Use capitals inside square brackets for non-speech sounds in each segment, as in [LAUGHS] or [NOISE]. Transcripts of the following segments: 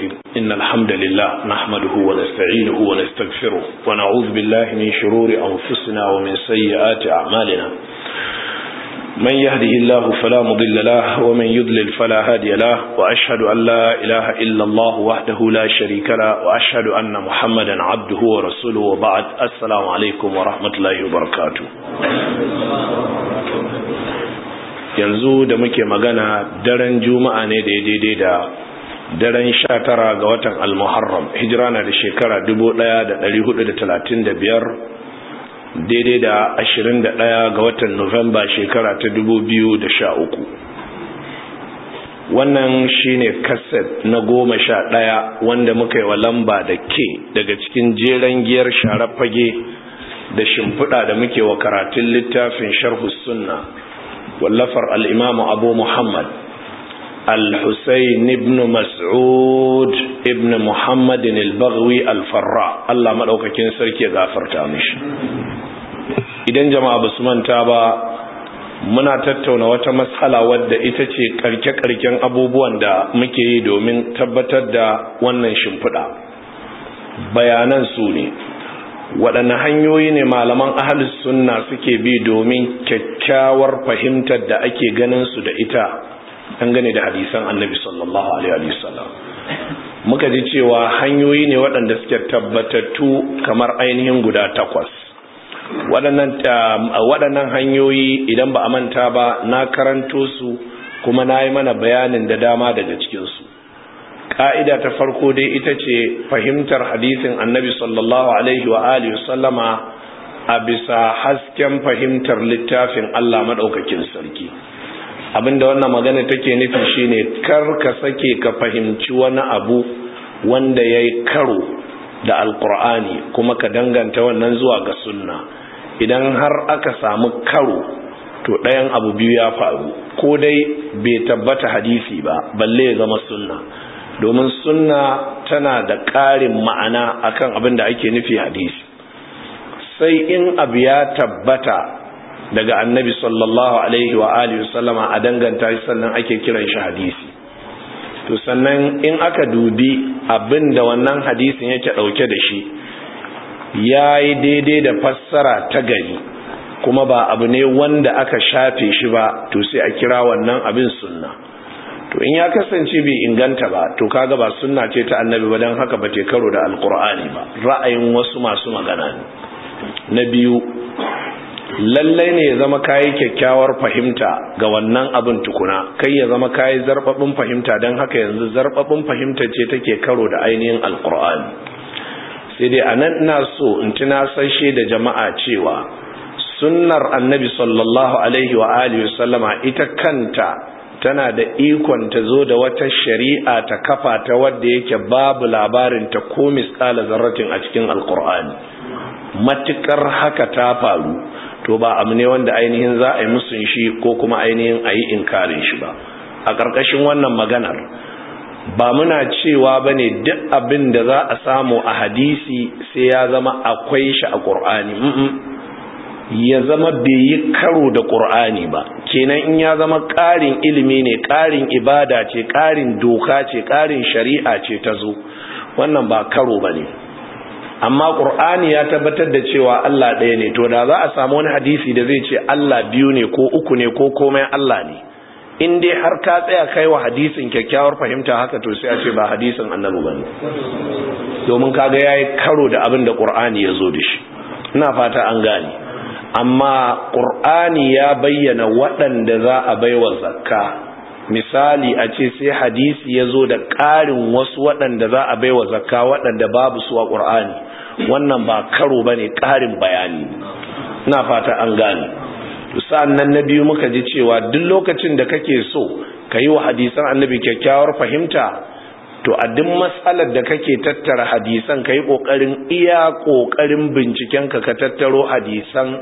الرحيم إن الحمد لله نحمده ونستعينه ونستغفره ونعوذ بالله من شرور أنفسنا ومن سيئات أعمالنا من يهده الله فلا مضل له ومن يضلل فلا هادي له وأشهد أن لا إله إلا الله وحده لا شريك له وأشهد أن محمدا عبده ورسوله وبعد السلام عليكم ورحمة الله وبركاته yanzu da muke magana daren juma'a ne da ya daidai da daren sha tara ga watan al-muharram hijira na da shekara dubu ɗaya da ɗari da talatin da biyar daidai da ashirin da ɗaya ga watan nuwamba shekara ta dubu da sha uku wannan shine kaset na goma sha ɗaya wanda muka yi wa lamba da ke daga cikin jeren giyar share fage da shimfiɗa da muke wa karatun littafin sharhu sunna wallafar al al-imamu abu muhammad الحسين بن مسعود ابن محمد البغوي الفراء الله مدaukakin sarki ya zafarta mishi idan jama'a basu manta ba muna tattauna wata matsala wadda ita ce karke-karken abubuwan da muke yi domin tabbatar da wannan shimfiɗa bayanan su ne waɗanne hanyoyi ne malaman ahli sunna suke bi domin kyakkyawar fahimtar da ake ganin su da ita dangane da hadisan annabi sallallahu alaihi wasallam muka ji cewa hanyoyi ne waɗanda suke tabbatattu kamar ainihin guda takwas um, waɗannan hanyoyi idan ba a manta ba na karanto su kuma na yi mana bayanin da dama daga cikinsu ƙa'ida ta farko dai ita ce fahimtar hadisin annabi sallallahu alaihi wa alihi sallama a bisa hasken fahimtar littafin Allah maɗaukakin sarki abinda wannan magana take nufi shine kar ka sake ka fahimci wani abu wanda yayi karo da alkur'ani kuma ka danganta wannan zuwa ga sunna idan har aka samu karo to ɗayan abu biyu ya faru ko dai bai tabbata hadisi ba balle ya zama sunna domin sunna tana da ƙarin ma'ana akan abin da ake nufi hadisi sai in abu ya tabbata daga annabi sallallahu alaihi wa alihi sallama a danganta shi sannan ake kiran shi hadisi to sannan in aka dubi abin da wannan hadisin yake dauke da shi yayi daidai da fassara ta gari kuma ba abu ne wanda aka shafe shi ba to sai a kira wannan abin sunna to in ya kasance bai inganta ba to kaga ba sunna ce ta annabi ba dan haka ba ta karo da alqur'ani ba ra'ayin wasu masu magana ne na biyu lallai ne ya zama kayi kyakkyawar fahimta ga wannan abin tukuna kai ya zama kayi zarfafin fahimta don haka yanzu zarfafin fahimta ce take karo da ainihin alkur'ani sai dai a nan ina so in nasashe da jama'a cewa sunnar annabi sallallahu alaihi wa alihi sallama ita kanta tana da ikon ta zo da wata shari'a ta kafa ta wadda yake babu labarin ta ko misali zarratin a cikin alkur'ani matukar haka ta faru to ba abu ne wanda ainihin za a yi musun shi ko kuma ainihin a yi inkarin shi ba a ƙarƙashin wannan maganar ba muna cewa ba ne duk abin da za a samu a hadisi sai ya zama akwai shi a ƙur'ani ya zama bai yi karo da ƙur'ani ba kenan in ya zama ƙarin ilimi ne ƙarin ibada ce ƙarin doka ce ƙarin shari'a ce ta zo wannan ba karo ba ne amma qur'ani ya tabbatar da cewa Allah ɗaya ne to da za a samu wani hadisi da zai ce Allah biyu ne ko uku ne ko komai Allah ne in dai har ka tsaya kai wa hadisin kyakkyawar fahimta haka to sai a ce ba hadisin annabi bane domin kaga yayi karo da abin da qur'ani ya zo da shi ina fata an gane amma qur'ani ya bayyana waɗanda za a baiwa zakka misali a ce sai hadisi ya zo da ƙarin wasu waɗanda za a baiwa zakka waɗanda babu su a ƙur'ani wannan ba karo ba ne ƙarin bayani na fata an gane sa'annan na biyu muka ji cewa duk lokacin da kake so ka yi wa hadisan annabi kyakkyawar fahimta to a duk matsalar da kake tattara hadisan ka yi ƙoƙarin iya ƙoƙarin binciken ka ka tattaro hadisan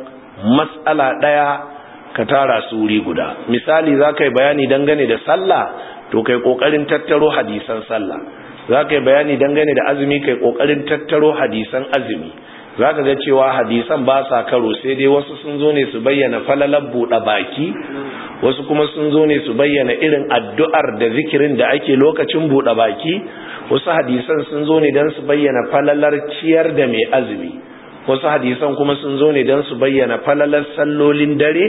matsala ɗaya ka tara su wuri guda misali za ka yi bayani dangane da sallah to kai kokarin tattaro hadisan sallah za ka yi bayani dangane da azumi kai kokarin tattaro hadisan azumi za ka ga cewa hadisan ba sa karo sai dai wasu sun zo ne su bayyana falalar buɗe baki wasu kuma sun zo ne su bayyana irin addu'ar da zikirin da ake lokacin buɗe baki wasu hadisan sun zo ne don su bayyana falalar ciyar da mai azumi wasu hadisan kuma sun zo ne don su bayyana falalar sallolin dare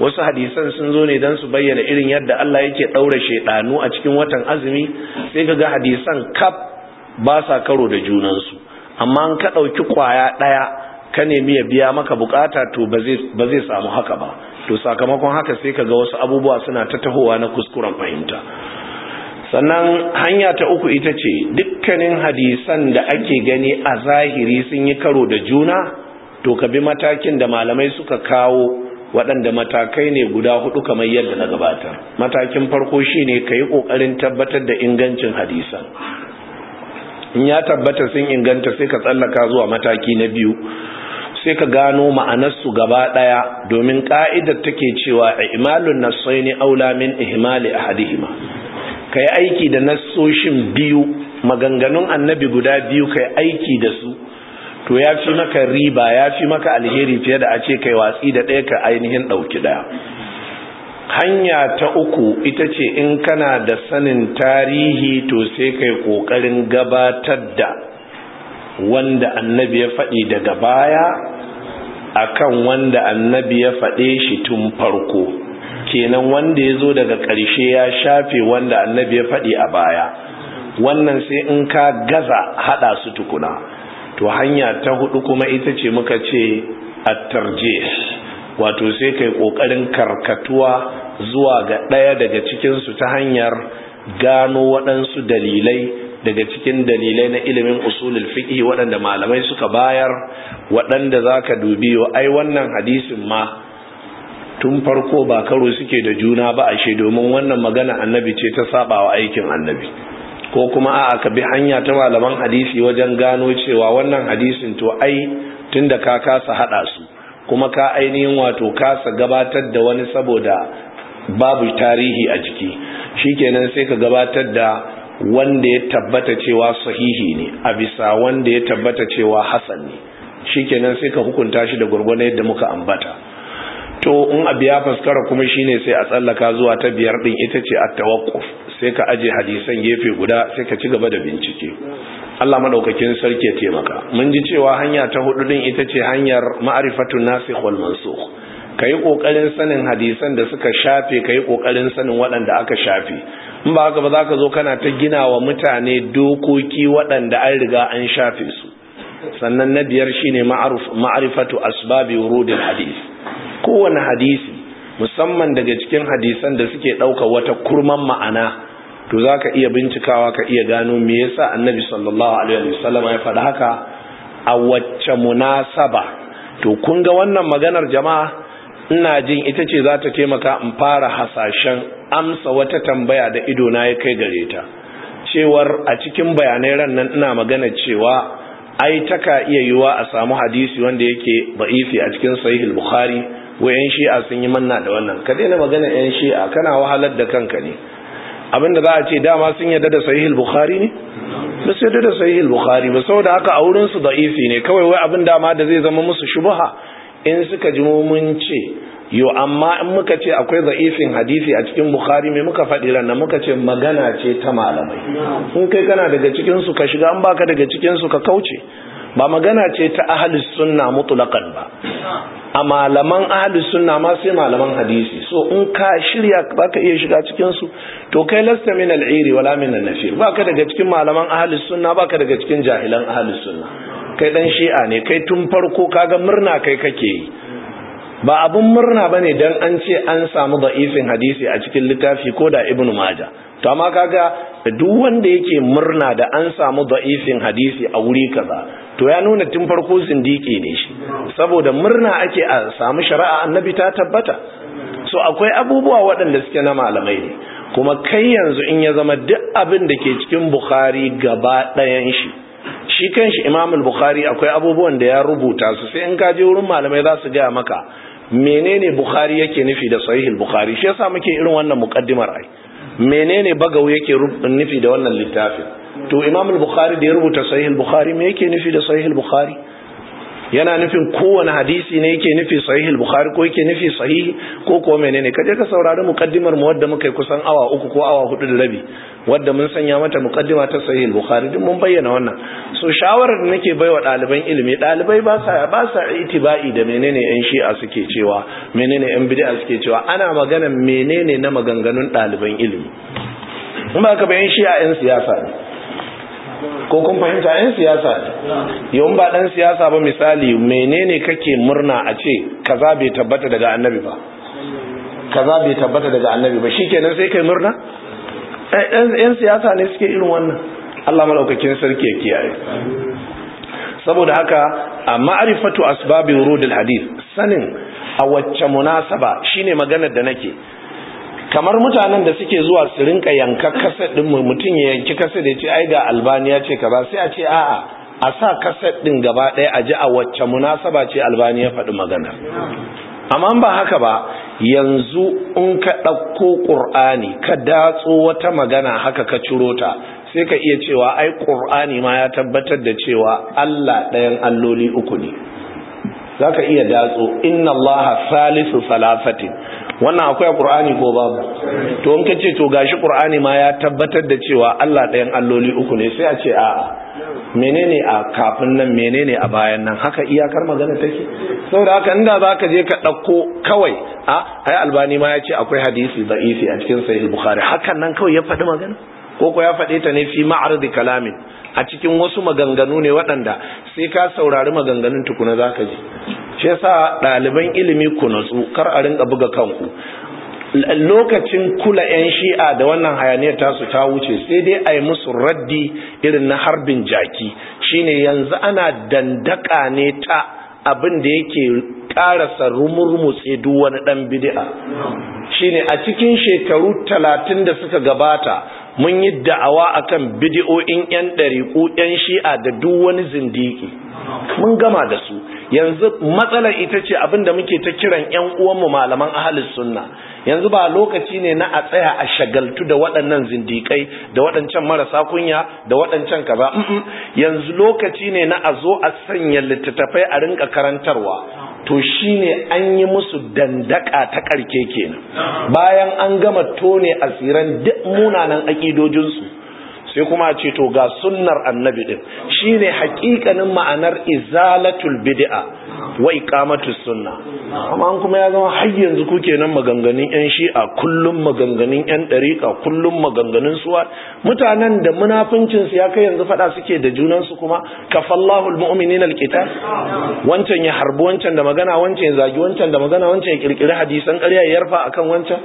wasu hadisan sun zo ne don su bayyana irin yadda Allah yake ɗaura shaidanu a cikin watan azumi sai ka ga hadisan kaf ba sa karo da junansu amma an ka ɗauki kwaya ɗaya ka nemi ya biya maka buƙata, to ba zai samu haka ba to sakamakon haka sai ka ga wasu abubuwa suna ta tahowa na kuskuren fahimta sannan hanya ta uku ita ce dukkanin hadisan da ake gani a zahiri sun yi karo da juna to ka bi matakin da malamai suka kawo waɗanda matakai ne guda hudu kamar yadda na gabata. matakin farko shine ka yi ƙoƙarin tabbatar da ingancin hadisa. in ya tabbata sun inganta sai ka tsallaka zuwa mataki na biyu sai ka gano ma'anarsu gaba ɗaya domin ƙa'idar take cewa imalun nassoini aula min ihmali ahadihima ka yi aiki da nassoshin biyu maganganun annabi guda biyu ka aiki da su to ya fi maka riba ya fi maka alheri fiye da a ce kai watsi da ɗaya ka ainihin ɗauki ɗaya hanya ta uku ita ce in kana da sanin tarihi to sai kai ƙoƙarin gabatar da wanda annabi ya faɗi daga baya akan wanda annabi ya faɗe shi tun farko kenan wanda ya zo daga ƙarshe ya shafe wanda annabi ya faɗi a baya wannan sai in ka gaza haɗa su tukuna to hanya ta hudu kuma ita ce muka ce a wato sai kai kokarin karkatuwa zuwa ga ɗaya daga cikinsu ta hanyar gano waɗansu dalilai daga cikin dalilai na ilimin usulul fiqh waɗanda malamai suka bayar waɗanda zaka dubi wa ai wannan hadisin ma tun farko ba karo suke da juna ba ashe domin wannan magana annabi ce ta saba aikin annabi ko kuma a ka bi hanya ta malaman hadisi wajen gano cewa wannan hadisin to ai tunda ka kasa hada su kuma ka ainihin wato kasa gabatar da wani saboda babu tarihi a jiki shikenan sai ka gabatar da wanda ya tabbata cewa sahihi ne a bisa wanda ya tabbata cewa hasan ne shikenan sai ka hukunta shi da gurgurdan yadda muka ambata to in abiya ya faskara kuma shine sai a tsallaka zuwa ta biyar din ita ce a tawakkuf sai ka aje hadisan gefe guda sai ka ci gaba da bincike Allah madaukakin sarki ya taimaka mun ji cewa hanya ta hudu din ita ce hanyar ma'rifatun nasikh wal mansukh kai kokarin sanin hadisan da suka shafe kai kokarin sanin waɗanda aka shafe in ba haka ba za ka zo kana ta gina wa mutane dokoki waɗanda an riga an shafe su sannan na biyar shine ma'rifatu asbabi wurudil hadis kowane hadisi musamman daga cikin hadisan da suke ɗauka wata kurman ma'ana to zaka iya bincikawa ka iya gano me yasa annabi sallallahu alaihi wasallam ya faɗi haka a wacce munasaba to kun ga wannan maganar jama'a ina jin ita ce za ta taimaka in fara hasashen amsa wata tambaya da ido na ya kai gare ta cewar a cikin bayanai ran nan ina magana cewa ai taka iya yiwa a samu hadisi wanda yake ba'ifi a cikin sahihul bukhari wa yan shi'a sun yi manna da wannan ka daina magana yan shi'a kana wahalar da kanka ne abinda za a ce dama sun yarda da sahihul bukhari ne ba su yarda da sahihul bukhari ba saboda haka a wurin su da'ifi ne kawai wai abin dama da zai zama musu shubha in suka ji mun ce yo amma in muka ce akwai za'ifin hadisi a cikin bukhari mai muka faɗi ran muka ce magana ce ta malamai in kai kana daga cikin su ka shiga an baka daga cikin su ka kauce ba magana ce ta ahli sunna mutlaqan ba a malaman ahli sunna ma sai malaman hadisi so in ka shirya baka iya shiga cikin su to kai lasta min al-iri wala min an-nafir baka daga cikin malaman ahli sunna baka daga cikin jahilan ahli sunna kai dan shi'a ne kai tun farko kaga murna kai kake yi ba abun murna ba ne don an ce an samu da'ifin hadisi a cikin littafi ko da ibn maja to amma kaga duk wanda yake murna da an samu da'ifin hadisi a wuri kaza to ya nuna tun farko zindiki ne shi saboda murna ake a samu shari'a annabi ta tabbata so akwai abubuwa waɗanda suke na malamai ne kuma kai yanzu in ya zama duk abin da ke cikin bukhari gaba ɗayan shi shi kanshi Imamul bukhari akwai abubuwan da ya rubuta su sai in ka je wurin malamai za su gaya maka menene bukhari yake nufi da sahihul bukhari shi yasa muke irin wannan muqaddimar ai menene bagawi yake nufi da wannan littafin to imam al-bukhari da ya rubuta sahihul bukhari me yake nufi da sahihul bukhari yana nufin kowane hadisi ne yake nufi sahih al-bukhari ko yake nufi sahih ko ko menene kaje ka saurari muqaddimar mu wadda muka yi kusan awa uku ko awa hudu da rabi wadda mun sanya mata muqaddima ta sahih al-bukhari duk mun bayyana wannan so shawarar da nake baiwa ɗaliban ilimi ɗalibai ba sa ba sa itibai da menene yan shi'a suke cewa menene yan bid'a suke cewa ana magana menene na maganganun ɗaliban ilimi Kuma ba ka bayan shi'a yan siyasa ne ko kun fahimta yan siyasa ne yawan ba dan siyasa ba misali menene kake murna a ce kaza bai tabbata daga annabi ba kaza bai tabbata daga annabi ba shikenan sai kai murna eh, yan siyasa ne suke irin wannan Allah malaukakin sarki ya kiyaye saboda haka a ma'arifatu asbabi wurudil hadith sanin a wacce munasaba shine maganar da nake kamar mutanen da suke zuwa su rinka yanka kaset din mutum ya yanki kaset da ce ai ga albaniya ya ce ba sai a ce a'a a sa kaset din gaba ɗaya a ji a wacce munasaba ce albaniya faɗi magana amma ba haka ba yanzu in ka ɗauko ƙur'ani ka datso wata magana haka ka ciro ta sai ka iya cewa ai ƙur'ani ma ya tabbatar da cewa allah ɗayan alloli uku ne za ka iya datso inna allaha salisu salafatin wannan akwai a ko babu to in kace ce to gashi qur'ani ma ya tabbatar da cewa Allah ɗayan alloli uku ne sai a ce a'a menene a kafin nan menene a bayan nan haka iyakar magana take saboda haka inda zaka je ka dauko kawai a ai albani ma yace akwai hadisi da'ifi a cikin sahih bukhari hakan nan kawai ya faɗi magana ko ko ya faɗe ta ne fi ma'arid kalamin a cikin wasu maganganu ne waɗanda sai ka saurari maganganun tukuna zaka ji shi yasa ɗaliban ilimi ku natsu kar a rinka buga kanku lokacin kula 'yan shi'a da wannan hayaniyar tasu ta wuce sai dai a yi musu raddi irin na harbin jaki shine yanzu ana dandaka ne ta abin da yake karasa rumurmutse duk wani dan bid'a shine a cikin shekaru 30 da suka gabata mun yi da'awa akan bid'o'in yan dariku yan shi'a da duk wani zindiki mun gama da su yanzu matsalar ita ce abin da muke ta kiran yan uwanmu malaman ahlus sunna yanzu ba lokaci ne na a tsaya a shagaltu da waɗannan zindikai da waɗancan marasa kunya da waɗancan kaza yanzu lokaci ne na a zo a sanya littattafai a rinka karantarwa to shine an yi musu dandaka ta karke kenan bayan an gama tone asiran duk munanan aƙidojinsu. sai kuma ce to ga sunnar annabi din shine hakikanin ma'anar izalatul bid'a wa iqamatus sunna amma kuma ya zama har yanzu kuke nan maganganun yan shi'a kullum maganganun yan dariqa kullum maganganun suwa mutanen da munafincin su ya kai yanzu fada suke da junan su kuma kafallahu almu'minina alqital wancan ya harbi wancan da magana wancan ya zagi wancan da magana wancan ya kirkiri hadisan ƙarya ya yarfa akan wancan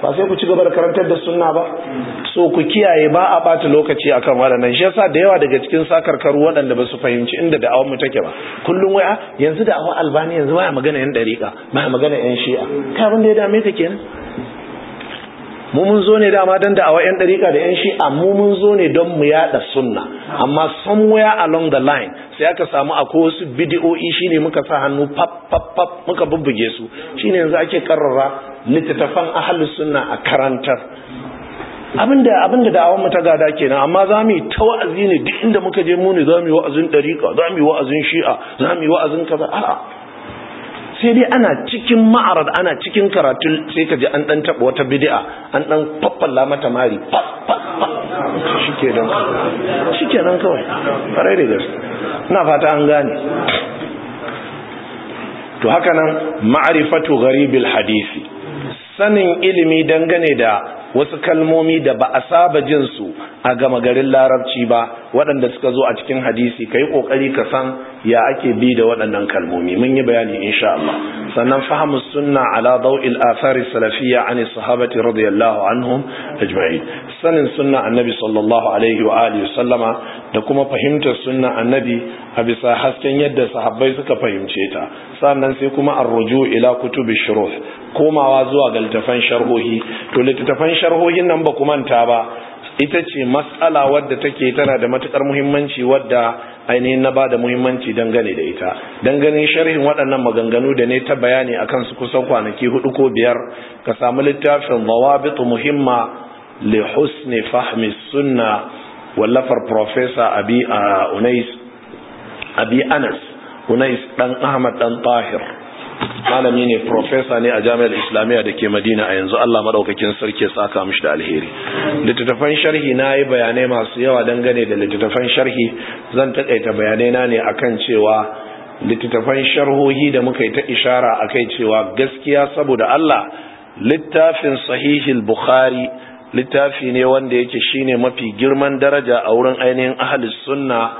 ba sai ku ci gaba da karantar da sunna ba so ku kiyaye ba a bata lokaci akan waɗannan shi yasa da yawa daga cikin sakarkaru waɗanda ba su fahimci inda da awon take ba kullum waya ah, yanzu da awon albani yanzu baya magana yan dariƙa baya magana yan shi'a ta abin da ya dame ta kenan mu mun zo ne dama don da'awa 'yan ɗariƙa da 'yan shi'a mu mun zo ne don mu yaɗa sunna amma somewhere along the line sai aka samu akwai wasu bidiyo'i shine muka sa hannu pap pap pap muka bubbuge su shine yanzu ake karrara littattafan ahlus sunna a karantar abinda abinda da'awar mu ta gada kenan amma za mu yi ta wa'azi ne duk inda muka je muni ne za mu yi wa'azin dariƙa za mu yi wa'azin shi'a za mu yi wa'azin kaza a'a sai dai ana cikin ma'arar ana cikin karatun sai ka ji an dan taba wata bid'a an dan faffalla mata mari shikenan shikenan kawai farai da gaske ina fata an gane to haka nan ma'rifatu gharibil hadisi sanin ilimi dangane da wasu kalmomi da ba a saba jin su a gama garin larabci ba waɗanda suka zo a cikin hadisi ka yi ƙoƙari ka san ya ake bi da waɗannan kalmomi mun yi bayani insha Allah sannan fahimus sunna ala dawil athari salafiyya an sahabati radiyallahu anhum ajma'in sanin sunna annabi sallallahu alaihi wa alihi sallama da kuma fahimtar sunna annabi a bisa hasken yadda sahabbai suka fahimce ta sannan sai kuma arruju ila kutubi shuruh komawa zuwa ga littafan sharhohi to littafan sharhohin nan ba ku manta ba ita ce matsala wadda take tana da matukar muhimmanci wadda ainihin na ba da muhimmanci dangane da ita dangane sharhin waɗannan maganganu da ne ta bayani akan su kusan kwanaki hudu ko biyar ka samu littafin zawabitu muhimma li husni fahmi sunna wallafar professor abi uh, unais abi anas unais dan ahmad dan tahir malami ne profesa ne a jami'ar islamiyya da ke madina a yanzu allah maɗaukakin sarki ya saka mishi da alheri littattafan sharhi na yi bayanai masu yawa dangane da littattafan sharhi zan taƙaita bayanai na ne akan cewa littattafan sharhohi da muka yi ta ishara a kai cewa gaskiya saboda allah littafin sahihil bukhari littafi ne wanda yake shine mafi girman daraja a wurin ainihin ahalis sunna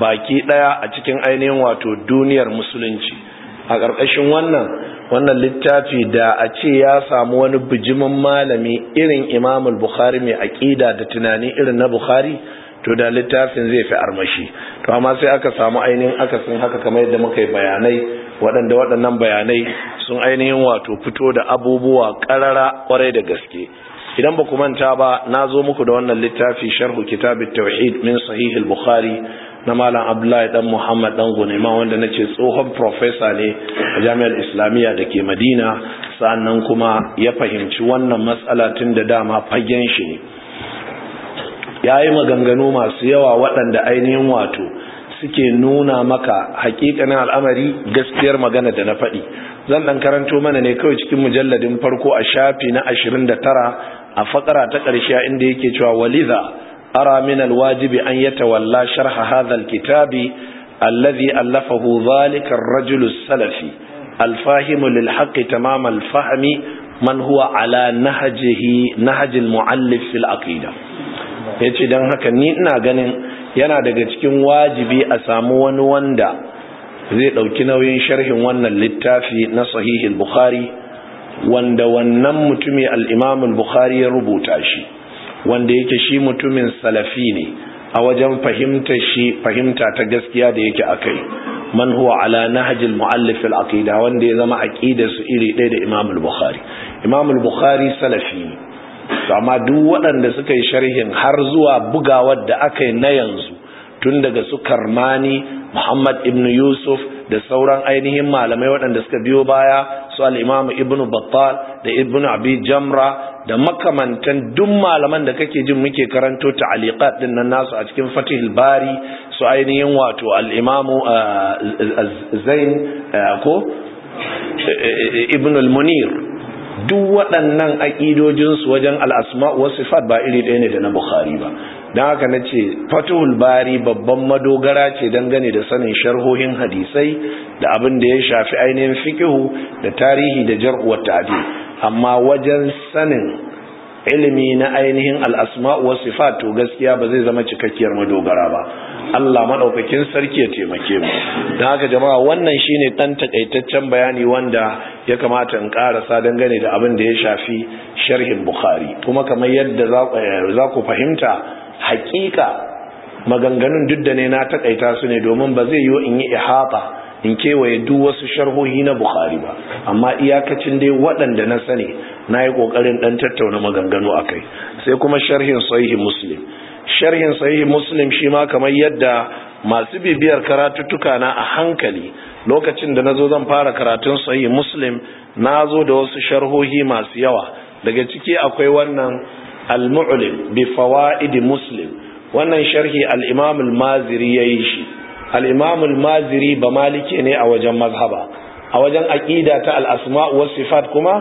baki ɗaya a cikin ainihin wato duniyar musulunci a ƙarƙashin wannan wannan littafi da a ce ya samu wani bijimin malami irin imamul bukhari mai aƙida da tunani irin na bukhari to da littafin zai fi armashi to amma sai aka samu ainihin akasin haka kamar yadda muka yi bayanai waɗanda waɗannan bayanai sun ainihin wato fito da abubuwa ƙarara ƙwarai da gaske idan ba ku manta ba na zo muku da wannan littafi sharhu kitabit tauhid min sahihil bukhari na malam abdullahi dan muhammad dan gunaima wanda na ce tsohon profesa ne a jami'ar islamiyya da ke madina sannan kuma ya fahimci wannan matsala tun da dama fagen shi ne ya yi maganganu masu yawa waɗanda ainihin wato suke nuna maka hakikanin al'amari gaskiyar magana da na faɗi zan ɗan karanto mana ne kawai cikin mujalladin farko a shafi na ashirin da tara a fakara ta ƙarshe inda yake cewa waliza أرى من الواجب أن يتولى شرح هذا الكتاب الذي ألفه ذلك الرجل السلفي الفاهم للحق تمام الفهم من هو على نهجه نهج المعلف في Ya yace dan haka ni ina ganin yana daga cikin wajibi a samu wani wanda zai ɗauki nauyin sharhin wannan littafi na sahihin bukhari wanda wannan mutumin al bukhari ya rubuta shi wanda yake shi mutumin salafi ne a wajen fahimtar shi fahimta ta gaskiya da yake akai man huwa ala nahjil muallif al aqida wanda ya zama aqidar su iri ɗaya da Imam al-Bukhari Imam al-Bukhari salafi ne to amma duk waɗanda suka yi sharhin har zuwa bugawar da aka yi na yanzu tun daga su Karmani Muhammad ibn Yusuf da sauran ainihin malamai waɗanda suka biyo baya su al ibn battal da ibn abi jamra da makamantan duk malaman da kake jin muke karanto ta'aliqat din nan nasu a cikin fatihul bari su ainihin wato Alimamu uh, imam zain uh, ko ibn al-munir duk waɗannan aƙidojinsu wajen al'asma wasu sifat ba iri ɗaya ne da na Bukhari ba don haka na ce fatuhul bari babban madogara ce dangane da sanin sharhohin hadisai da abin da ya shafi ainihin fikihu da tarihi da jar'uwar adi amma wajen sanin ilimi na ainihin al'asma'u wa sifat gaskiya ba zai zama cikakkiyar madogara ba Allah maɗaukakin sarki ya taimake mu don haka jama'a wannan shine ɗan taƙaitaccen bayani wanda ya kamata in ƙarasa dangane da abin da ya shafi sharhin bukhari kuma kamar yadda za ku eh, fahimta haƙiƙa maganganun duk da ne na takaita su ne domin ba zai yiwu in yi ihata in kewaye duk wasu sharhohi na bukari ba amma iyakacin dai waɗanda na sani na yi ƙoƙarin ɗan tattauna maganganu a kai sai kuma sharhin sahihin muslim sharhin sahihin muslim shi ma kamar yadda masu bibiyar karatuttuka na a hankali lokacin da na zo zan fara karatun sahihin muslim na zo da wasu sharhohi masu yawa daga ciki akwai wannan al بفوائد مسلم muslim wannan sharhi al-imam al-maziri yayi shi al-imam al-maziri ba maliki ne a wajen mazhaba a wajen aqida ta al-asma' wa sifat kuma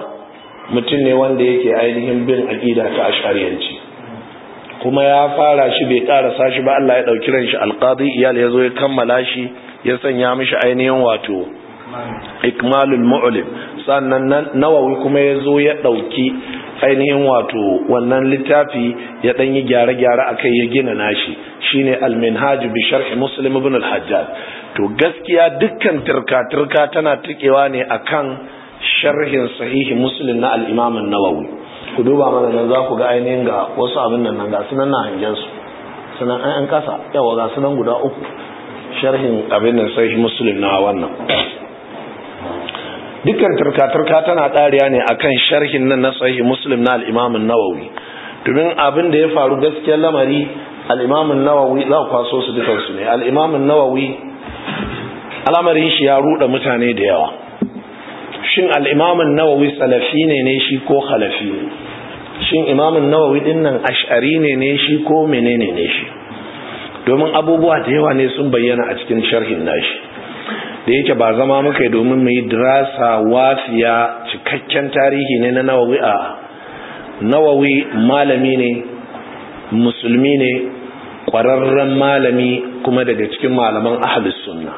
mutum ne wanda yake ainihin bin aqida ta ash'ariyanci kuma ya fara shi bai karasa shi ba Allah ya dauki ran shi al-qadi iyal yazo ya kammala shi ya sanya mishi ainihin wato ikmalul mu'lim sannan nawawi kuma yazo ya ɗauki ainihin wato wannan littafi ya dan yi gyare-gyare akai ya gina nashi shine al-minhaj bi sharh muslim ibn al-hajjaj to gaskiya dukkan turka-turka tana tikewa ne akan sharhin sahihi muslim na al-imam an-nawawi ku duba mana nan za ku ga ainihin ga wasu abin nan nan ga sunan na hangen su sunan an kasa yawa ga sunan guda uku sharhin abin nan sahihi muslim na wannan dukkan turka-turka tana ƙariya ne akan sharhin nan na sahihi muslim na al'imamin nawawi domin abin da ya faru gaskiyar lamari al'imamin nawawi za ku kwaso su dukansu ne al'imamin nawawi al'amarin shi ya ruɗa mutane da yawa shin al'imamin nawawi salafi ne ne shi ko khalafi ne shin imamin nawawi din nan ash'ari ne ne shi ko menene ne shi domin abubuwa da yawa ne sun bayyana a cikin sharhin nashi da yake ba zama muka yi domin mu yi dirasa wafiya cikakken tarihi ne na nawawi a nawawi malami ne musulmi ne ƙwararren malami kuma daga cikin malaman ahalus sunna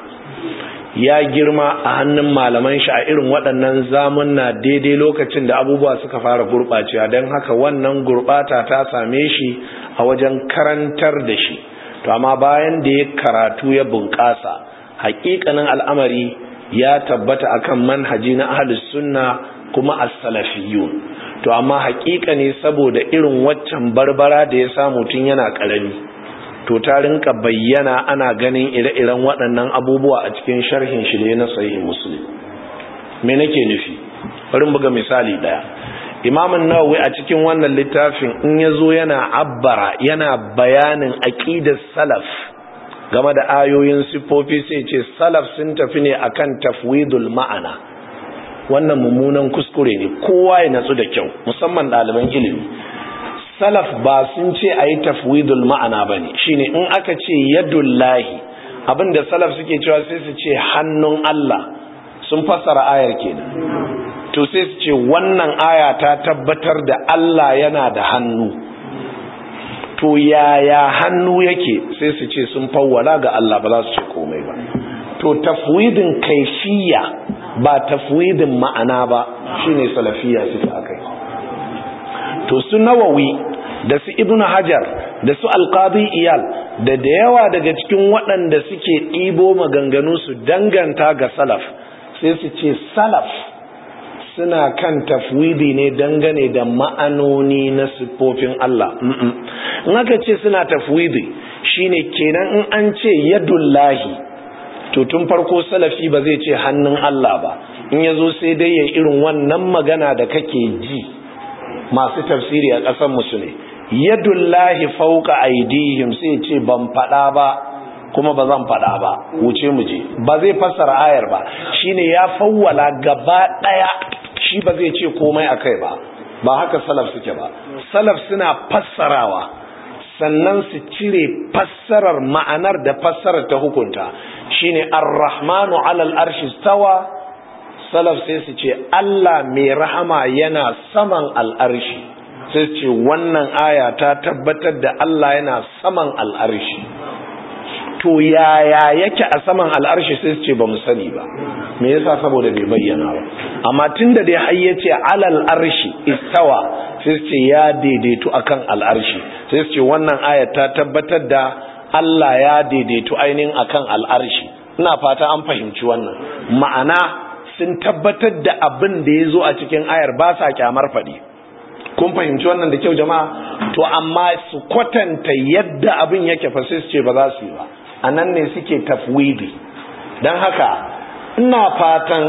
ya girma a hannun malaman shi a irin waɗannan zamun na daidai lokacin da abubuwa suka fara gurɓacewa don haka wannan gurɓata ta same shi a wajen karantar da shi to amma bayan da ya karatu ya bunƙasa haƙiƙanin al'amari ya tabbata akan manhaji na ahlus sunna kuma as salafiyyun to amma haƙiƙa ne saboda irin waccan barbara da ya samu tun yana ƙarami to ta rinka bayyana ana ganin ire-iren waɗannan abubuwa a cikin sharhin shi ne na sahih muslim me nake nufi bari buga misali daya imam nawawi a cikin wannan littafin in yazo yana abbara yana bayanin aƙidar salaf game da ayoyin siffofi sai ce salaf sun tafi ne akan tafwidul ma'ana wannan mummunan kuskure ne kowa ya natsu da kyau musamman ɗaliban ilimi salaf ba sun ce a yi tafwidul ma'ana ba ne shine in aka ce yadullahi abinda salaf suke cewa sai su ce hannun Allah sun fassara ayar kenan to sai su ce wannan aya ta tabbatar da Allah yana da hannu to yaya hannu yake sai su ce sun fawwala ga Allah ba za su ce komai ba to tafwidin kaifiya ba tafwidin ma'ana ba shine salafiya suka akai to su nawawi da su ibnu hajar da su alqadi iyal da da yawa daga cikin waɗanda suke ɗibo maganganu su danganta ga salaf sai su ce salaf suna kan tafwidi ne dangane da ma'anoni na siffofin Allah in aka ce suna tafwidi shine kenan in an ce yadullahi to tun farko salafi ba zai ce hannun Allah ba in yazo sai dai ya irin wannan magana da kake ji masu tafsiri a ƙasar musulmi yadullahi fauka aidihim sai ce ban faɗa ba kuma ba zan faɗa ba wuce mu je ba zai fassara ayar ba shine ya fawwala gaba ɗaya shi ba zai ce komai a kai ba ba haka salaf suke ba salaf suna fassarawa sannan su cire fassarar ma'anar da fassarar ta hukunta shine arraHmanu rahmanu alal arshi tawa salaf sai su ce Allah mai rahama yana saman al'arshi sai su ce wannan aya ta tabbatar da Allah yana saman al'arshi to yaya yake a saman al'arshi sai su ce ba mu sani ba me yasa saboda bai bayyana ba amma tunda dai har yace alal arshi istawa sai su ce ya daidaito akan al'arshi sai su ce wannan aya ta tabbatar da Allah ya daidaito ainihin akan al'arshi ina fata an fahimci wannan ma'ana sun tabbatar da abin da ya zo a cikin ayar ba sa kyamar faɗi kun fahimci wannan da kyau jama'a to amma su kwatanta yadda abin yake fa sai su ce ba za su yi ba a nan ne suke tafwidi don haka ina fatan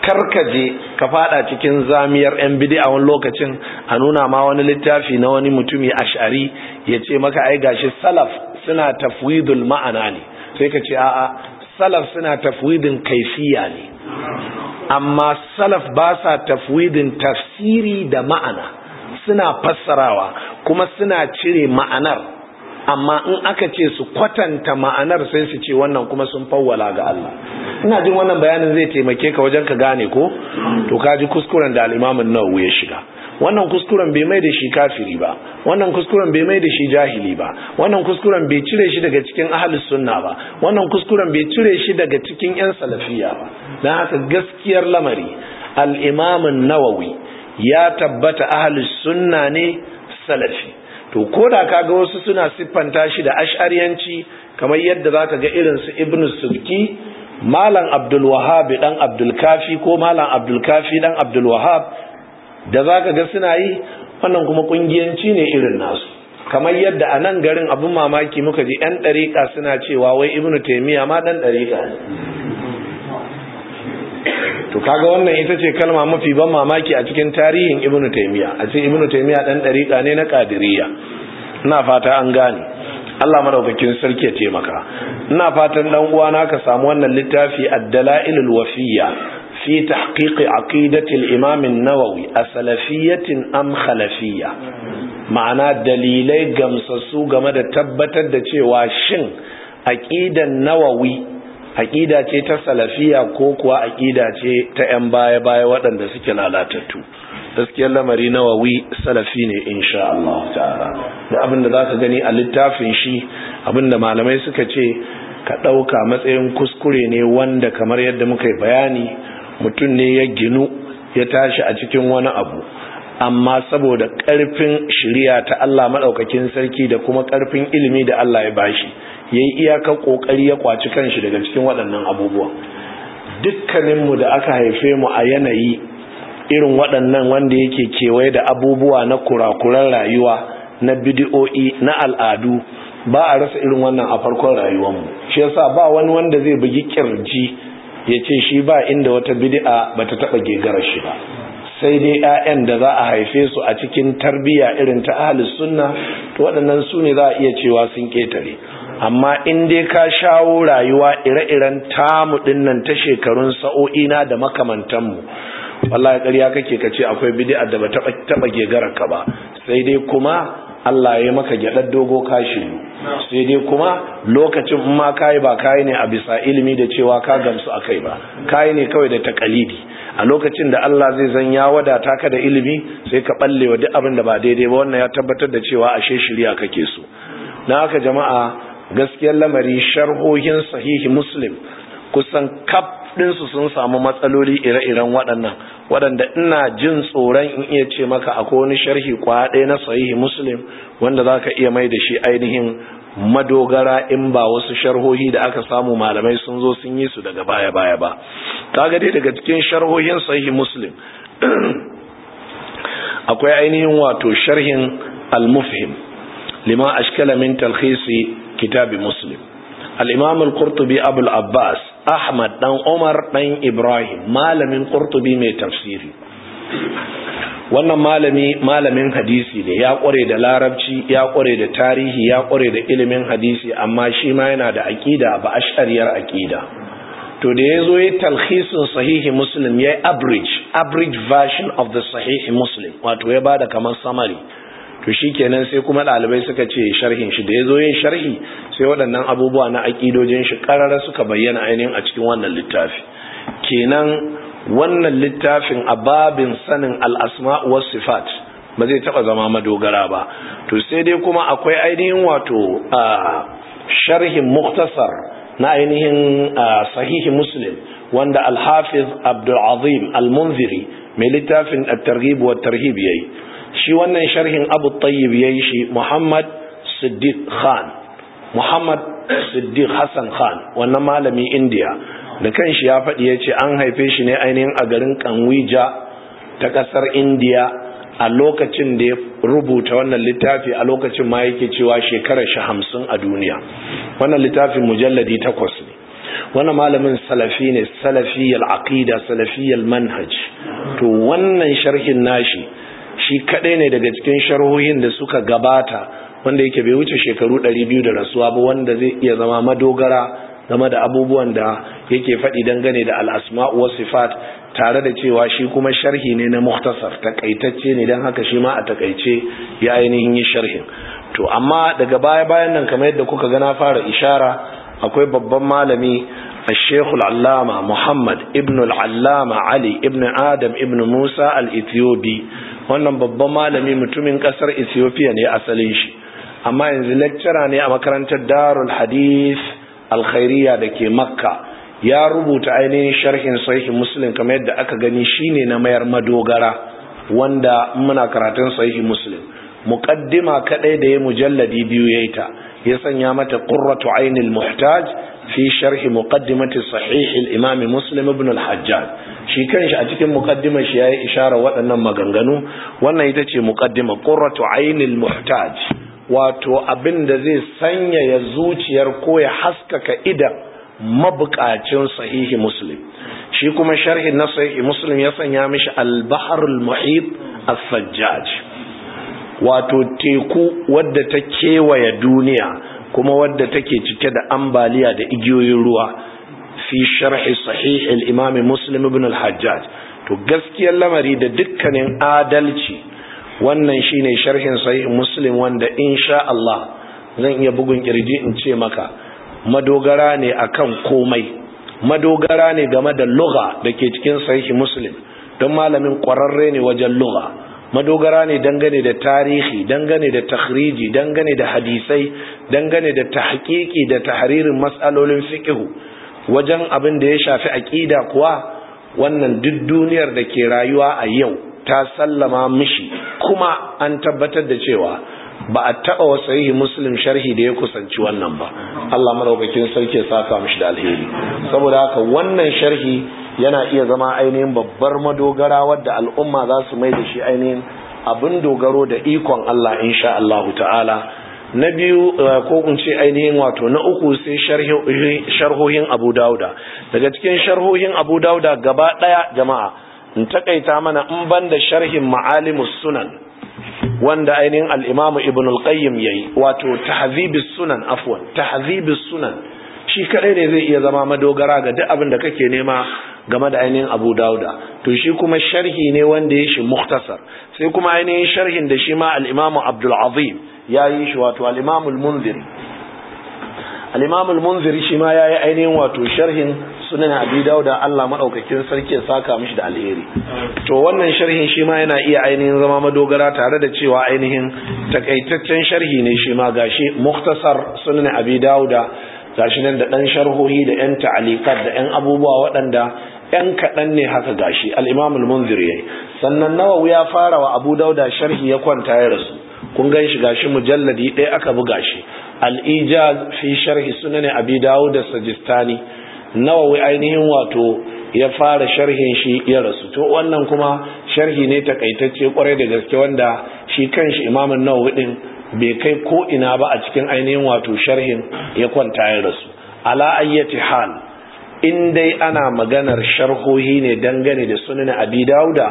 karkaje ka fada cikin zamiyar yan bidi a wani lokacin a nuna ma wani littafi na wani mutum mutumi ash'ari ya ce maka ai gashi salaf suna tafwidul ma'ana ne sai ka ce a'a salaf suna tafwidin kaifiya ne amma salaf ba sa tafwidin tafsiri da ma'ana suna fassarawa kuma suna cire ma'anar amma in aka ce su kwatanta ma'anar sai su ce wannan kuma sun fawwala ga Allah ina jin wannan bayanin zai taimake ka wajen ka gane ko to ka ji kuskuren da al-Imam ya shiga wannan kuskuren bai mai da shi kafiri ba wannan kuskuren bai mai da shi jahili ba wannan kuskuren bai cire shi daga cikin ahlus sunna ba wannan kuskuren bai cire shi daga cikin yan salafiya ba dan haka gaskiyar lamari al imamun nawawi ya tabbata ahlus sunna ne salafi to ko da ka ga wasu suna siffanta shi da ash'ariyanci kamar yadda zaka ga irin su ibn subki malam abdul wahhab dan abdul kafi ko malam abdul kafi dan abdul wahhab da zaka ga suna yi wannan kuma kungiyanci ne irin nasu kamar yadda a nan garin abin mamaki muka ji 'yan ɗariƙa suna cewa wai ibnu taimiyya ma ɗan ɗariƙa ne to kaga wannan ita ce kalma mafi ban mamaki a cikin tarihin Ibn taymiya a cikin Ibn taymiya dan dariqa ne na qadiriyya ina fata an gane Allah madaukakin sarki ya taimaka ina fatan dan uwa na ka samu wannan littafi ad-dalailul wafiyya fi tahqiqi aqidati al-imam an-nawawi as-salafiyyatin am khalafiyya ma'ana dalilai gamsassu game da tabbatar da cewa shin aqidan nawawi aƙida ce ta salafiya ko kuwa aƙida ce ta 'yan baya-baya waɗanda suke lalatattu gaskiyar lamari wawi salafi ne insha Allah ta'ala da abinda za ka gani a littafin shi abinda malamai suka ce ka ɗauka matsayin kuskure ne wanda kamar yadda muka yi bayani mutum ne ya ginu ya tashi a cikin wani abu amma saboda ƙarfin shirya ta Allah maɗaukakin sarki da kuma ƙarfin ilimi da Allah ya bashi ya yi iyakar ƙoƙari ya kwaci kanshi daga cikin waɗannan abubuwa dukkaninmu da aka haife mu a yanayi irin waɗannan wanda yake kewaye da abubuwa na kurakuran rayuwa na bidiyo'i na al'adu ba a rasa irin wannan a farkon mu. shi yasa ba wani wanda zai bugi kirji ya ce shi ba inda wata bid'a bata ta taɓa gegara shi ba sai dai 'ya'yan da za a haife su a cikin tarbiyya irin ta ahalus sunna to waɗannan su ne za a iya cewa sun ƙetare amma in dai ka shawo rayuwa ire-iren tamu dinnan ta shekarun sa'o'i na da makamantanmu ya ƙarya kake ka ce akwai bid'a da ba taba gegara ka ba sai dai kuma Allah ya maka gyaɗar dogo kashi sai dai kuma lokacin ma kayi ba kayi ne a bisa ilimi da cewa ka gamsu a kai ba kayi ne kawai da takalidi a lokacin da Allah zai zan ya wadata ka da ilimi sai ka balle duk abin da ba daidai ba wannan ya tabbatar da cewa ashe shirya kake so na haka jama'a gaskiyar lamari sharhohin sahihi muslim kusan kaf ɗinsu sun samu matsaloli ire-iren waɗannan waɗanda ina jin tsoron in iya ce maka akwai wani sharhi kwaɗe na sahihi muslim wanda za ka iya mai da shi ainihin madogara in ba wasu sharhohi da aka samu malamai sun zo sun yi su daga baya-baya ba ta gade daga cikin sharhohin sahihi muslim [CLEARS THROAT] akwai ainihin wato sharhin al-mufhim lima ashkala min talkhisi kitabi muslim al kurtubi al abbas ahmad dan umar dan ibrahim malamin kurtubi mai tafsiri wannan malami malamin hadisi ne ya kware da larabci ya kware da tarihi ya kware da ilimin hadisi amma shi ma yana da aƙida ba ash'ariyar aƙida to da yazo ya talhisin sahihi muslim ya average average version of the sahihi muslim wato ya bada kamar summary to shikenan sai kuma ɗalibai suka ce sharhin shi da ya zo yin sharhi sai waɗannan abubuwa na aƙidojin shi ƙarara suka bayyana ainihin a cikin wannan littafi kenan wannan littafin a babin sanin al'asma was sifat ba zai taɓa zama madogara ba to sai dai kuma akwai ainihin wato sharhin muktasar na ainihin sahihi muslim wanda alhafiz abdulazim almunziri mai littafin at-targhib wa tarhib yayi shi wannan sharhin abu tayyib ya yi shi muhammad siddiq khan muhammad siddiq hassan khan wannan malami indiya da kan shi ya faɗi ya ce an haife shi ne ainihin a garin kanwija ta ƙasar indiya a lokacin da ya rubuta wannan littafi a lokacin ma yake cewa shekarar shi hamsin a duniya wannan littafin mujalladi takwas ne wannan malamin salafi ne salafiyar aqida salafiyar manhaj to wannan sharhin nashi shi kadai ne daga cikin sharhohin da suka gabata wanda yake bai wuce shekaru 200 da rasuwa ba wanda zai iya zama madogara game da abubuwan da yake faɗi dangane da al'asma'u wa sifat tare da cewa shi kuma sharhi ne na muhtasar takaitacce ne don haka shi ma a takaice ya ainihin yi sharhin to amma daga baya-bayan nan kamar yadda kuka gana fara ishara akwai babban malami الشيخ العلامة محمد ابن Ali علي Adam آدم Musa al الإثيوبي wannan babban malami mutumin kasar ethiopia ne asalin shi amma yanzu lecturer ne a makarantar darul hadith alkhairiya da ke makka ya rubuta ainihin sharhin sahihin muslim kamar yadda aka gani shine na mayar madogara wanda muna karatun sahihin muslim muqaddima kadai da ya mujalladi biyu yayi ta ya sanya mata qurratu ainil muhtaj fi sharhi muqaddimati sahih al-imam muslim ibn al-hajjaj shi kanshi a cikin muqaddimar shi yayi isharar waɗannan maganganu wannan ita ce mukaddima qurratu ainil muhtaj wato abin da zai sanya ya zuciyar ko ya haskaka idan mabukacin sahihi muslim shi kuma sharhin na sahihi muslim ya sanya mishi al-bahrul muhit as-sajjaj wato teku wadda ta kewaye duniya kuma wadda take cike da ambaliya da igiyoyin ruwa fi sharhi sahihi al-imam muslim ibn al-hajjaj to gaskiyar lamari da dukkanin adalci wannan shine sharhin sahihin muslim wanda insha Allah zan iya bugun kirji in ce maka madogara ne akan komai madogara ne game da lugha da ke cikin sahihin muslim don malamin kwararre ne wajen lugha madogara ne dangane da tarihi dangane da takhriji dangane da hadisai dangane da tahqiqi da tahririn mas'alolin fiqh wajen abin da ya shafi aƙida kuwa wannan duk duniyar da ke rayuwa a yau ta sallama mishi kuma an tabbatar da cewa ba a taɓa wa sahihi muslim sharhi da ya kusanci wannan ba Allah maraukakin sarki saka mishi da alheri saboda haka wannan sharhi yana iya zama ainihin babbar madogara wadda al'umma za su mai da shi ainihin abin dogaro da ikon Allah insha Allah ta'ala na biyu uh, ko in ce ainihin wato na uku sai sharhohin abu dauda daga cikin sharhohin abu dauda gaba daya jama'a in takaita mana in ban da sharhin ma'alimus sunan wanda ainihin al'imamu ibn qayyim yayi wato tahzibis sunan afwan tahzibis sunan shi kadai ne zai iya zama madogara ga duk abin da kake nema game da ainihin abu dauda to shi kuma sharhi ne wanda ya shi muktasar sai kuma ainihin sharhin da shi ma al'imamu imamu abdul azim ya yi shi wato alimamul munziri alimamul munziri shi ma ya yi ainihin wato sharhin sunan abi dauda Allah maɗaukakin sarki ya saka mishi da alheri to wannan sharhin shi ma yana iya ainihin zama madogara tare da cewa ainihin takaitaccen sharhi ne shi ma gashi muktasar sunan abi dauda shi nan da ɗan sharhohi da ƴan ta'alikat da yan abubuwa waɗanda yan kaɗan ne haka gashi al imamul munziri sannan nawawi ya fara wa abu dauda sharhi ya kwanta ya rasu kun gan shi gashi mujalladi ɗaya aka buga shi al fi sharhi sunan abi dawo da sajistani nawawi ainihin wato ya fara sharhin shi ya rasu to wannan kuma sharhi ne takaitacce kwarai da gaske wanda shi kan kanshi imamin nawawi din bai kai ko ina ba a cikin ainihin wato sharhin ya kwanta ya rasu ala ayyati hal in dai ana maganar sharhohi ne dangane da sunan abi dauda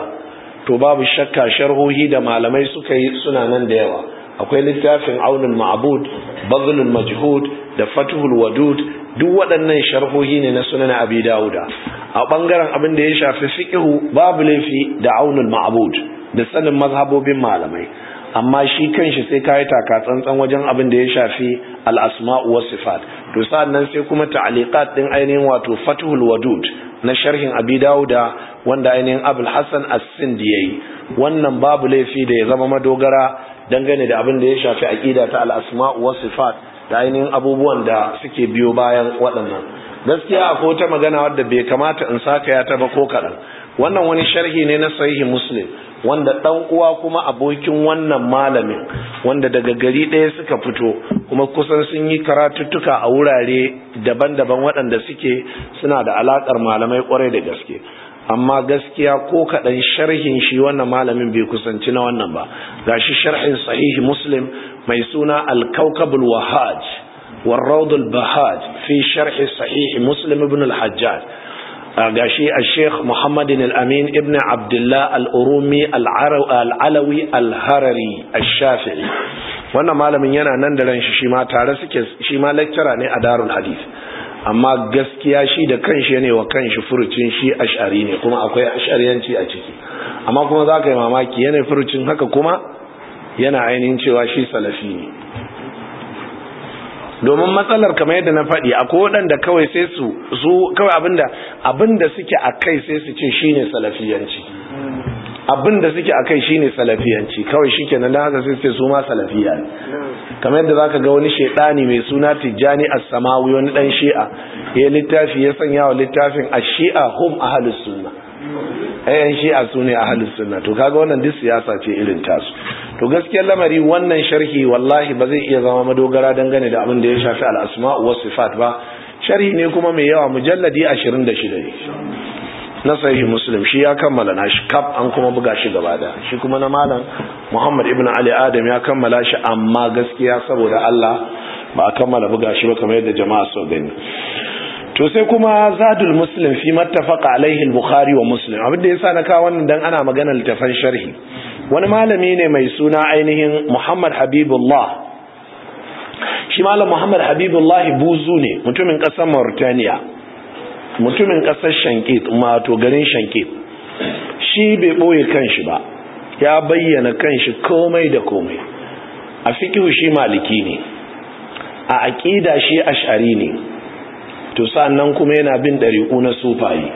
to babu shakka sharhohi da malamai suka yi suna nan da yawa akwai littafin aunin Ma'abud, bazlul majhud da fatuhul wadud duk waɗannan sharhohi ne na sunan abi dauda a ɓangaren abin da ya shafi fiqhu babu laifi da aunin Ma'abud da sanin mazhabobin malamai amma shi kanshi sai kai taka tsantsan wajen abin da ya shafi al-asma'u was sifat to nan sai kuma ta'liqat din ainihin wato fathul wadud na sharhin abi Dawuda, wanda ainihin abul Hassan as ya yayi wannan babu laifi da ya zama madogara dangane da abin da ya shafi aqida ta Al'asma'u Wasifat sifat da ainihin abubuwan da suke biyo bayan waɗannan gaskiya akwai wata magana wadda bai kamata in saka ya ta ba ko kaɗan wannan wani sharhi ne na sahihi muslim wanda ɗan uwa kuma abokin wannan malamin wanda daga gari ɗaya suka fito kuma kusan sun yi karatuttuka a wurare daban-daban waɗanda suke suna da alaƙar malamai kwarai da gaske amma gaskiya ko kaɗan sharhin shi wannan malamin bai kusanci na wannan ba ga shi sharhin sahihi muslim mai suna alkaukabul wahaj warraudul bahaj fi sharhi sahihi muslim ibn al-hajjaj gashi a sheikh muhammadin al'amin ibn abdullah al'urumi al'alawi al-harari shafii wannan malamin yana nan da ran shi shi ma tare suke shi ma ne a darul hadith amma gaskiya shi da kanshi ne wa kanshi furucin shi ash'ari ne kuma akwai ash'ariyanci a ciki amma kuma za ka yi mamaki yanayi furucin haka kuma yana ainihin cewa shi salafi ne domin matsalar kamar yadda na faɗi akwai waɗanda kawai sai su su kawai abinda abinda suke a kai sai su ce shine salafiyanci abinda suke a kai shine salafiyanci kawai shikenan dan haka sai su su ma salafiya ne kamar yadda zaka ga wani shedani mai suna Tijjani As-Samawi wani dan Shi'a ya littafi ya sanya wa littafin Ash-Shi'a hum ahlus sunnah ayan shi'a su ne halin sunna to kaga wannan duk siyasa ce irin tasu to gaskiyar lamari wannan sharhi wallahi ba zai iya zama madogara dangane da abin da ya shafi al'asma wa sifat ba sharhi ne kuma mai yawa mujalladi 26 ne na sahih muslim shi ya kammala na shi kaf an kuma buga shi gaba da shi kuma na malam muhammad ibn ali adam ya kammala shi amma gaskiya saboda Allah ba a kammala buga shi ba kamar yadda jama'a sau gani to sai kuma zadul muslim fi mattafaqa alaihi al-bukhari wa muslim abin da yasa na kawo wannan dan ana magana littafan sharhi wani malami ne mai suna ainihin Muhammad Habibullah shi malam Muhammad Habibullah buzu ne mutumin kasar Mauritania mutumin kasar Shankit wato garin Shankit shi bai boye kanshi ba ya bayyana kanshi komai da komai a shi maliki ne a aqida shi ash'ari ne to sa'annan kuma yana bin ɗariƙu na sufaye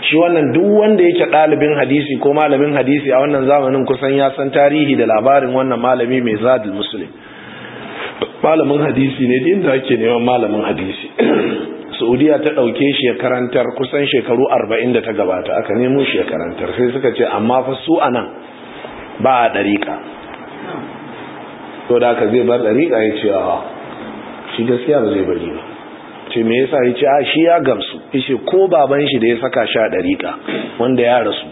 shi wannan duk wanda yake ɗalibin hadisi ko malamin hadisi a wannan zamanin kusan ya san tarihi da labarin wannan malami mai zadul muslim malamin hadisi ne din da ake neman malamin hadisi [COUGHS] saudiya ta ɗauke shi ya karantar kusan shekaru arba'in da ta gabata aka nemo shi ya karantar sai suka ce amma fa su a nan ba a ɗariƙa to da aka zai bar ɗariƙa ya ce a shi gaskiya ba zai bari ba ce me yasa yace a ah, shi ya gamsu yace ko baban shi da ya saka shi a wanda ya rasu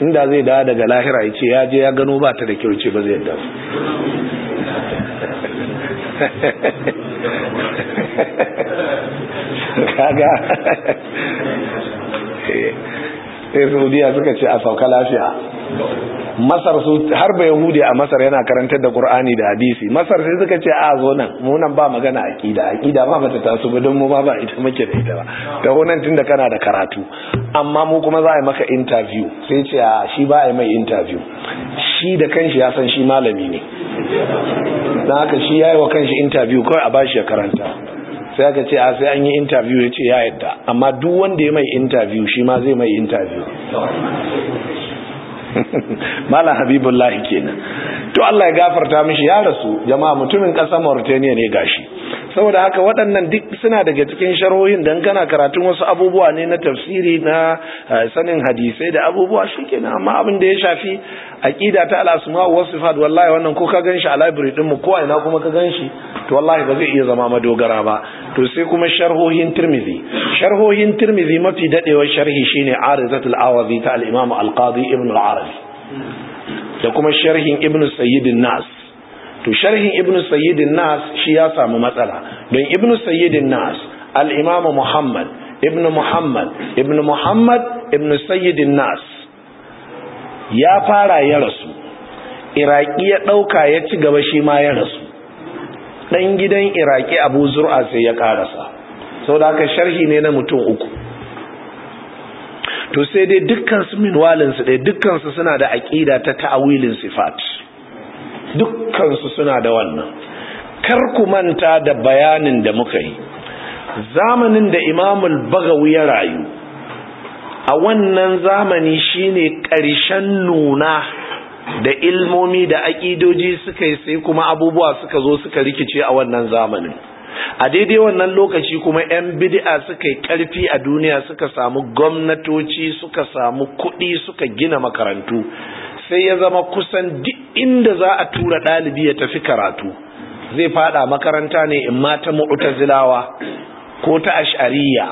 inda zai dawo daga lahira yace yaje ya je ya gano ba ta da kyau yace ba zai yadda [LAUGHS] kaga [LAUGHS] suka ce a sauka lafiya masar su har ba yahudi a masar yana karantar da qur'ani da hadisi masar sai suka ce a zo nan mu nan ba magana aqida aqida ba bata taso ba don mu ba ba ita muke da ita ba ta honan tunda kana da karatu amma mu kuma za a yi maka interview sai ce a shi ba a yi mai interview shi da kanshi ya san shi malami ne don haka shi ya wa kanshi interview kawai a bashi ya karanta sai aka ce a sai an yi interview ya ce ya yadda amma duk wanda ya mai interview shi ma zai mai interview [LAUGHS] mala habibullahi kenan to Allah ya gafarta mishi ya rasu jama'a mutumin kasar Mauritania ne gashi saboda haka waɗannan duk suna daga cikin sharhohin dan kana karatun wasu abubuwa ne na tafsiri na eh, sanin hadisai da abubuwa shi kenan amma abin da ya shafi aqida ta al-asma wa sifat wallahi wannan ko ka ganshi a library din mu ko ina kuma ka ganshi to wallahi ba zai iya zama madogara ba to sai kuma sharhohin tirmizi sharhohin tirmizi mafi dadewar sharhi shine arizatul awazi ta al-imam al-qadi ibn al-arabi da kuma sharhin ibn sayyidin nas to sharhin ibn sayyidin nas shi ya samu matsala don ibn sayyidin nas al-imam muhammad ibn muhammad ibn muhammad ibn sayyidin nas ya fara ya rasu iraki ya ɗauka ya ci gaba shi ma ya rasu ɗan gidan iraki abu zur'a sai ya karasa sau da haka sharhi ne na mutum uku to sai dai dukkansu minwalinsu ɗaya dukkansu suna da aƙida ta ta'awilin sifat dukkansu suna da wannan kar ku manta da bayanin da muka yi zamanin da imamul bagawi ya rayu a wannan zamani shine ƙarshen nuna da ilmomi da aƙidoji suka yi sai kuma abubuwa suka zo suka rikice a wannan zamanin a daidai wannan lokaci kuma 'yan bid'a suka yi ƙarfi a duniya suka samu gwamnatoci suka samu kuɗi suka gina makarantu sai ya zama kusan duk inda za a tura ɗalibi ya tafi karatu zai fada makaranta ne in ma ta mu'tazilawa ko ta ash'ariya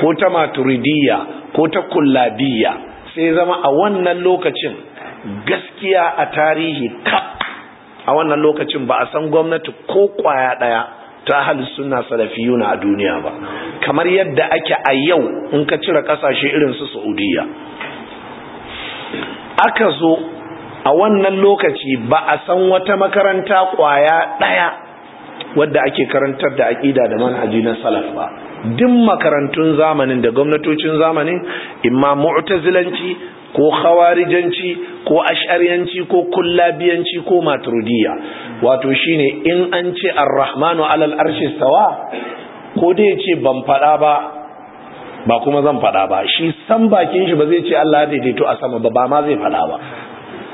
ko ta maturidiyya ko ta kullabiyya sai zama a wannan lokacin gaskiya a tarihi kap a wannan lokacin ba a san gwamnati ko kwaya daya ta hali suna salafiyuna a duniya ba kamar yadda ake a yau in ka cire kasashe irin su saudiya aka zo a wannan lokaci ba a san wata makaranta kwaya daya wadda ake karantar da aƙida da manhaji na salaf ba duk makarantun zamanin da gwamnatocin zamanin imma mu'tazilanci ko khawarijanci ko ash'ariyanci ko kullabiyanci ko maturidiyya wato shine in an ce ar-rahmanu alal arshi stawa ko dai ce ban fada ba ba kuma zan fada ba shi san bakin shi ba zai ce Allah ya daidaito a sama ba ba ma zai fada ba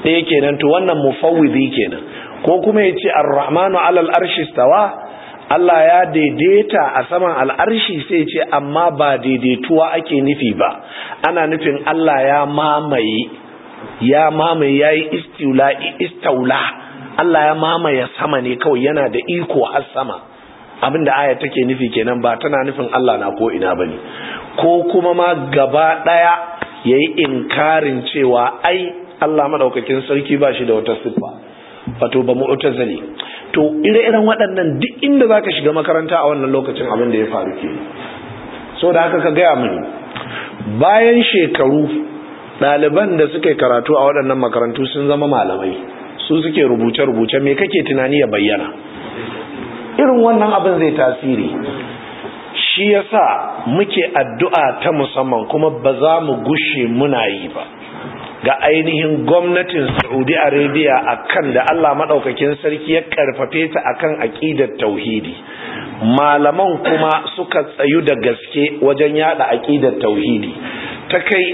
ɗaya kenan to wannan mufawwidi kenan ko kuma yace ce ar-rahmanu alal arshi stawa Allah ya daidaita a saman al'arshi sai ce amma ba daidaituwa ake nufi ba ana nufin Allah ya mamaye ya mamaye ya yi istaula Allah ya mamaye sama ne kawai yana da iko har sama abinda aya take nufi kenan ba tana nufin Allah na ko ina bane ko kuma ma gaba daya yayi inkarin cewa ai Allah madaukakin sarki ba shi da wata siffa wato ba zane to ire-iren waɗannan duk inda zaka shiga makaranta a wannan lokacin abin da ya faru ke so da haka ka gaya mini bayan shekaru ɗaliban da suke karatu a waɗannan makarantu sun zama malamai su suke rubuce-rubuce me kake tunani ya bayyana irin wannan abin zai tasiri shi yasa muke addu'a ta musamman kuma ba za mu gushe muna yi ba ga ainihin gwamnatin saudi arabia a kan da allah maɗaukakin sarki ya karfafe ta kan aƙidar tauhidi malaman kuma suka tsayu da gaske wajen yada aƙidar tauhidi ta kai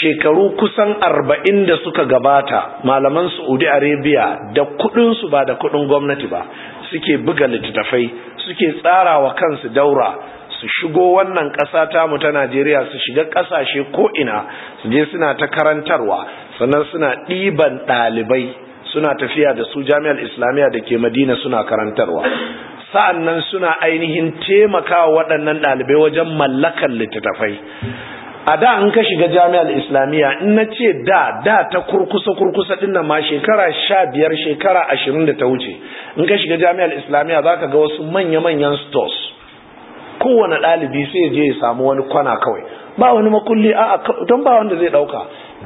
shekaru kusan arba'in da suka gabata malaman saudi arabia da kudinsu ba da kudin gwamnati ba suke buga littattafai suke tsara wa kansu daura su shigo wannan ƙasa mu ta Najeriya su shiga ƙasashe ko'ina su je suna ta karantarwa sannan suna ɗiban ɗalibai suna tafiya da su jami'ar islamiyya da ke madina suna karantarwa sa'an nan suna ainihin taimakawa waɗannan ɗalibai wajen mallakar littattafai a da an ka shiga jami'ar islamiyya in na ce da da ta kurkusa kurkusa din nan ma shekara sha biyar shekara ashirin da ta wuce in ka shiga jami'ar islamiyya za ka ga wasu manya-manyan stores kowane ɗalibi sai je ya samu wani kwana kawai ba wani makulli a don ba wanda zai ɗauka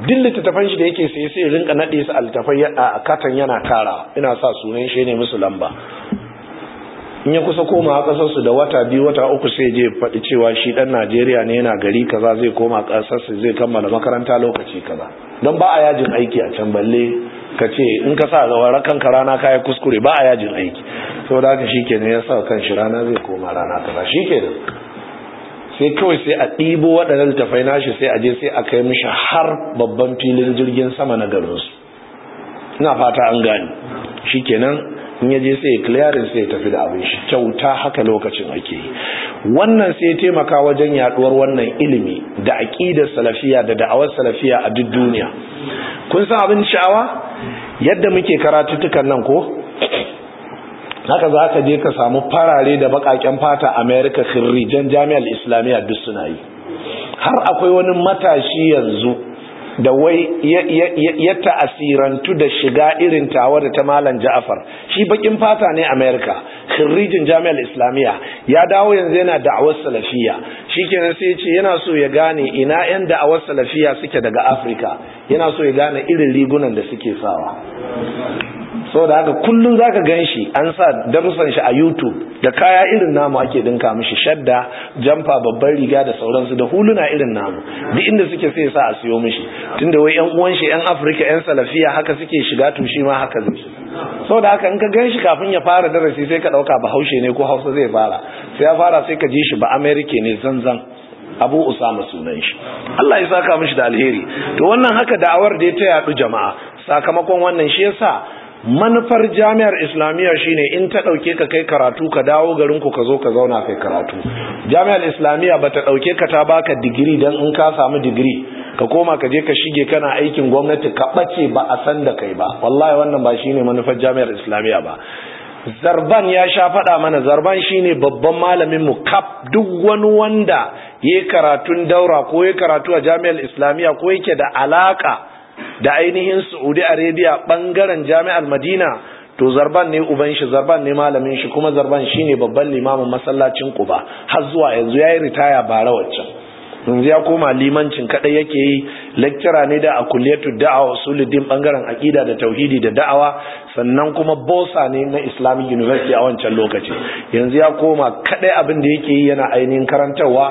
din littattafan shi da yake sai sai rinka naɗe su a littattafai a katan yana tara ina sa sunan shi ne musu lamba in ya kusa koma a ƙasarsu da wata biyu wata uku sai je faɗi cewa shi ɗan najeriya ne yana gari kaza zai koma ƙasarsu zai kammala makaranta lokaci kaza don ba a yajin aiki a can balle ka ce in ka sa zawar kanka rana ka yi kuskure ba a yajin aiki so da haka shi ke ya sa kan shi rana zai koma rana ta. ba shi ke sai kawai sai a ɗibo waɗannan tafai nashi sai a je sai a kai mishi har babban filin jirgin sama na garinsu ina fata an gani shi kenan in ya je sai clearing sai tafi da abin shi kyauta haka lokacin ake wannan sai taimaka wajen yaduwar wannan ilimi da aqidar salafiya da da'awar salafiya a duk duniya kun san abin sha'awa yadda muke karatuttukan nan ko haka za ka je ka samu farare da bakaken fata america khirrijan jami'ar islamiyya duk suna yi har akwai wani matashi yanzu da wai ya ta'asirantu da shiga irin tawa da ta malam ja'afar shi bakin fata ne america khirrijin jami'ar islamiyya ya dawo yanzu yana da da'awar salafiya shikenan sai ya ce yana so ya gane ina yan da'awar salafiya suke daga afirka yana so ya gane irin rigunan da suke sawa da haka kullum zaka gan shi an sa darussan shi a YouTube da kaya irin namu ake dinka mashi shadda jamfa babban riga da sauransu da huluna irin namu duk inda suke sai sa a siyo mishi tunda wai yan uwan shi yan Afirka yan Salafiya haka suke shiga tushe shi ma haka zai da haka in ka gan shi kafin ya fara darasi sai ka dauka Bahaushe ne ko Hausa zai fara sai ya fara sai ka je shi ba America ne zanzan abu usama sunan shi Allah ya saka mishi da alheri to wannan haka da'awar da ya ta yadu jama'a sakamakon wannan shi yasa manufar jami'ar islamiyya shine in ta dauke ka kai karatu ka dawo garin ku ka zo ka zauna kai karatu jami'ar islamiyya bata dauke ka ta baka digiri dan in ka samu digiri ka koma ka je ka shige kana aikin gwamnati ka bace ba a san da kai ba wallahi wannan ba shine manufar jami'ar islamiyya ba zarban ya sha faɗa mana zarban shine babban malamin mu kaf duk wani wanda yayi karatun daura ko yayi karatu a jami'ar islamiyya ko yake da alaka da ainihin Saudi Arabia bangaren Jami'ar Madina to zarban ne uban shi zarban ne malamin shi kuma zarban shine babban limamin masallacin Quba har zuwa yanzu yayi ritaya bara waccan yanzu ya koma limancin kadai yake yi lecturer ne da a kulliyatu da'awa usuluddin bangaren aqida da tauhidi da da'awa sannan kuma bosa ne na Islamic University a wancan lokaci yanzu ya koma kadai abin da yake yi yana ainihin karantarwa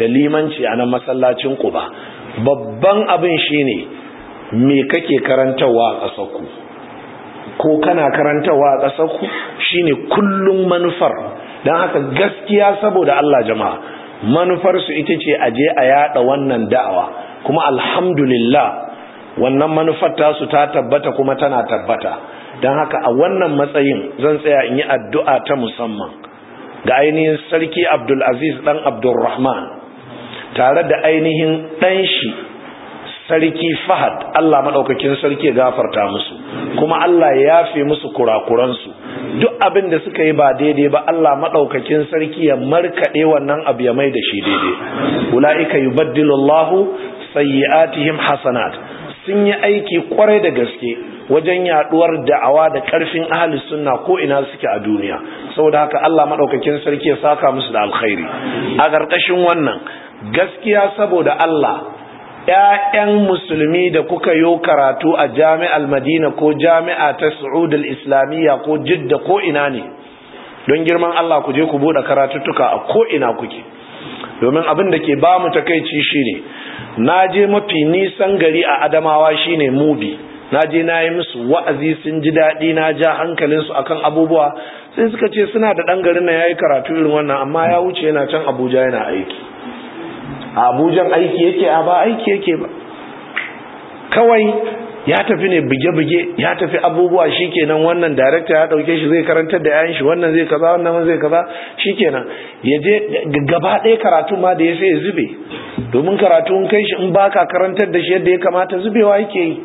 da limanci a nan masallacin Quba babban abin shine me kake karantawa a ƙasarku ko kana karantawa a ƙasarku shine kullum manufar dan haka gaskiya saboda Allah jama'a su ita ce a je a yada wannan da'awa kuma alhamdulillah wannan manufar ta su ta tabbata kuma tana tabbata dan haka a wannan matsayin zan tsaya in yi addu'a ta musamman ga ainihin sarki Abdul abdulaziz dan rahman tare da ainihin shi sarki fahad Allah maɗaukakin sarki ya gafarta musu kuma Allah ya yafe musu kurakuransu duk abin da suka yi ba daidai ba Allah maɗaukakin sarki ya markaɗe wannan abu ya mai da shi daidai ulaika yubaddilu Allahu sayi'atihim hasanat sun yi aiki kwarai da gaske wajen yaduwar da'awa da karfin ahli sunna ko ina suke a duniya saboda haka Allah maɗaukakin sarki ya saka musu da alkhairi a ƙarƙashin wannan gaskiya saboda Allah ‘ya'yan musulmi da kuka yi karatu a jami'ar madina ko jami'a ta sa’udul islamiyya ko jidda ko ina ne don girman Allah ku je ku buɗe karatuttuka a ko ina kuke domin abin da ke ba mu takaici ne. na je mafi nisan gari a adamawa shi ne mubi na je na yi musu wa'azi sun ji daɗi na ja hankalinsu kan abubuwa sai suka ce suna da ɗan garin na ya yi karatu irin wannan amma ya wuce yana can abuja yana aiki abujan aiki yake a ba aiki yake ba kawai ya tafi ne buge-buge ya tafi abubuwa shikenan wannan director ya dauke shi zai karantar da yayin shi wannan zai kaza wannan zai kaza shikenan ya je gaba ɗaya karatu ma da ya sai zube domin karatu in kai shi in baka karantar da shi yadda ya kamata zubewa yake yi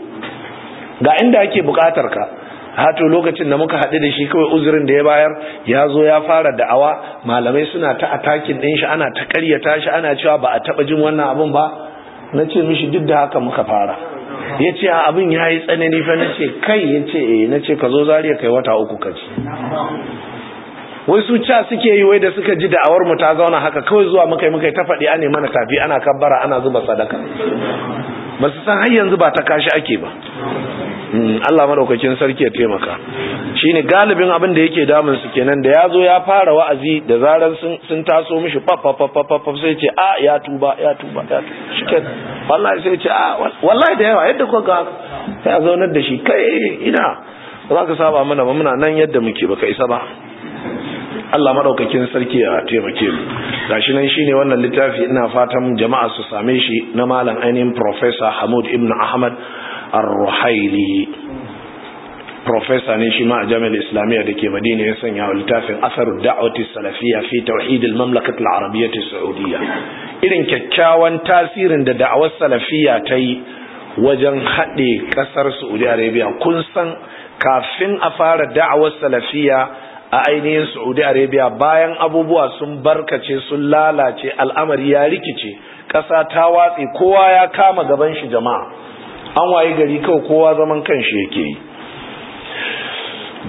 ga inda ake bukatar ka hato lokacin da muka haɗu da shi kawai uzurin da ya bayar ya zo ya fara da'awa malamai suna ta atakin ɗin shi ana ta ƙaryata shi ana cewa ba a taɓa jin wannan abin ba na ce mishi duk da haka muka fara ya ce a abin ya yi tsanani fa na ce kai ya ce eh na ce ka zo zariya kai wata uku ka ci wai su ca suke yi wai da suka ji da'awar mu ta zauna haka kawai zuwa muka yi muka ta faɗi ane mana tafi ana kabbara ana zuba sadaka ba su san har yanzu ba ta kashi ake ba Hmm, Allah madaukakin sarki ya taimaka shine galibin abin da yake damun su kenan da yazo ya fara wa'azi da zaran sun sun taso mishi pap pap pap pap sai ce a ah, ya tuba ya tuba ya tuba shike wallahi sai ce a ah, wallahi da yawa yadda kuka ga sai a zaunar da shi kai ina ba ka saba mana ba muna nan yadda muke baka isa ba Allah madaukakin sarki ya taimake mu gashi nan shine wannan littafi ina fatan jama'a su same shi na malam ainihin professor Hamud ibn Ahmad ar-ruhaili profesa ne shi ma a jami'ar islamiyya da ke madina ya sanya wa littafin asar da'awati salafiyya fi tauhidil mamlakat al ta saudiyya irin kyakkyawan tasirin da da'awar salafiyya ta yi wajen haɗe ƙasar saudi Arabiya, kun san kafin a fara da'awar salafiya a ainihin saudi Arabiya bayan abubuwa sun barkace sun lalace al'amari ya rikice ƙasa ta watse kowa ya kama gaban shi jama'a an waye gari kawai kowa zaman kanshi yake yi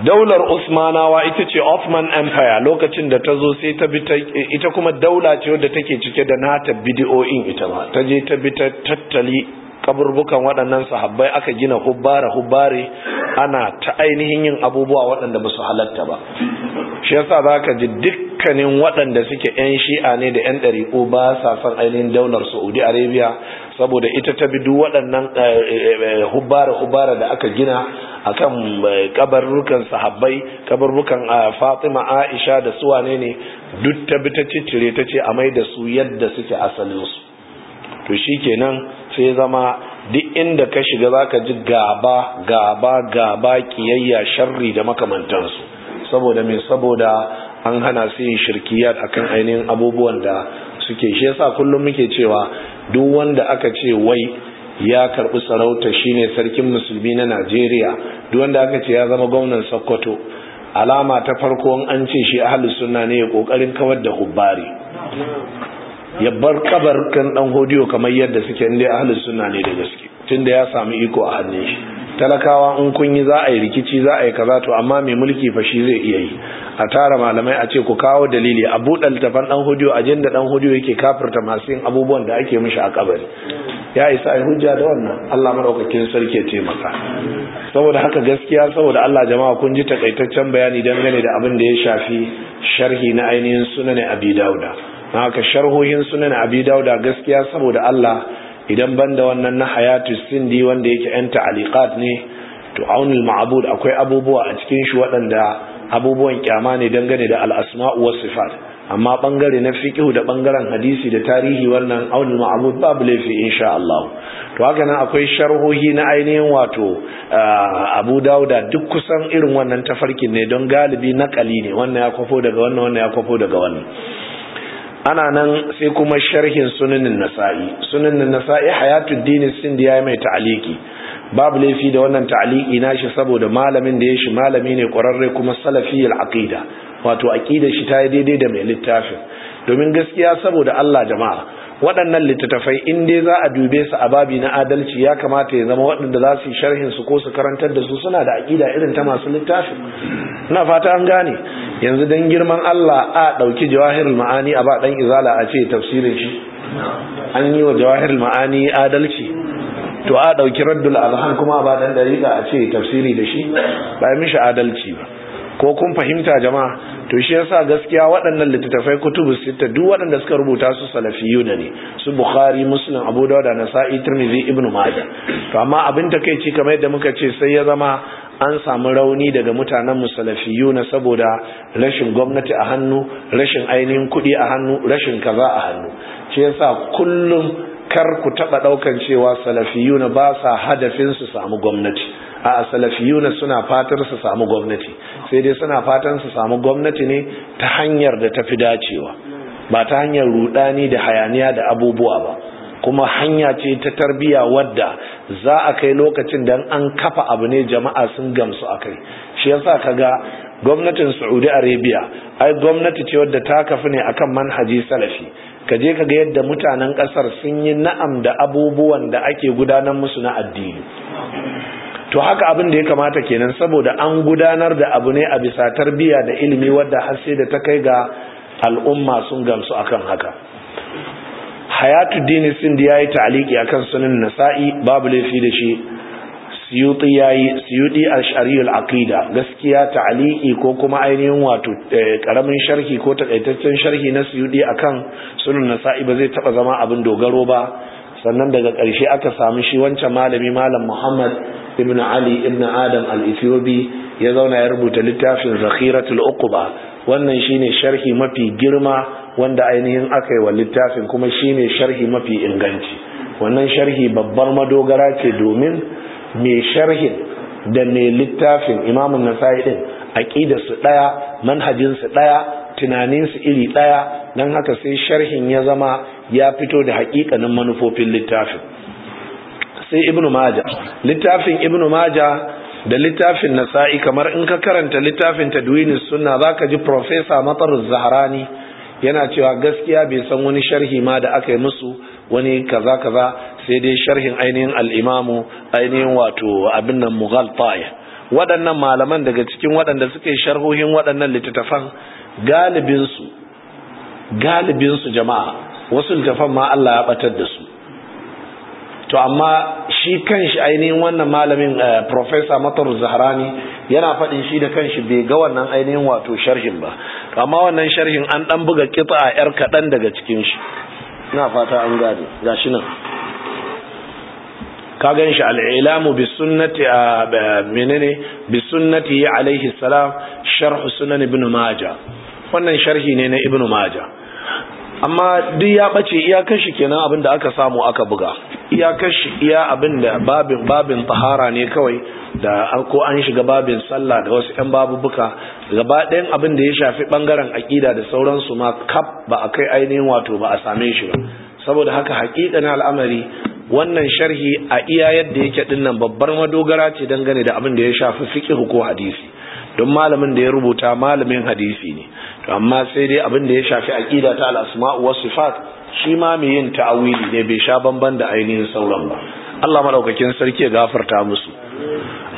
daular usmanawa ita ce Ottoman empire lokacin da ta zo sai ta bi ita kuma daula ce wadda take cike da nata bidiyoyin ita ma ta je ta bi ta tattali kaburbukan waɗannan sahabbai aka gina hubbare hubbare ana ta ainihin yin abubuwa waɗanda ba su halatta ba shi yasa za ka ji dukkanin waɗanda suke 'yan shi'a ne da 'yan ɗari'u ba sa son ainihin daular saudi arabia saboda ita ta bi duk waɗannan hubbara-hubbara eh, eh, eh, da aka gina a kan kabarrukan sahabbai kabarrukan ah, fatima aisha da Suwa ne duk ta bi ta ciccire ta ce a mai da su yadda suke asalinsu to shi kenan sai zama duk inda ka shiga za ka ji gaba gaba gaba kiyayya sharri da makamantansu saboda mai saboda an hana su yin shirkiyar akan ainihin abubuwan da suke shi yasa kullum muke cewa duk wanda aka ce wai ya karbi sarauta shine sarkin musulmi na Najeriya duk wanda aka ce ya zama gwamnan Sokoto alama ta farko an ce shi ahlus sunna ne ya kokarin kawar da hubbari ya bar kabar kan dan hodiyo kamar yadda suke inda ahlus sunna ne da gaske tunda ya samu iko a hannun shi talakawa in kun yi za a yi rikici za a yi kaza to amma mai mulki fashi zai iya yi a tara malamai a ce ku kawo dalili a buɗe tafan ɗan hudu a jinda dan hudu yake kafirta masu yin abubuwan da ake mishi a kabari ya isa ai hujja da wannan Allah madaukakin sarki ya taimaka saboda haka gaskiya saboda Allah jama'a kun ji takaitaccen bayani dangane da abin da ya shafi sharhi na ainihin sunan Abi haka sharhohin sunan Abi dauda gaskiya saboda Allah idan banda wannan na hayatus sindi wanda yake yan ta'aliqat ne to aunul ma'bud akwai abubuwa a cikin shi waɗanda abubuwan kyama ne dangane da al-asma'u was sifat amma bangare na fiqh da bangaren hadisi da tarihi wannan aunul ma'bud babu laifi insha Allah to haka nan akwai sharhohi na ainihin wato ah, Abu Dawud duk kusan irin wannan tafarkin ne don galibi nakali ne wannan ya kwafo daga wannan wannan ya kwafo daga wannan ana nan sai kuma sharhin sunanin nasa'i sunanin nasa'i hayatul dini sindi ya mai ta'aliki babu laifi da wannan ta'aliki na shi saboda malamin da ya shi malami ne ƙwararre kuma salafiyar aƙida wato aƙida shi ta yi daidai da mai littafin domin gaskiya saboda Allah jama'a waɗannan littattafai in dai za a dube su a babi na adalci ya kamata ya zama waɗanda za su yi sharhin su ko su karantar da su suna da aƙida irin ta masu littafin na fata an gane yanzu don girman Allah a ɗauki jawahirul ma'ani a ba ɗan izala a ce tafsirin shi an yi wa jawahirul ma'ani adalci to a ɗauki raddul alhan kuma a ba ɗan ɗariƙa a ce tafsiri da shi ba mishi adalci ba ko kun fahimta jama'a to shi yasa gaskiya waɗannan littattafai kutubu sita duk waɗanda suka rubuta su da ne su bukhari muslim abu dawud sa'i tirmidhi ibnu majah to amma abin takaici, kai ci kamar yadda muka ce sai ya zama an samu rauni daga mutanen na saboda rashin gwamnati a hannu rashin ainihin kuɗi a hannu rashin kaza a hannu shi yasa kullum kar ku taɓa ɗaukan cewa salafiyuna ba sa hadafin su samu gwamnati a salafiyuna suna fatar su samu gwamnati sai dai suna fatan su samu gwamnati ne ta hanyar da ta fi dacewa ba ta hanyar rudani da hayaniya da abubuwa ba kuma hanya ce ta tarbiya wadda za a kai lokacin dan an kafa abu ne jama'a sun gamsu a kai. shi yasa ka ga gwamnatin Saudi Arabia ai gwamnati ce wadda ta kafi ne akan manhaji salafi ka je ka ga yadda mutanen kasar sun yi na'am da abubuwan da ake gudanar musu na addini to haka abin da ya kamata kenan saboda an gudanar da abu ne a bisa tarbiya da ilimi wadda har sai da ta kai ga al'umma sun gamsu akan haka hayatu dini sindi ya yi ta'aliki akan sunan nasa'i babu laifi da shi siyuti ya yi siyuti al aqida gaskiya ta'aliki ko kuma ainihin wato eh, ƙaramin sharhi ko takaitaccen sharhi na siyuti akan sunan nasa'i ba zai taba zama abin dogaro ba sannan daga ƙarshe aka samu shi wancan malami malam muhammad ibn ali ibn adam al-ethiopi ya zauna ya rubuta littafin zakhiratul uquba wannan shine sharhi mafi girma wanda ainihin aka yi wa littafin kuma shine sharhi mafi inganci wannan sharhi babbar madogara ce domin mai sharhin da mai littafin imamin nasa'i din aqidar su daya manhajinsu su daya tunaninsu iri daya dan haka sai sharhin ya zama ya fito da hakikanin manufofin littafin sai ibnu maja littafin ibnu maja da littafin nasa'i kamar in ka karanta littafin tadwinis sunna zaka ji professor matar zahrani yana cewa gaskiya bai san wani sharhi ma da aka yi musu wani kaza kaza sai dai sharhin ainihin al-imamu ainihin wato abin nan mughal waɗannan malaman daga cikin waɗanda suke sharhohin waɗannan littattafan galibinsu galibinsu jama'a wasu littattafan ma Allah ya batar da su to amma shi kan shi ainihin wannan malamin eh, professor matar zahrani yana faɗin shi da kan shi bai ga wannan ainihin wato sharhin ba amma wannan sharhin an dan buga kitsa yar kaɗan daga cikin shi ina fata an gane shi nan ka gan shi al'ilamu bi sunnati a menene bi sunnati alaihi salam sharh sunan ibn majah wannan sharhi ne na ibn majah amma duk ya bace iyakar shi kenan abin da aka samu aka buga iyakar shi iya abin da babin babin tahara ne kawai da ko an shiga babin sallah da wasu yan babubuka gaba ɗayan abin da ya shafi bangaren aƙida da sauransu ma kap ba a kai ainihin wato ba a same shi ba saboda haka na al'amari wannan sharhi a iya yadda yake dinnan babbar madogara ce dangane da abin da ya shafi fiqh ko hadisi don malamin da ya rubuta malamin hadisi ne amma sai dai abin da ya shafi aqida ta al-asma wa sifat shi ma mai yin ta'awili ne bai sha bamban da ainihin sauran ba Allah madaukakin sarki ya gafarta musu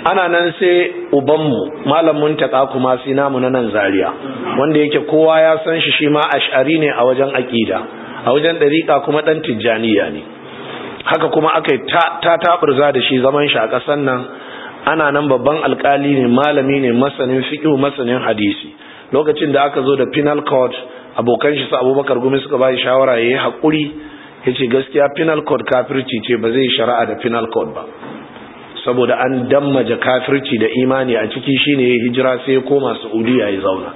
ana nan sai ubanmu malamin taƙa kuma sai namu na nan Zariya. wanda yake kowa ya san shi shi ma ash'ari ne a wajen aƙida a wajen ɗariƙa kuma ɗan tijjaniya ne haka kuma aka ta ta taɓurza da shi zaman shi a ƙasan nan ana nan babban alkali ne malami ne masanin fiqh masanin hadisi lokacin da aka zo da penal court abokan shi su abubakar gumi suka bayi shawara ya yi haƙuri ya ce gaskiya penal court kafirci ce ba zai shara'a da penal court ba saboda an dammaja kafirci da imani a ciki shine ya hijira sai ya koma saudiya ya zauna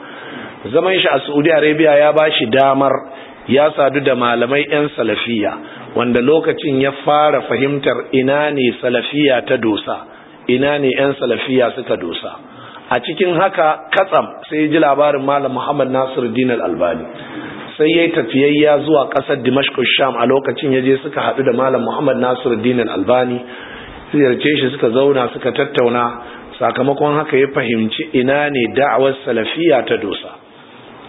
zaman shi a saudi arabia ya ba shi damar ya sadu da malamai 'yan salafiya wanda lokacin ya fara fahimtar ina ne salafiya ta dosa ina ne 'yan salafiya suka dosa a cikin haka katsam sai ya ji labarin malam muhammad nasiru dinar albani sai ya yi tafiyayya zuwa ƙasar dimashkus sham a lokacin ya je suka haɗu da malam muhammad nasiru dinar albani ziyarce shi suka zauna suka tattauna sakamakon haka ya fahimci ina ne da'awar salafiya ta dosa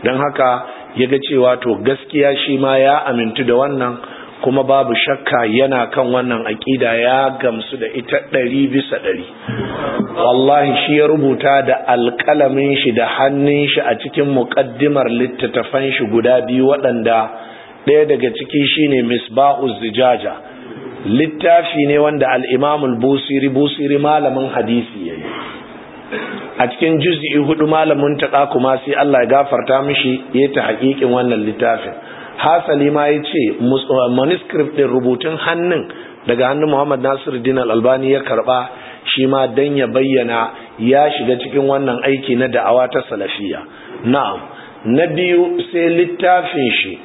don haka ya ga cewa to gaskiya shi ma ya amintu da wannan kuma babu shakka yana kan wannan aƙida ya gamsu da ita ɗari bisa ɗari wallahi shi ya rubuta da alƙalamin shi da hannun shi a cikin muƙaddimar littattafan shi guda biyu waɗanda ɗaya daga ciki shine misba'u zijaja littafi ne wanda al'imamul busiri busiri malamin hadisi ya yi a cikin juz'i hudu malamin taƙa kuma sai Allah ya gafarta mishi ya ta haƙiƙin wannan littafin hasali ma ya ce uh, manuscript ɗin rubutun hannun daga hannun muhammad nasiru dinar albani ya karba. shi ma don ya bayyana ya shiga cikin wannan aiki na da'awa ta salafiya na'am na biyu sai littafin shi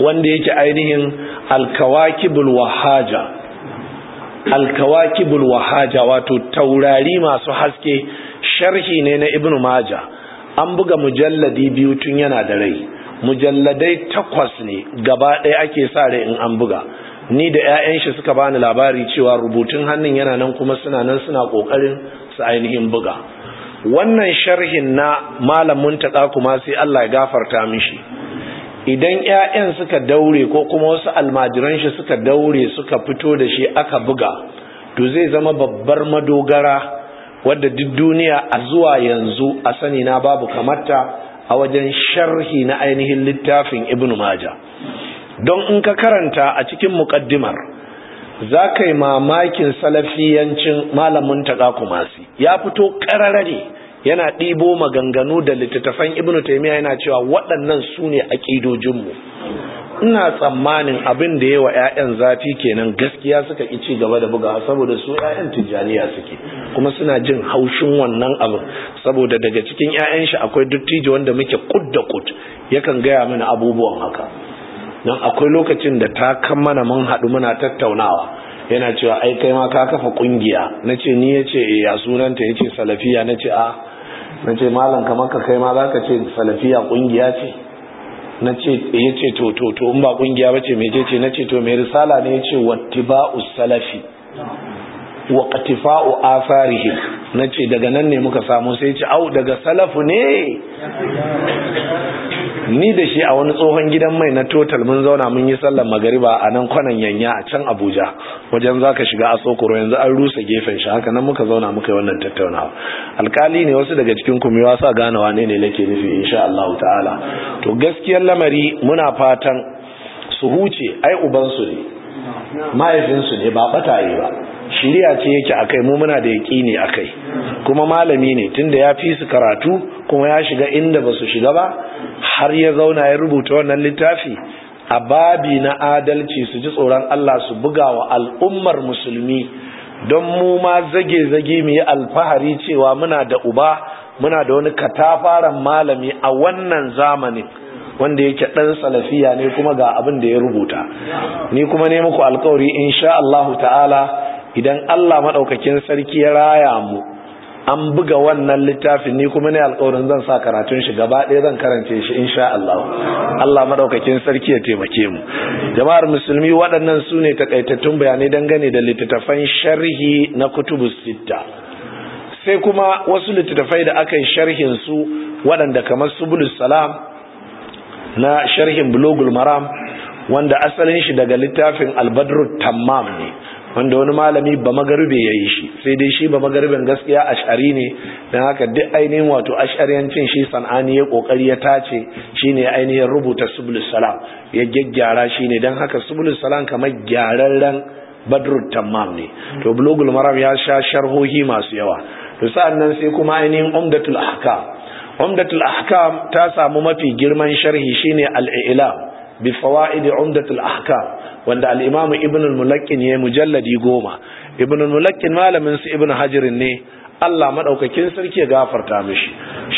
wanda yake ainihin alkawakibul wahaja alkawakibul wahaja wato taurari masu haske sharhi ne na ibnu maja an buga mujalladi biyu tun yana da rai mujalladai takwas ne gaba ɗaya ake sa rai in an buga ni da 'ya'yan shi suka bani labari cewa rubutun hannun yana nan kuma suna nan suna ƙoƙarin su ainihin buga wannan sharhin na malamin taɗa kuma sai Allah ya gafarta mishi idan 'ya'yan suka daure ko kuma wasu almajiran shi suka daure suka fito da shi aka buga to zai zama babbar madogara wadda duk duniya a zuwa yanzu a sani na babu kamata. a wajen sharhi na ainihin littafin ibn maja don in ka karanta a cikin muƙaddimar za ka yi mamakin salafiyancin malamin taƙakumasi ya fito ƙararare yana ɗibo maganganu da littattafan ibn taimiyya yana cewa waɗannan su ne ƙidojinmu. ina tsammanin abin da yawa ƴaƴan zafi kenan gaskiya suka ki ci gaba da bugawa saboda su ƴaƴan tijjaniya suke kuma suna jin haushin wannan abin saboda daga cikin ƴaƴan shi akwai dattijo wanda muke kud da kud yakan gaya mana abubuwan haka don akwai lokacin da ta kan mana mun haɗu muna tattaunawa yana cewa ai kai ma ka kafa kungiya na ce ni ya ce eh, ya sunanta ya ce salafiya na ce a ah. na ce malam kamar ka kai ma za ka ce salafiya ƙungiya ce na ce eh, ya ce to to to in ba kungiya ce me ce na ce to mai risala ne ya ce wattiba'us salafi wa qatifa'u afarihi nace daga nan ne muka samu sai ce au daga salafu ne ni da shi a wani tsohon gidan mai na total mun zauna mun yi sallar magariba a nan kwanan yanya a can Abuja wajen zaka shiga a tsokoro yanzu an rusa gefen shi haka nan muka zauna muka yi wannan tattaunawa alkali ne wasu daga cikin ku sa gane wane ne nake nufi insha Allah ta'ala to gaskiyar lamari muna fatan su huce ai uban ne mahaifinsu ne ba bataye ba shiriya ce yake akai mu muna da ne akai kuma malami ne tunda ya fi su karatu kuma ya shiga inda ba su shiga ba har ya zauna ya rubuta wannan littafi a babi na adalci su ji tsoron Allah su buga wa al'ummar musulmi don mu ma zage-zage mu yi alfahari cewa muna da uba muna da wani katafaren malami a wannan zamanin wanda yake dan salafiya ne kuma ga abin da ya rubuta ni kuma ne muku alƙawari, insha Allah ta'ala idan Allah madaukakin sarki ya raya mu an buga wannan littafin ni kuma ne alƙawarin zan sa karatun shi gaba ɗaya zan karance shi insha Allah Allah madaukakin sarki ya taimake mu jama'ar musulmi waɗannan su ne takaitattun bayanai dangane da littattafan sharhi na kutubus sitta sai kuma wasu littattafai da aka yi sharhin su waɗanda kamar subulus salam na sharhin bulogul maram wanda asalin shi daga littafin albadru tamam ne wanda wani malami ba magarbe ya yi shi sai dai shi ba magarben gaskiya ashari ne don haka duk ainihin wato ashariyancin shi san'ani ya kokari ya tace shi ne ainihin rubuta subulus salam ya gyaggyara shi ne don haka subulus salam kamar gyararren badrut tamam ne to blogul maram ya sha sharhohi masu yawa to sa'an nan sai kuma ainihin umdatul ahkam umdatul ahkam ta samu mafi girman sharhi shine al-i'lam bi fawaid umdatul ahkam wanda al-imam ibn al-mulakkin ya mujalladi goma ibn al-mulakkin malamin su ibn hajar ne Allah madaukakin sarki ya gafarta mishi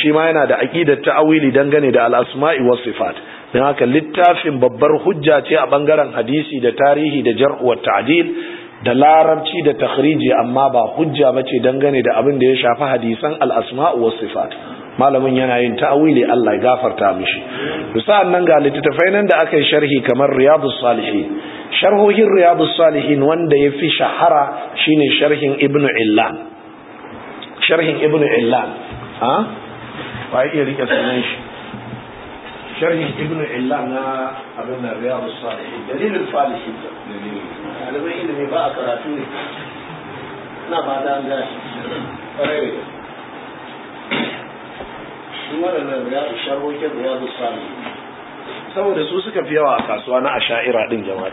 shi ma yana da aqidat ta'awili dangane da al-asma'i was sifat haka littafin babbar hujja ce a bangaren hadisi da tarihi da jar'u wa ta'dil da larabci da takhriji amma ba hujja bace dangane da abin da ya shafi hadisan al-asma'u was sifat malamin yana yin ta'awili Allah ya gafarta mishi to sa'an nan ga littafai nan da aka yi sharhi kamar riyadus salihin sharhohin riyadus salihin wanda ya fi shahara shine sharhin ibnu illan sharhin ibnu illan ha ba iya rike sunan shi sharhin ibnu illan na abin da riyadus salihin dalilul salihin dalilul ilimi ba a karatu ne na ba da an gashi su waɗannan riyadu riyadu sami saboda su suka fi yawa a kasuwa na asha'ira din jama'a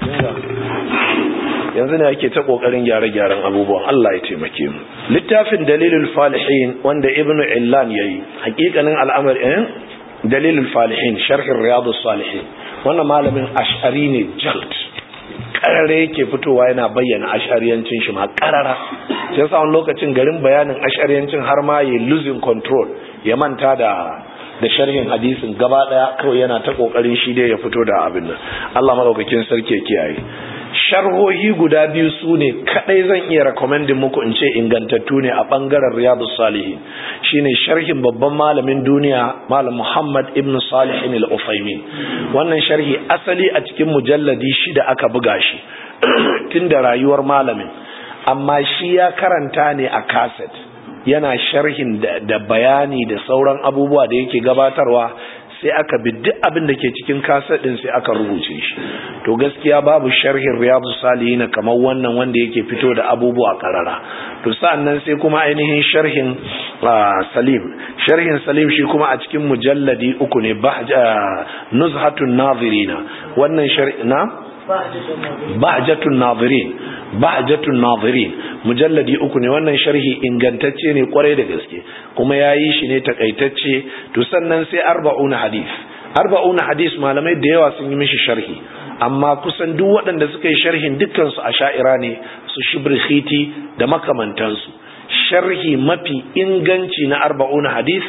yanzu ne ake ta kokarin gyare-gyaren abubuwan Allah ya taimake mu littafin dalilul falihin wanda ibnu illan yayi hakikanin al'amarin eh? dalilul falihin sharhin riyadus salihin wannan malamin ash'ari ne jalt karare yake fitowa yana bayyana ash'ariyancin shi ma karara sai sa wani lokacin garin bayanin ash'ariyancin har ma yi losing control ya manta da da sharhin hadisin gaba daya kawai yana ta kokarin shi dai ya fito da abin nan Allah madaukakin sarki ya kiyaye sharhohi guda biyu sune ne kadai zan iya recommending muku in ce ingantattu ne a bangaren riyadus salihin shine sharhin babban malamin duniya malam muhammad ibn salih al wannan sharhi asali a cikin mujalladi shida aka buga shi [CLEARS THROAT] Tunda rayuwar malamin amma shi ya karanta ne a cassette yana sharhin da bayani da sauran abubuwa da yake gabatarwa sai aka bi duk abin da ke cikin kasar din sai aka rubuce shi to gaskiya babu sharhin riyadu salihin kamar wannan wanda yake fito da abubuwa karara to sa'annan sai kuma ainihin sharhin ah, salim sharhin salim shi kuma a cikin mujalladi uku ne ah, nuzhatun nazirina wannan sharhi na ba'jatun nadirin ba'jatun nadirin mujalladi uku ne wannan sharhi ingantacce ne kwarai da gaske kuma yayi shi ne takaitacce to sannan sai arba'una hadis arba'una Hadis malamai da yawa sun yi mishi sharhi amma kusan duk waɗanda suka yi sharhin dukkan su asha'ira ne su shibrihiti da makamantansu sharhi mafi inganci na arba'una hadis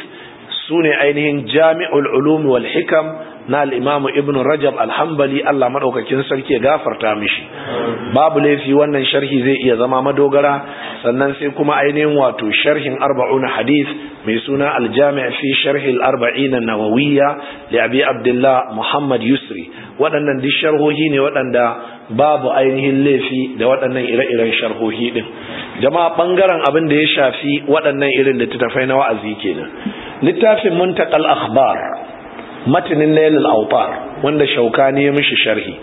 sune ainihin jami'ul ulum wal hikam na al'imamu ibn rajab alhambali Allah maɗaukakin sarki ya gafarta mishi babu laifi wannan sharhi zai iya zama madogara sannan sai kuma ainihin wato sharhin arba'una hadith mai suna aljami'a fi sharhil arba'ina nawawiyya da abi abdullah muhammad yusri waɗannan duk sharhohi ne waɗanda babu ainihin laifi da waɗannan ire-iren sharhohi ɗin jama'a ɓangaren abin da ya shafi waɗannan irin littattafai na wa'azi kenan littafin muntakal akhbar matanin lailul autar wanda shaukani ya mishi sharhi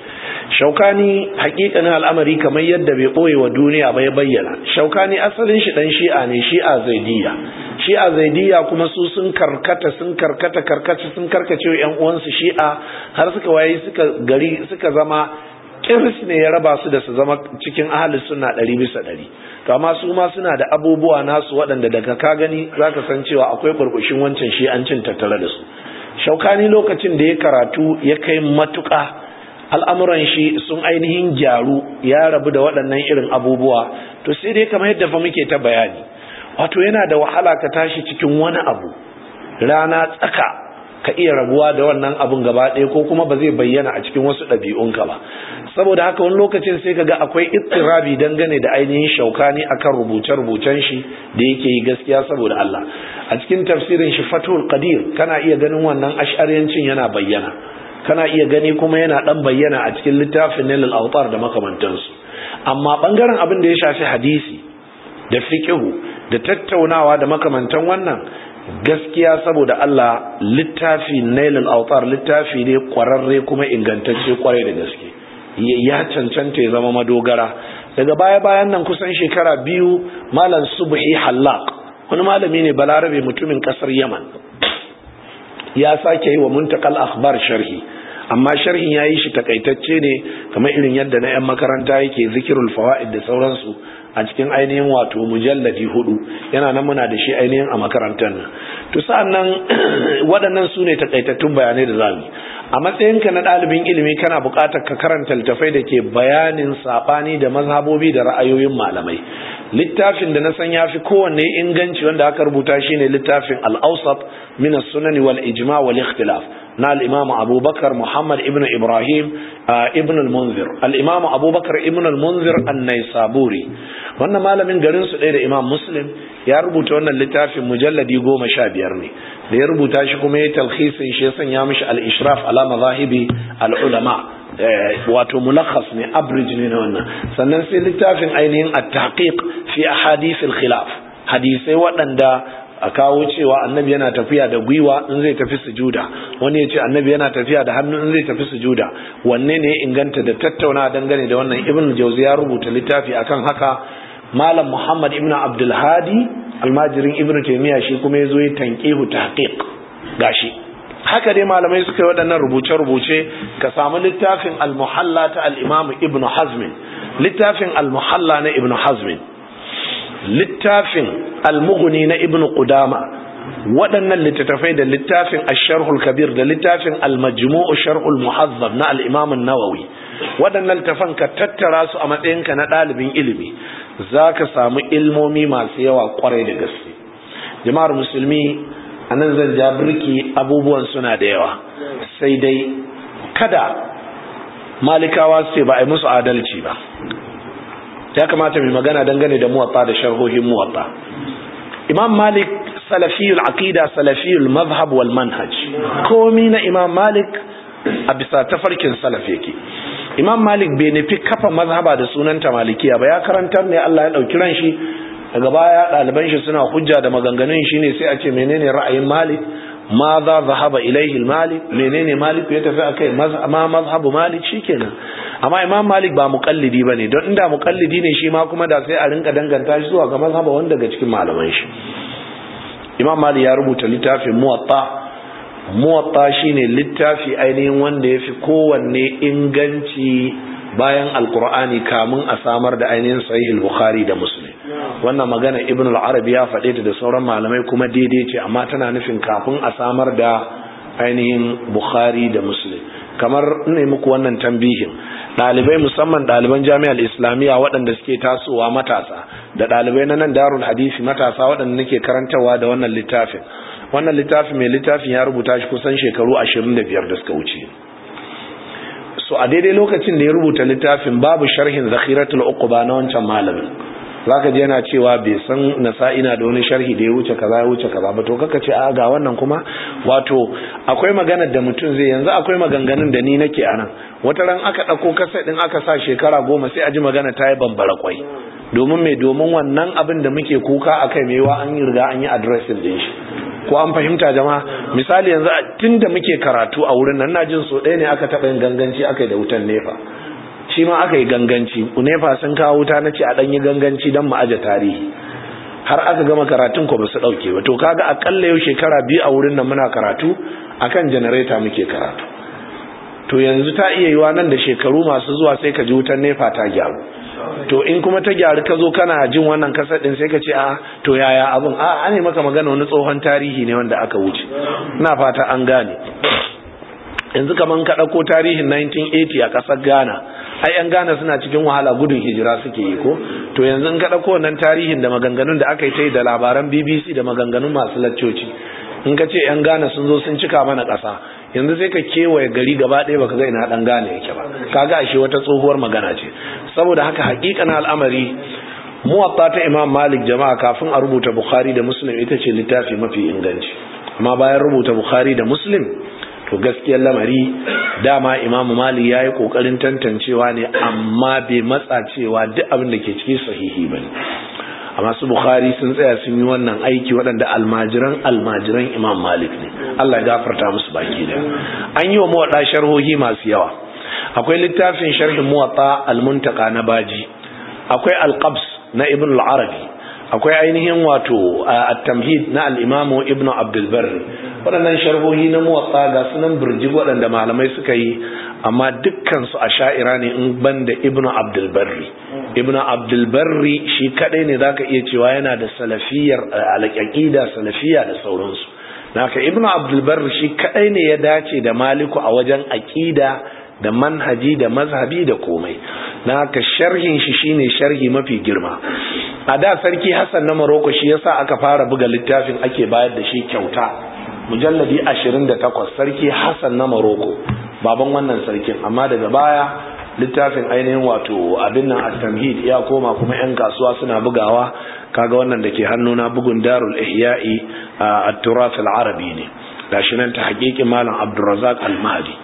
shaukani hakikanin al'amari kamar yadda bai ɓoye wa duniya ba ya bayyana shaukani asalin shi dan shi'a ne shi'a Zaidiya. shi'a Zaidiya kuma su sun karkata sun karkata karkata sun karkace yan uwansu shi'a har suka waye suka gari suka zama kirs ne ya raba su da su zama cikin ahalin suna ɗari bisa ɗari to amma su ma suna da abubuwa nasu waɗanda daga ka gani zaka san cewa akwai burbushin wancan shi'ancin tattare da su shaukani lokacin da ya karatu ya kai matuƙa al'amuran shi sun ainihin gyaru ya rabu da waɗannan irin abubuwa to sai dai kamar yadda fa muke ta bayani wato yana da wahala ka tashi cikin wani abu rana tsaka ka iya rabuwa da wannan abun gaba ɗaya ko kuma ba zai bayyana a cikin wasu ɗabi'unka ba saboda haka wani lokacin sai kaga akwai ittirabi dangane da ainihin shaukani akan rubuce-rubucen shi da yake yi gaskiya saboda Allah a cikin tafsirin shi fatul qadir kana iya ganin wannan ash'ariyancin yana bayyana kana iya gani kuma yana dan bayyana a cikin littafin nilal awtar da makamantansu amma bangaren abin da ya shafi hadisi da fiqhu da tattaunawa da makamantan wannan gaskiya saboda Allah littafi nailin autar littafi ne kwararre kuma ingantacce kwarai da gaske ya cancanta ya zama madogara daga baya bayan nan kusan shekara biyu malam subhi halak wani malami ne balarabe mutumin kasar yaman ya sake yi wa muntakal akhbar sharhi amma sharhin ya yi shi takaitacce ne kamar irin yadda na 'yan makaranta yake zikirul fawa'id da sauransu a cikin ainihin wato mujalladi hudu yana nan muna da shi ainihin a makarantar nan to sa'annan [CLEARS THROAT] waɗannan su ne takaitattun bayanai da zamu a matsayinka na ɗalibin ilimi kana buƙatar ka karanta littafai da ke bayanin saɓani da mazhabobi da ra'ayoyin malamai littafin da na san ya fi kowanne inganci wanda aka rubuta shi ne littafin al'ausaf min sunani wal ijma wal ikhtilaf na al'imamu abubakar muhammad ibn ibrahim uh, ibn al-munzir al'imamu abubakar ibn al-munzir annai saburi wannan malamin garinsu ɗaya da imam muslim ya rubuta wannan littafin mujalladi goma sha biyar ne da ya rubuta shi kuma ya talhisin shi ya sanya mishi al-ishraf ala mazahibi al-ulama eh, wato mulakhas ne average ne na wannan sannan sai littafin ainihin at-tahqiq fi ahadith al-khilaf hadisai waɗanda a kawo cewa annabi yana tafiya da gwiwa in zai tafi sujuda wani ya ce annabi yana tafiya da hannu in zai tafi sujuda wanne ne ya inganta da tattauna dangane da wannan ibn jauzi ya rubuta littafi akan haka malam muhammad ibn abdul hadi almajirin ibn taymiya shi kuma ya zo ya tanqihu tahqiq gashi haka dai malamai suka yi waɗannan rubuce-rubuce ka samu littafin al-muhalla ta al ibn hazmin littafin al-muhalla na ibn hazmin littafin almuguni na ibn Kudama, waɗannan littattafai da littafin asharhul kabir da littafin almajmu'u sharhul muhazzab na al'imamin nawawi waɗannan littafan ka tattara su a matsayinka na ɗalibin ilimi za ka samu ilmomi masu yawa kwarai da gaske jama'ar musulmi a nan zan ja birki abubuwan suna da yawa sai dai kada malikawa su ce ba a yi musu adalci ba ya kamata mai magana dangane da muwatta da sharhohin muwatta imam malik salafiyul aqida salafiyul mazhab wal manhaj komi na imam malik a bisa tafarkin salaf yake imam malik bai nufi kafa mazhaba da sunanta malikiya ba ya karantar ne Allah ya ɗauki ran shi daga baya ɗaliban shi suna hujja da maganganun shi ne sai a ce menene ra'ayin malik ma za zahaba ilaihi malik menene malik ya tafi akai ma mazhabu malik shikenan amma imam malik ba muqallidi bane don inda muqallidi ne shi ma kuma da sai a rinka danganta shi zuwa ga mazhaba wanda daga cikin malaman shi imam malik ya rubuta littafin muwatta muwatta shine littafi ainihin wanda ya fi kowanne inganci bayan alkur'ani kamun a samar da ainihin sahihul bukhari da muslim wannan magana ibn al-arabi ya faɗe ta da sauran malamai kuma daidai ce amma tana nufin kafin a samar da ainihin bukhari da muslim kamar ne muku wannan tambihin Dalibai musamman ɗaliban jami'ar islamiyya waɗanda suke tasowa matasa da dalibai na nan darul hadisi matasa waɗanda nake karantawa da wannan littafin wannan littafi mai littafin ya rubuta shi kusan shekaru 25 da suka wuce so a daidai lokacin da ya rubuta littafin babu sharhin zakhiratul uqba na wancan malamin zaka ji yana cewa bai san ina da wani sharhi da ya wuce kaza ya wuce kaza ba to kaka ce a ga wannan kuma wato akwai maganar da mutum zai yanzu akwai maganganun da ni nake anan wata ran aka dauko kasa din aka sa shekara goma sai a ji magana ta yi bambara kwai domin mai domin wannan abin da muke kuka akai mewa an yi riga an yi addressing din shi ko an fahimta jama'a misali yanzu tunda muke karatu a wurin nan najin so ɗaya ne aka taɓa yin ganganci aka yi da wutan nefa shi ma aka yi ganganci nefa sun kawo wuta na ce a ɗan ganganci don mu aje tarihi har aka gama karatun ko ba su ɗauke ba to kaga akalla yau shekara biyu a wurin nan muna karatu akan janareta muke karatu to yanzu ta iya yiwa nan da shekaru masu zuwa sai ka ji wutan nefa ta gyaru to in kuma ta gyaru ka zo kana jin wannan kasar din sai ka ce a to yaya abin a an maka magana wani tsohon tarihi ne wanda aka wuce na fata an gane yanzu kaman ka ɗauko tarihin 1980 a ƙasar ghana ai yan ghana suna cikin wahala gudun hijira suke yi ko to yanzu in ka ɗauko wannan tarihin da maganganun da aka yi ta yi da labaran bbc da maganganun masu laccoci in ka ce yan ghana sun zo sun cika mana ƙasa yanzu sai ka kewaye gari gaba ɗaya baka ga ina dan gane yake ba kaga ashe wata tsohuwar magana ce saboda haka na al'amari muwatta ta imam malik jama'a kafin a rubuta bukhari da muslim ita ce littafi mafi inganci amma bayan rubuta bukhari da muslim to gaskiyar lamari dama Imam malik yayi yi kokarin tantancewa ne amma bai matsa cewa duk abin da ke cikin sahihi ba ne A masu bukari sun tsaya sun yi wannan aiki waɗanda almajiran almajiran imam malik ne allah ya gafarta musu baki da an yi wa muwaɗa sharhohi masu yawa akwai littafin sharhin muwaɗa almuntaka na baji akwai alqabs na ibn al-arabi akwai ainihin wato at-tamhid na al-imam ibnu abdul waɗannan sharhohi na muwatta ga sunan burji waɗanda malamai suka yi amma dukkan su a sha'ira ne in banda ibnu abdul ibnu abdul shi kadai ne zaka iya cewa yana da salafiyar al-aqida salafiya da sauransu naka ibnu abdul shi kadai ne ya dace da maliku a wajen aqida da manhaji da mazhabi da komai na haka sharhin shi shine sharhi mafi girma a da sarki hassan na maroko shi yasa aka fara buga littafin ake bayar da shi kyauta mujalladi 28 sarki hassan na maroko baban wannan sarkin amma daga baya littafin ainihin wato abin nan at-tamhid ya koma kuma yan kasuwa suna bugawa kaga wannan dake hannuna bugun darul ihya'i at-turath al-arabi ne gashi nan ta hakikin malam abdurrazzaq al-mahdi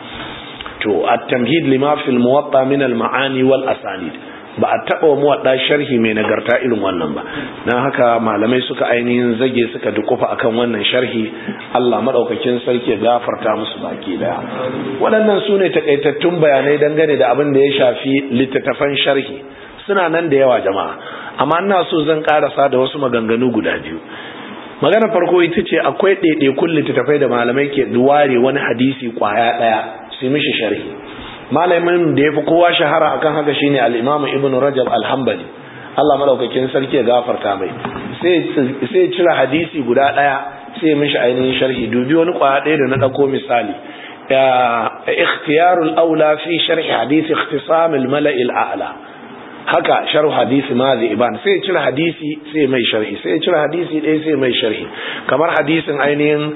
to at-tamhid lima fil muwatta min al-ma'ani wal asanid ba a taba wa muwadda sharhi mai nagarta irin wannan ba dan haka malamai suka ainihin zage suka dukufa akan wannan sharhi Allah madaukakin sarki ya gafarta musu baki daya waɗannan sune takaitattun bayanai dangane da abin da ya shafi littattafan sharhi suna nan da yawa jama'a amma ina so zan karasa da wasu maganganu guda biyu magana farko ita ce akwai kullu littattafai da malamai ke ware wani hadisi kwaya ɗaya su mishi sharhi malamin da ya fi kowa shahara akan haka shine ne imam Ibn Rajab al Allah maɗaukakin sarki ya gafarta mai sai cire cira hadisi guda ɗaya sai mishi ainihin sharhi dubi wani kwaya ɗaya da na ɗako misali ikhtiyarul aula fi sharh hadisi ikhtisam ala haka sharh hadisi zai iban sai cire hadisi sai mai sharhi sai cire hadisi ɗaya sai mai sharhi kamar hadisin ainihin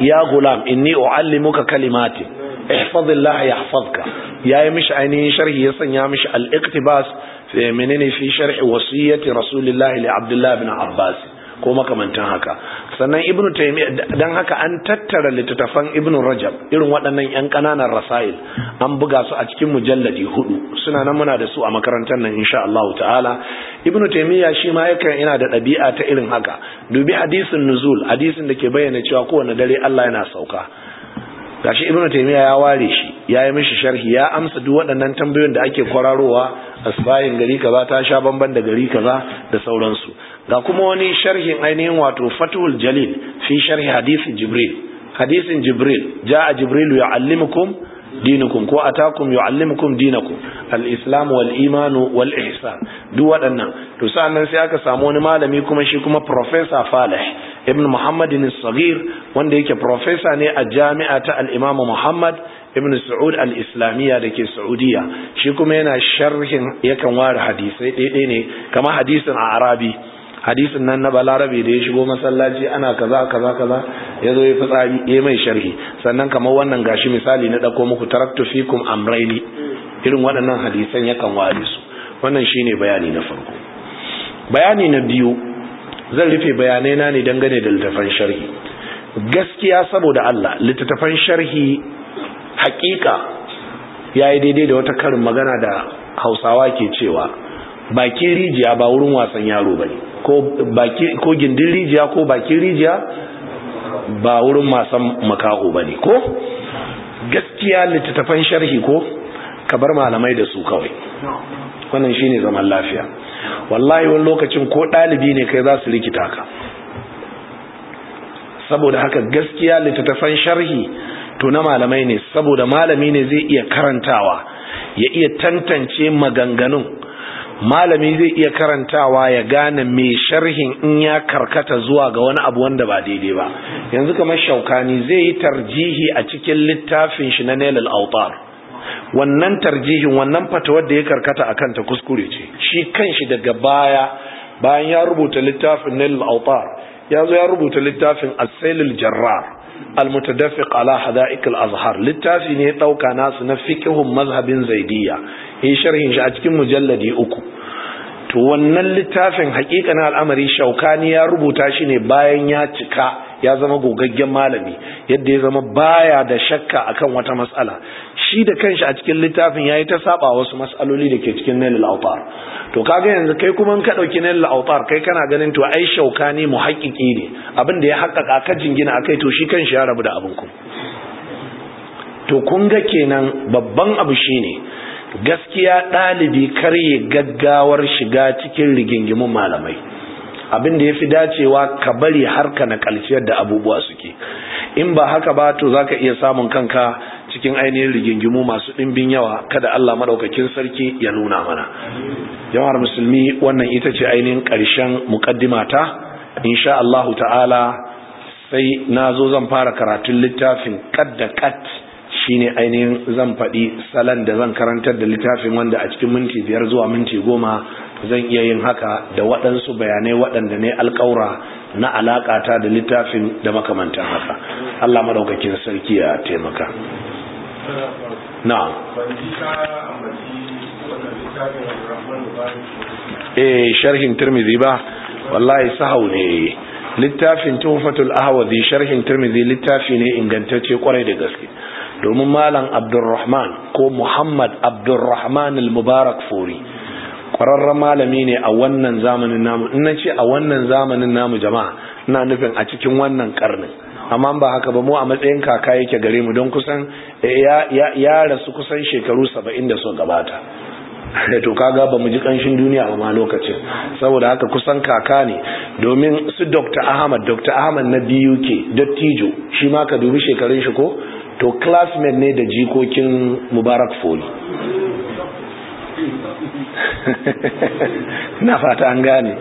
ya gulam inni u'allimuka kalimatin ihfazillah yahfazka yayi mishi ainihin sharhi ya sanya mishi al'iktibas iqtibas fi menene fi sharhi wasiyyati rasulillahi li abdullah ibn abbas ko makamantan haka sannan ibnu taymiya dan haka an tattara litattafan ibnu rajab irin waɗannan yan ƙananan rasail an buga su a cikin mujalladi hudu suna nan muna da su a makarantar nan insha Allah ta'ala ibnu taymiya shi ma yakan yana da ɗabi'a ta irin haka dubi hadisin nuzul hadisin da ke bayyana cewa kowane dare Allah yana sauka gashi ibnu taymiya ya ware shi ya yi mishi sharhi ya amsa duk waɗannan tambayoyin da ake kwararowa asbayin gari kaza ta sha bamban da gari kaza da sauransu ga kuma wani sharhin ainihin wato fatul jalil fi sharhi hadisin jibril hadisin jibril ja'a jibril ya'allimukum dinukum ko atakum yu'allimukum dinakum al-islam wal iman wal ihsan duk waɗannan to sannan sai aka samu wani malami kuma shi kuma professor Falih ibn Muhammad al-Saghir wanda yake professor ne a jami'a ta al-Imam Muhammad ibn Saud al-Islamiyya dake Saudiya shi kuma yana sharhin yakan ware hadisai daidai ne kamar hadisin a Arabi hadisin nan na balarabe da ya shigo masallaci ana kaza kaza kaza ya zo ya fitsari ya mai sharhi sannan kamar wannan gashi misali na ɗauko muku taraktu fikum amraini irin waɗannan hadisan yakan ware su wannan shine bayani na farko bayani na biyu zan rufe bayanai na ne dangane da littafan sharhi gaskiya saboda Allah littattafan sharhi hakika yi daidai da wata karin magana da Hausawa ke cewa bakin rijiya ba wurin wasan yaro bane ko gindin rijiya ko bakin rijiya ba wurin masan makaho ba ne ko gaskiya littattafan sharhi ko ka bar malamai da su kawai wannan shine zaman lafiya wallahi wani lokacin ko ɗalibi ne kai za su rikita ka saboda haka gaskiya littattafan sharhi to na malamai ne saboda malami ne zai iya karantawa ya iya tantance maganganun malami zai iya karantawa ya gane mai sharhin in ya karkata zuwa ga wani abu wanda ba daidai ba yanzu kamar shaukani zai yi tarjihi a cikin littafin shi na nailal autar wannan tarjihin wannan fatawar da ya karkata a kanta kuskure ce shi kanshi daga baya bayan ya rubuta littafin nailal autar ya zo ya rubuta littafin asailul jarrar Azhar. Littafi ne ya ɗauka nasu na نفكهم mazhabin za'idiyya. yi sharhin shi a cikin mujalladi uku to wannan littafin hakikanin al'amari shaukani ya rubuta shi ne bayan ya cika ya zama gogaggen malami yadda ya zama baya da shakka akan wata matsala shi da kanshi a cikin littafin ya yi ta saba wasu matsaloli da ke cikin nail autar to kaga yanzu kai kuma ka dauki nail autar kai kana ganin to ai shaukani hakiki ne abin da ya haƙaƙa ka jingina akai to shi kanshi ya rabu da abin ku to kun ga kenan babban abu shine gaskiya ɗalibi karye gaggawar shiga cikin rigingimin malamai abin da ya fi dacewa ka bari harka ka na kalciyar da abubuwa suke in ba haka ba to za ka iya samun kanka cikin ainihin rigingimu masu ɗimbin yawa kada Allah maɗaukakin sarki ya nuna mana jama'ar musulmi wannan ita ce ainihin ƙarshen muƙaddimata insha Allahu ta'ala sai na zo zan fara karatun littafin kat da kat Shi ne ainihin zan faɗi salon da zan karantar da littafin wanda a cikin minti biyar zuwa minti goma zan iya yin haka da waɗansu bayanai waɗanda ne alƙaura na alaƙata da littafin da makamantan haka Allah maɗaukakin sarki ya taimaka na eh sharhin tirmidhi ba wallahi sahau ne littafin tuhfatul ahwazi sharhin tirmidhi littafi ne ingantacce kwarai da gaske domin malam abdurrahman ko muhammad abdurrahman al-mubarak fori ƙwararren malami ne a wannan zamanin namu ina ce a wannan zamanin namu jama'a na nufin a cikin wannan karnin amma ba haka ba mu a matsayin kaka yake gare mu don kusan eh, ya rasu kusan shekaru saba'in da su gabata da [LAUGHS] to kaga ba mu ji kanshin duniya ba ma lokacin saboda haka kusan kaka ne domin su Dr. Ahmad Dr. Ahmad na ke dattijo shi ma ka dubi shekarun shi ko to classmate ne da jikokin mubarak foli [LAUGHS] na fata an gane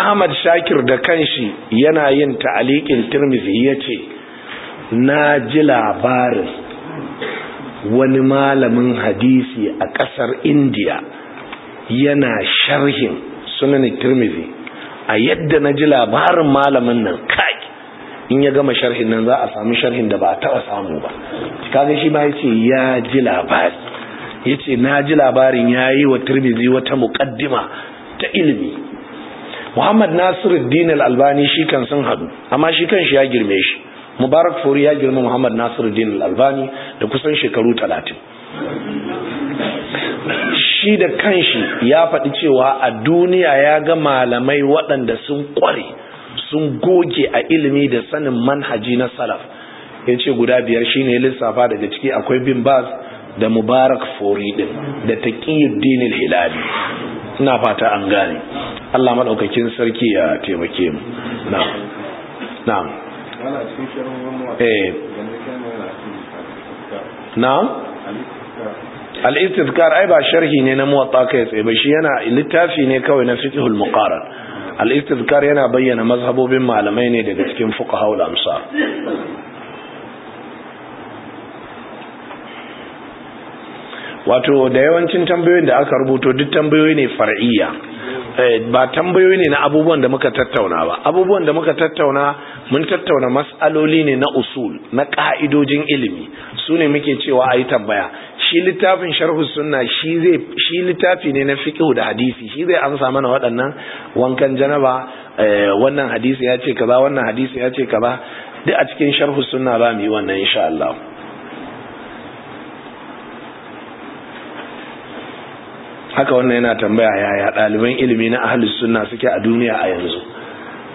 ahmad shakir da kanshi yana yin ta'aliƙin tirmizi ya ce na ji labarin wani malamin hadisi a ƙasar indiya yana sharhin sunanin tirmizi a yadda na ji labarin malamin nan kai in ya gama sharhin nan za a samu sharhin da ba a taɓa samu ba kaga shi ba ya ce ya ji labari ya ce na ji labarin ya yi wa turbizi wata muƙaddima ta ilimi muhammad nasiruddin al-albani shi kan sun hadu amma shi kan shi ya girme shi mubarak furi ya girma muhammad nasiruddin al-albani da kusan shekaru talatin shi da kanshi ya faɗi cewa a duniya ya ga malamai waɗanda sun kware. sun goge a ilimi da sanin manhaji na salaf ya ce guda biyar shi ne lissafa daga ciki akwai bin baz da mubarak fori din da taqiyuddin al-hilali ina fata an gane Allah maɗaukakin sarki ya taimake mu Na na na na'am eh. ai ba sharhi ne na muwatsa kai tsaye ba shi yana littafi ne kawai na fiqhul muƙarar al-istizkar yana bayyana mazhabobin malamai ne daga cikin fuqaha ul amsar wato da yawancin tambayoyin da aka rubuto duk tambayoyi ne far'iyya eh, ba tambayoyi ne na abubuwan da muka tattauna ba abubuwan da muka tattauna mun tattauna mas'aloli ne na usul na ka'idojin ilimi su ne muke cewa ayi tambaya shi littafin sharhu sunna shi zai shi littafi ne na fiqh da hadisi shi zai amsa mana waɗannan wankan janaba eh, wannan hadisi ya ce kaza wannan hadisi ya ce kaza duk a cikin sharhu sunna ba mu yi wannan insha Allah haka wannan yana tambaya yaya ɗaliban ilimi na ahlus sunna suke a duniya a yanzu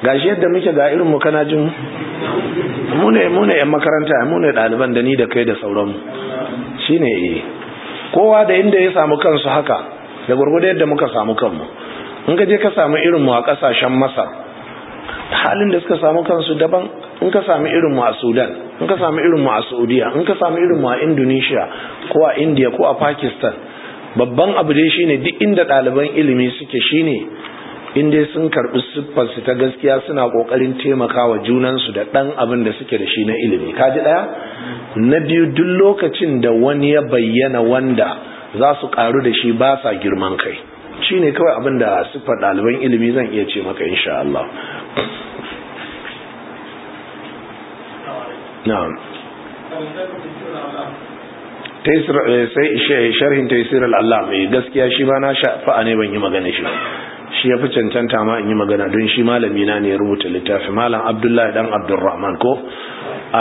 gashi yadda muke ga irin mu kana jin mu ne mu ne yan makaranta mu ne ɗaliban da ni da kai da sauranmu ne yi eh. kowa da inda ya samu kansu haka da da yadda muka samu kanmu in ka je ka samu irinmu a kasashen masar halin da suka samu kansu daban in ka samu irinmu a sudan in ka samu irinmu a saudiya in ka samu irinmu a indonesia ko a india ko a pakistan babban abu dai shine duk inda ɗaliban ilimi suke shine in dai sun karɓi siffarsu ta gaskiya suna ƙoƙarin taimakawa junansu da ɗan abin da suke da shi na ilimi kaji ɗaya na biyu duk lokacin da wani ya bayyana wanda za su ƙaru da shi ba sa girman kai shi ne kawai abin da siffar ɗaliban ilimi zan iya ce maka insha Allah eh, sai sharhin Taisirar Allah eh, mai gaskiya shi ba na shafa'a ne ban yi magana shi shi ya fi cancanta ma in yi magana don shi malami na ne ya rubuta littafi malam abdullahi dan abdurrahman ko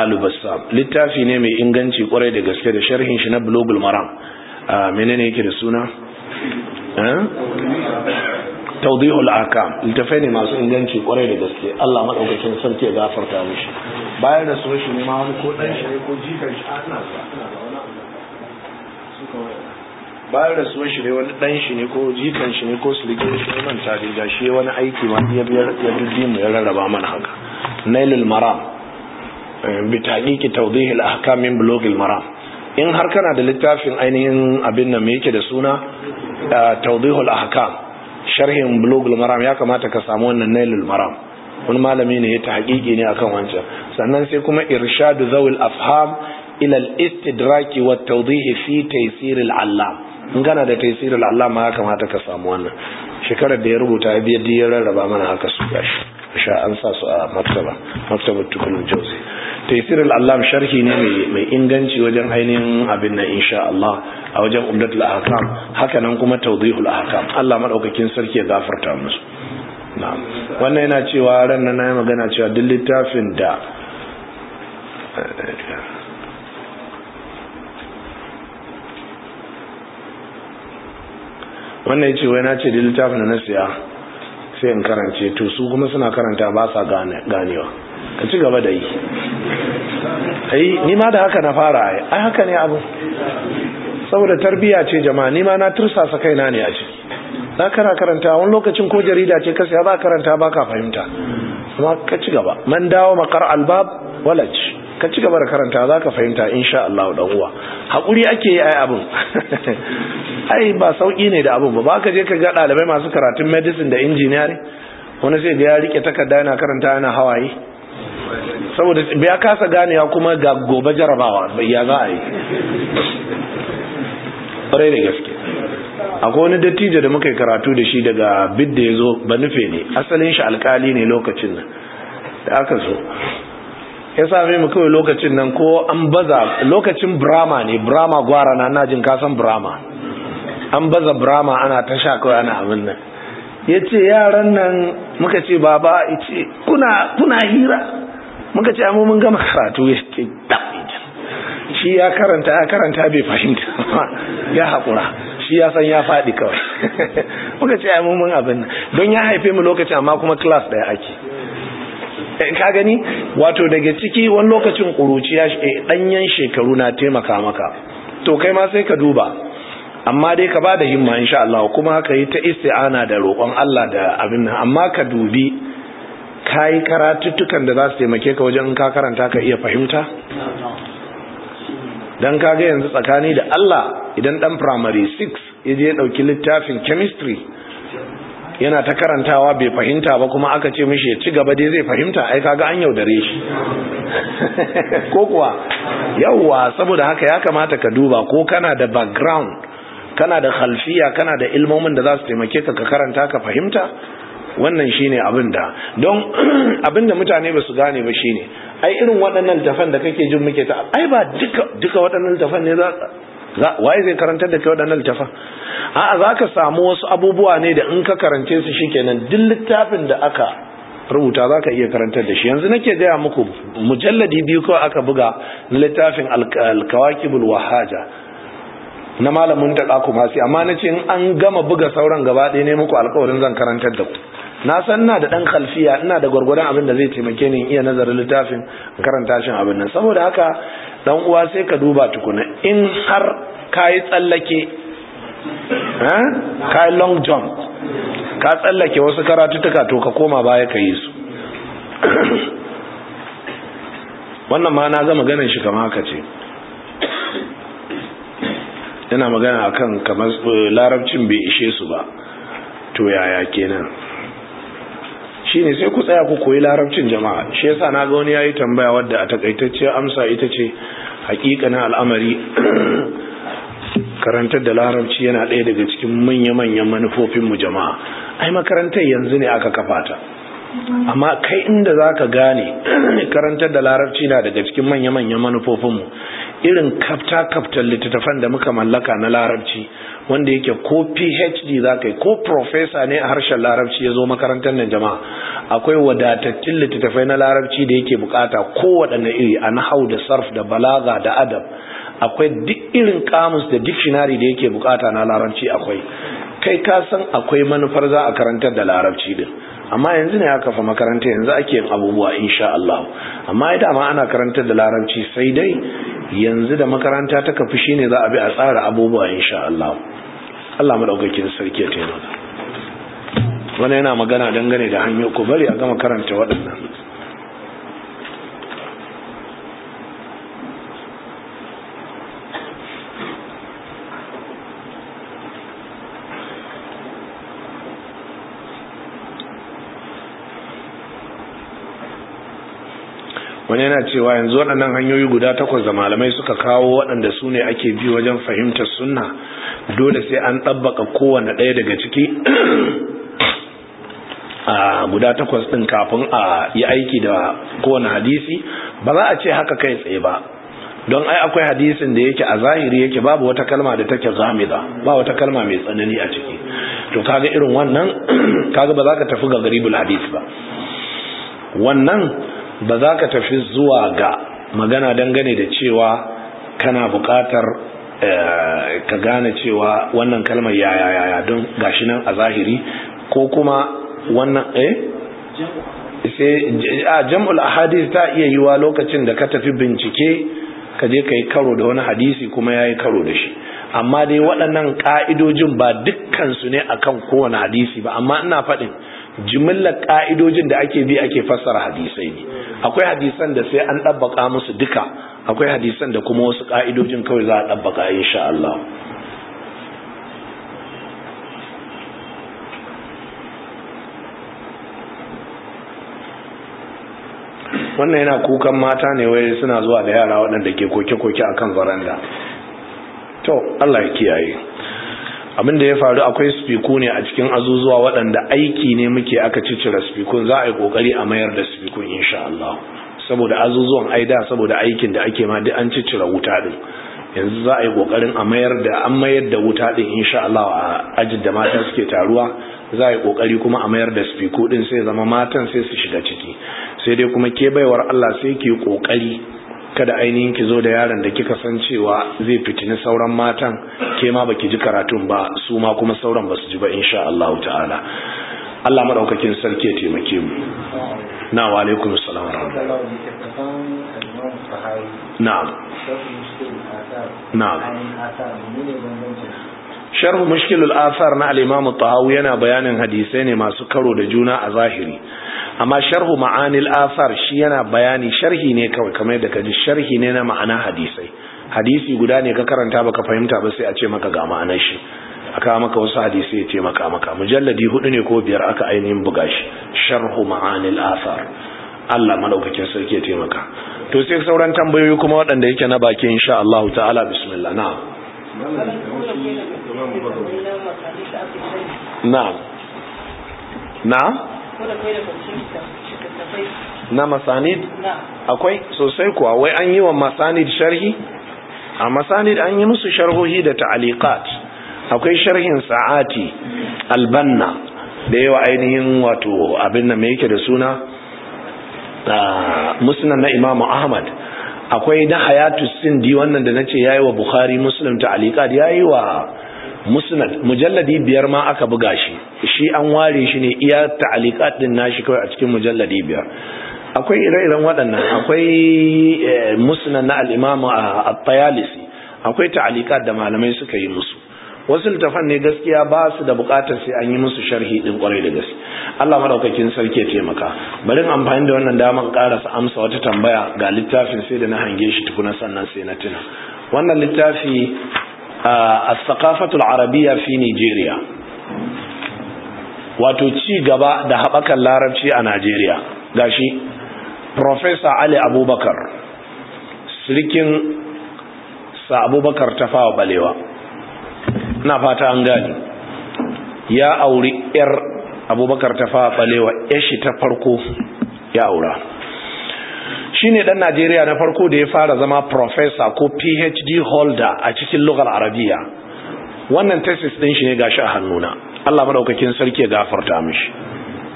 alubassam littafi ne mai inganci kwarai da gaske da sharhin shi na blogul maram a menene yake da suna tawdihul akam littafai ne masu inganci kwarai da gaske Allah madaukakin sarki ya gafarta mishi bayan da su shi ne ma wani ko ɗan shi ko jikan shi ana sa ana wani bayan rasuwar shi ne wani dan shi ne ko jikan shi ne ko sulkin shi ne manta dai ga wani aiki ma ya biyar ya bibbi mu ya rarraba mana haka nailul maram eh, bi taqiqi tawdih al ahkam min bulugh al maram in har kana da littafin ainihin abin nan me yake da suna eh, tawdih al ahkam sharhin bulugh al maram ya kamata ka samu wannan nailul maram wani malami ne ya tahqiqi ne akan wancan sannan sai kuma irshadu zawil afham ila al istidraki wat tawdih fi taysir al allam in kana da tafsirul Allah ma kamata ka samu wannan shekarar da ya rubuta ya biyar ya rarraba mana haka su gashi sha an sa su a maktaba maktabar tukunin jose tafsirul Allah sharhi ne mai inganci wajen ainihin abin nan insha Allah a wajen umdatul ahkam haka nan kuma tawdihul ahkam Allah madaukakin sarki ya gafarta musu na'am wannan yana cewa ran nan na magana cewa duk littafin da wannan yace wai na ce da littafin na siya sai in karance to su kuma suna karanta ba sa ganewa ka ci gaba da yi ai ni ma da haka na fara ai haka ne abu saboda tarbiya ce jama'a ni ma na tursasa kaina ne a ciki na karanta wani lokacin ko jarida ce kasi ya za karanta ba ka fahimta amma ka ci gaba man dawo makar albab walaj ka ci gaba da karanta za ka fahimta insha Allah dan uwa hakuri ake yi ai abin [LAUGHS] ai ba sauki ne da abin ba ba ka je ka ga ɗalibai masu karatun medicine da engineering wani sai ya rike takarda yana karanta yana hawaye saboda ya kasa ganewa kuma ga gobe jarabawa ya za a yi kwarai da gaske akwai wani dattijo da muka yi karatu da shi daga bid da ya zo ba nufe ne asalin shi alkali ne lokacin nan da aka zo. ya same mu kawai lokacin nan ko an baza lokacin brahma ne brahma gwara na na jin kasan brahma an baza brahma ana ta sha kawai ana abin nan ya ce yaran nan muka ce baba ya ce kuna hira muka ce amma mun gama karatu ya ce dam shi ya karanta ya karanta bai fahimta ya haƙura shi ya san ya faɗi kawai [LAUGHS] muka ce ya mun abin don ya haife mu lokacin amma kuma class ɗaya ake eh, ka gani wato daga ciki wani lokacin ƙuruciya eh, ɗanyen shekaru na taimaka maka to kai ma sai ka duba amma dai ka ba da himma insha Allah kuma ka yi ta isti'ana da roƙon Allah da abin nan amma ka dubi ka yi karatuttukan da za su taimake ka wajen ka karanta ka iya fahimta don kaga yanzu tsakani da Allah idan dan primary 6 ya je dauki littafin chemistry yana ta karantawa bai fahimta ba kuma aka ce mishi ya ci gaba dai zai fahimta ai kaga an yaudare shi [LAUGHS] ko kuwa yawwa saboda haka ya kamata ka duba ko kana da background kana da khalfiya kana da ilmomin da za su taimake ka ka karanta ka fahimta wannan shine abin da don [CLEARS THROAT] abin da mutane ba su gane ba shine ai irin waɗannan tafan da kake jin muke ta ai ba duka duka waɗannan tafan ne za waye zai karantar da kai waɗannan littafan a'a za ka samu wasu abubuwa ne da in ka karance su shikenan duk littafin da aka rubuta za ka iya karantar da shi yanzu nake gaya muku mujalladi biyu ko aka buga littafin al-kawakibul wahaja na malamin ta kuma sai amma na ce in an gama buga sauran gaba ɗaya ne muku alkawarin zan karantar da ku na san na da dan kalfiya ina da gwargwadon abin da zai taimake ni iya nazarin littafin karanta shin abin nan saboda haka dan uwa sai ka duba tukuna in har kayi tsallake eh, kai long jump ka tsallake wasu karatu tuka to ka koma baya ka yi su [COUGHS] wannan ma na zama ganin shi kama haka ce yana magana akan kamar eh, larabcin bai ishe su ba to yaya kenan Shi ne sai ku tsaya ku koyi larabcin jama'a shi yasa na ga wani yayi tambaya wadda a takaitacciyar amsa ita ce hakikanin al'amari [CLEARS THROAT] karantar da larabci yana ɗaya daga cikin manya-manyan manufofinmu jama'a ai makarantar yanzu ne aka kafa ta amma kai inda za ka gane [CLEARS THROAT] karantar da larabci na daga cikin manya-manyan manufofinmu irin kafta-kaftar littattafan da muka mallaka na larabci wanda yake ko phd za ka yi ko profesa ne a harshen larabci ya zo makarantar nan jama'a akwai wadatattun littattafai na larabci da yake bukata kowaɗanne iri a nahau da sarf da balaga da adab akwai duk irin kamus da dictionary da yake bukata na larabci akwai kai ka san akwai manufar za a karantar da larabci din amma yanzu ne aka fa makaranta yanzu ake yin abubuwa insha Allah amma idan ma ana karantar da larabci sai dai yanzu da makaranta ta kafi shine za a bi a tsara abubuwa insha Allah Allah maɗaukakin sarki ya taimaka wannan yana magana dangane da hanyoyi ku bari a gama karanta waɗannan wani yana cewa yanzu waɗannan hanyoyi guda takwas da malamai suka kawo waɗanda su ne ake bi wajen fahimtar sunna dole sai an ɗabbaka kowane ɗaya daga ciki a guda takwas ɗin kafin a yi aiki da kowane hadisi ba za a ce haka kai tsaye ba don ai akwai hadisin da yake a zahiri yake babu wata kalma da take zamida ba wata kalma mai tsanani a ciki to kaga irin wannan kaga ba za ka tafi ga garibul hadis ba wannan ba za ka tafi zuwa ga magana dangane da cewa kana buƙatar eh, ka gane cewa wannan kalmar yaya yaya don gashi nan a zahiri ko kuma wannan eh jam'ul ahadith ta iya yiwa lokacin da ka tafi bincike ka je ka yi karo da wani hadisi kuma ya yi karo da shi amma dai waɗannan ƙa'idojin ba dukkansu ne akan kowane hadisi ba amma ina faɗin jimillar ƙa'idojin da ake bi ake fassara hadisai ne akwai hadisan da sai an ɗabbaka musu duka akwai hadisan da kuma wasu ƙa'idojin kawai za a ɗabbaka insha Allah wannan yana kukan mata ne wai suna zuwa da yara waɗanda ke koke-koke akan varanda to Allah ya kiyaye abin da ya faru akwai spiku ne a cikin azuzuwa waɗanda aiki ne muke aka cicira spikun za a yi ƙoƙari a mayar da spikun insha Allah saboda azuzuwan aida saboda aikin da ake ma duk an cicira wuta din yanzu za a yi ƙoƙarin a mayar da an mayar da wuta din insha Allah a ajin da mata suke taruwa za a yi ƙoƙari kuma a mayar da spiku din sai zama matan sai su shiga ciki sai dai kuma ke Allah sai ke ƙoƙari kada ainihin ki zo da yaron da kika san cewa zai fitini sauran matan ke ma baki ji karatun ba su ma kuma sauran ba su ji ba insha Allah ta'ala Allah madaukakin sarki ya taimake mu na wa alaikum assalam wa rahmatullahi na na sharh mushkilul athar na al-imam tahawi yana bayanin hadisai ne masu karo da juna a zahiri amma sharhu ma'anil asar shi yana bayani sharhi ne kawai kamar yadda kaji sharhi ne na ma'ana hadisai hadisi guda ne ka karanta baka fahimta ba sai a ce maka ga ma'anar shi aka maka wasu hadisai ya ce maka maka mujalladi hudu ne ko biyar aka ainihin buga shi sharhu ma'anil asar Allah madaukakin sarki ya taimaka to sai sauran tambayoyi kuma waɗanda yake na baki insha Allah ta'ala bismillah na. na'am na'am na masanid akwai sosai kuwa wai an yi wa masanid sharhi a masanid an yi musu sharhohi da ta'aliqat akwai sharhin sa'ati albanna da yawa ainihin wato abin da mai yake da suna musnad na imamu ahmad akwai na hayatu sindi wannan da nace yayi wa bukhari muslim ta'aliqat yayi wa musnad mujalladi biyar ma aka buga shi shi an ware shi ne iya ta'alikat din nashi kawai a cikin mujalladi biyar akwai ire-iren waɗannan akwai eh, musnad na al-imam ah, at-tayalisi akwai ta'alikat da malamai suka yi musu wasu littafan ne gaskiya ba su da bukatar sai an yi musu sharhi din kwarai da gaske Allah madaukakin sarki ya taimaka bari amfani da wannan daman karasa amsa wata tambaya ga littafin sai da na hange shi tukuna sannan sai na tuna wannan littafi as-saqafatul في fi Nijeriya, wato ci gaba da haɓakan larabci a Najeriya gashi Professor Ali Abubakar sirikin sa Abubakar tafawa balewa na fata an gani ya auri yar Abubakar tafawa balewa shi ta farko ya aura Shi ne ɗan Najeriya na farko da ya fara zama professor ko PhD holder a cikin lugar Arabiya wannan thesis ɗin shi ne gashi a hannuna Allah maɗaukakin sarki ya gafarta mishi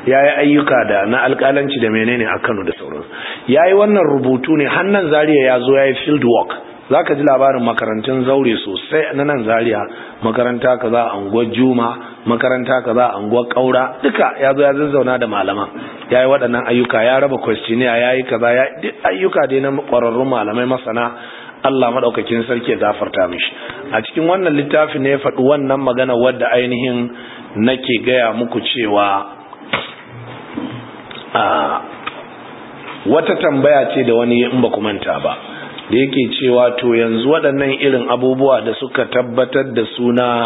yi ayyuka da na alƙalanci da menene a Kano da sauran. Ya yi wannan rubutu ne Hannun Zariya ya zo ya yi field work Za ka ji labarin makarantun zaure sosai na nan Zariya makaranta ka kaza unguwar Juma makaranta kaza unguwar kaura duka ya zo ya zazzauna da malaman ya yi waɗannan ayyuka ya raba questionnaire ya yi kaza ya yi ayyuka dai na ƙwararrun malamai masana Allah maɗaukakin sarki ya gafarta mishi a cikin wannan littafi ne faɗi wannan magana wadda ainihin nake gaya muku cewa wata tambaya ce da wani in ba ku manta ba da yake cewa to yanzu waɗannan irin abubuwa da suka tabbatar da suna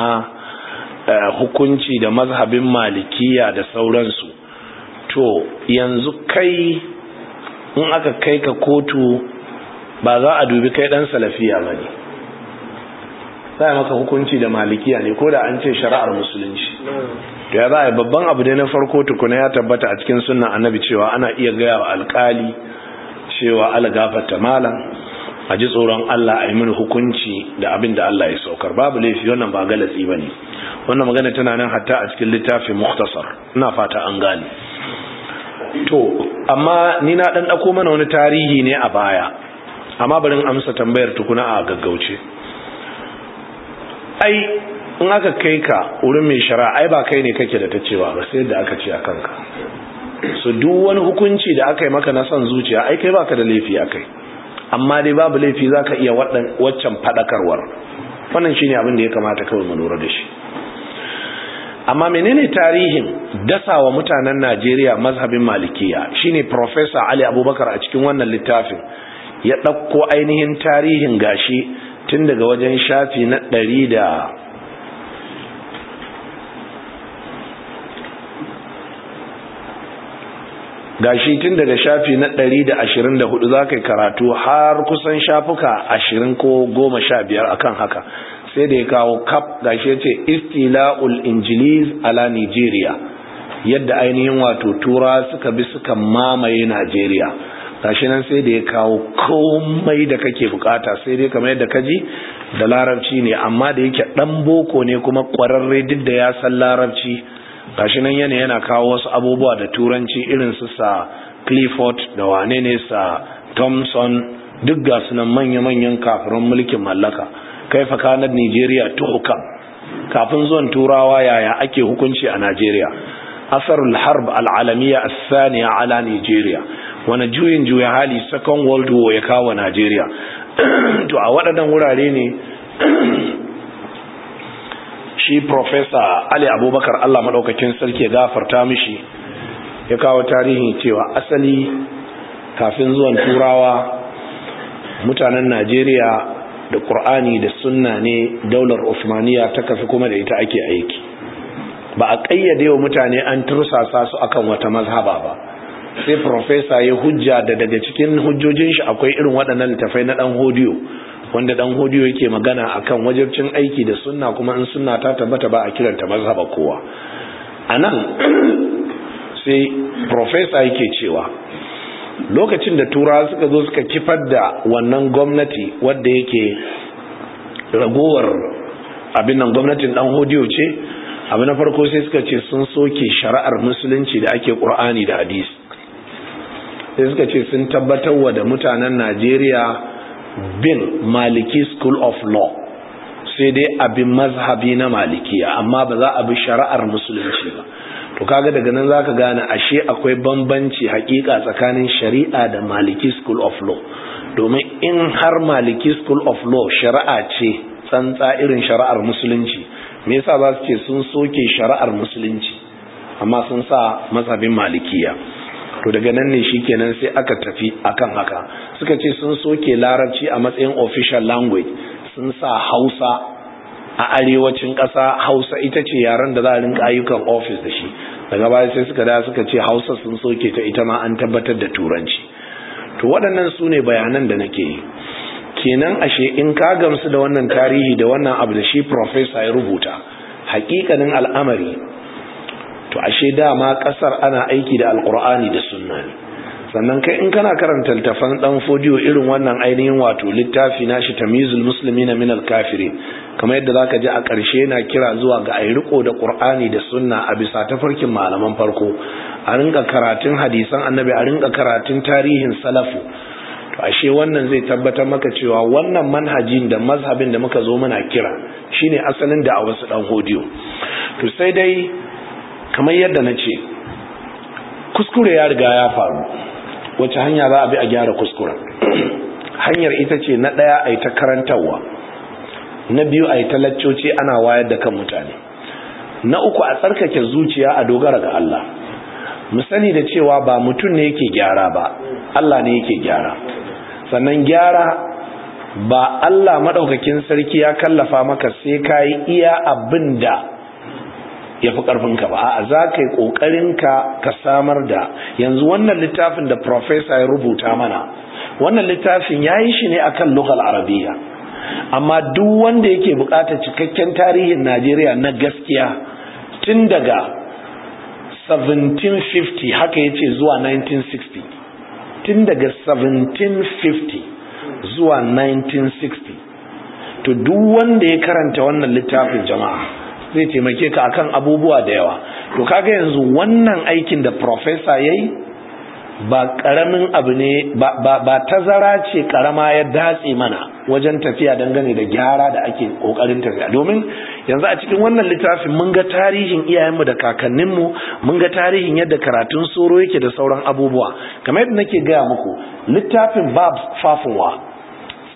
Eh, hukunci da mazhabin malikiya da sauransu to yanzu kai in aka kai ka kotu ba za a dubi kai dan salafiya ba ne za a maka hukunci da malikiya ne ko da an ce shari'ar musulunci to ya zai babban abu da na farko tukuna ya tabbata a cikin sunan annabi cewa ana iya gaya wa alkali cewa algafata malam a ji tsoron Allah a yi mini hukunci da abin da Allah ya saukar babu laifi wannan ba galatsi ba ne wannan magana tana nan hatta a cikin littafin muktasar ina fata an gane to amma ni na dan dako mana wani tarihi ne a baya amma barin amsa tambayar tukuna a gaggauce ai in aka kai ka wurin mai shara'a ai ba kai ne kake da ta cewa ba sai da aka ce a kanka so duk wani hukunci da aka yi maka na son zuciya ai kai baka da laifi akai amma dai babu laifi za ka iya waccan fadakarwar. wannan shi ne abin da ya kamata kawai mu lura da shi amma menene tarihin dasawa mutanen najeriya mazhabin malikiya shine Profesa ali abubakar a cikin wannan littafin ya ɗauko ainihin tarihin gashi tun daga wajen shafi na ɗari da gashi tun daga shafi na ɗari da ashirin 124 za ka yi karatu har kusan shafuka ashirin ko goma sha 15 akan haka sai da ya kawo kap gashi ya ce istila'ul injiliz ala nigeria yadda ainihin wato tura suka bi suka mamaye nigeria gashi nan sai da ya kawo komai da kake bukata sai dai kamar yadda kaji da larabci ne amma da yake dan boko ne kuma kwararre duk da ya san larabci gashi nan yana yana kawo wasu abubuwa da turanci irin su sa clifford da wane ne sa thompson duk ga sunan manya-manyan kafiran mulkin mallaka kaifa kanar nigeria hukam kafin zuwan turawa yaya ake hukunci a nigeria asarul harb al'alamiya asaniya ala nigeria wani juyin juya hali second world war ya kawo nigeria [CLEARS THROAT] to a waɗannan wurare ne shi profesa ali abubakar allah maɗaukakin sarki ya gafarta mishi ya kawo tarihin cewa asali kafin zuwan turawa mutanen najeriya da ƙur'ani da sunna ne daular osmaniya ta kafi kuma da ita ake aiki ba a ƙayyade wa mutane an tursasa su akan wata mazhaba ba sai profesa ya hujja da daga cikin hujjojin shi akwai irin waɗannan littafai na ɗan hodiyo wanda dan hodiyo yake magana akan wajibcin aiki da sunna kuma in sunna ta tabbata ba a kiranta mazhaba kowa anan [CLEARS THROAT] sai professor yake cewa lokacin da turawa suka zo suka kifar da wannan gwamnati wadda yake ragowar abin nan gwamnatin dan hodiyo ce abu na farko sai suka ce sun soke shari'ar musulunci da ake qur'ani da hadisi sai suka ce sun tabbatar wa da mutanen Najeriya bin maliki school of law sai dai abin mazhabi na malikiya amma ba za a bi shari'ar musulunci ba to kaga daga nan zaka gane ashe akwai bambanci hakika tsakanin shari'a da maliki school of law domin in har maliki school of law shari'a ce tsantsa irin shari'ar musulunci me yasa za su ce sun soke shari'ar musulunci amma sun sa mazhabin malikiya to daga nan ne shi kenan sai aka tafi akan haka suka ce sun soke larabci a matsayin official language sun sa hausa a arewacin ƙasa hausa ita ce yaren da za a rinka ayyukan office da shi daga baya sai suka da suka ce hausa sun soke ta ita ma an tabbatar da turanci to waɗannan su ne bayanan da nake yi kenan ashe in ka gamsu da wannan tarihi da wannan abu da shi professor ya rubuta Haƙiƙanin al'amari to ashe dama kasar ana aiki da alkur'ani da sunna ne sannan kai in kana karanta tafan dan fodiyo irin wannan ainihin wato littafi nashi tamyizul muslimina min alkafirin kamar yadda zaka ji a ƙarshe na kira zuwa ga ayi riko da qur'ani da sunna a bisa ta farkin malaman farko a rinka karatun hadisan annabi a rinka karatun tarihin salafu to ashe wannan zai tabbatar maka cewa wannan manhajin da mazhabin da muka zo muna kira shine asalin da a wasu dan hodiyo to sai dai kamar yadda na ce kuskure ya riga ya faru wace hanya za a bi a gyara kuskure [CLEARS THROAT] hanyar ita ce na ɗaya a yi ta karantarwa na biyu a yi ta laccoci ana wayar da kan mutane na uku a tsarkake zuciya a dogara ga Allah mu sani da cewa ba mutum ne yake gyara ba Allah ne yake gyara sannan gyara ba Allah madaukakin sarki ya kallafa maka sai ka iya abinda. ya fi ƙarfinka ba a za ka yi ƙoƙarinka ka samar da yanzu wannan littafin da profesa ya rubuta mana wannan littafin ya yi shi ne a kan lokal arabiya amma duk wanda yake buƙatar cikakken tarihin najeriya na gaskiya tun daga 1750 haka ya ce zuwa 1960 tun daga 1750 zuwa 1960 to duk wanda ya karanta wannan littafin jama'a zai taimake ka akan abubuwa da yawa to kaga yanzu wannan aikin da professor yayi ba karamin abu ne ba tazara ce karama ya datse mana wajen tafiya dangane da gyara da ake kokarin tafiya domin yanzu a cikin wannan littafin mun ga tarihin iyayenmu da kakanninmu mun ga tarihin yadda karatun soro yake da sauran abubuwa kamar yadda nake gaya muku littafin babs fafowa.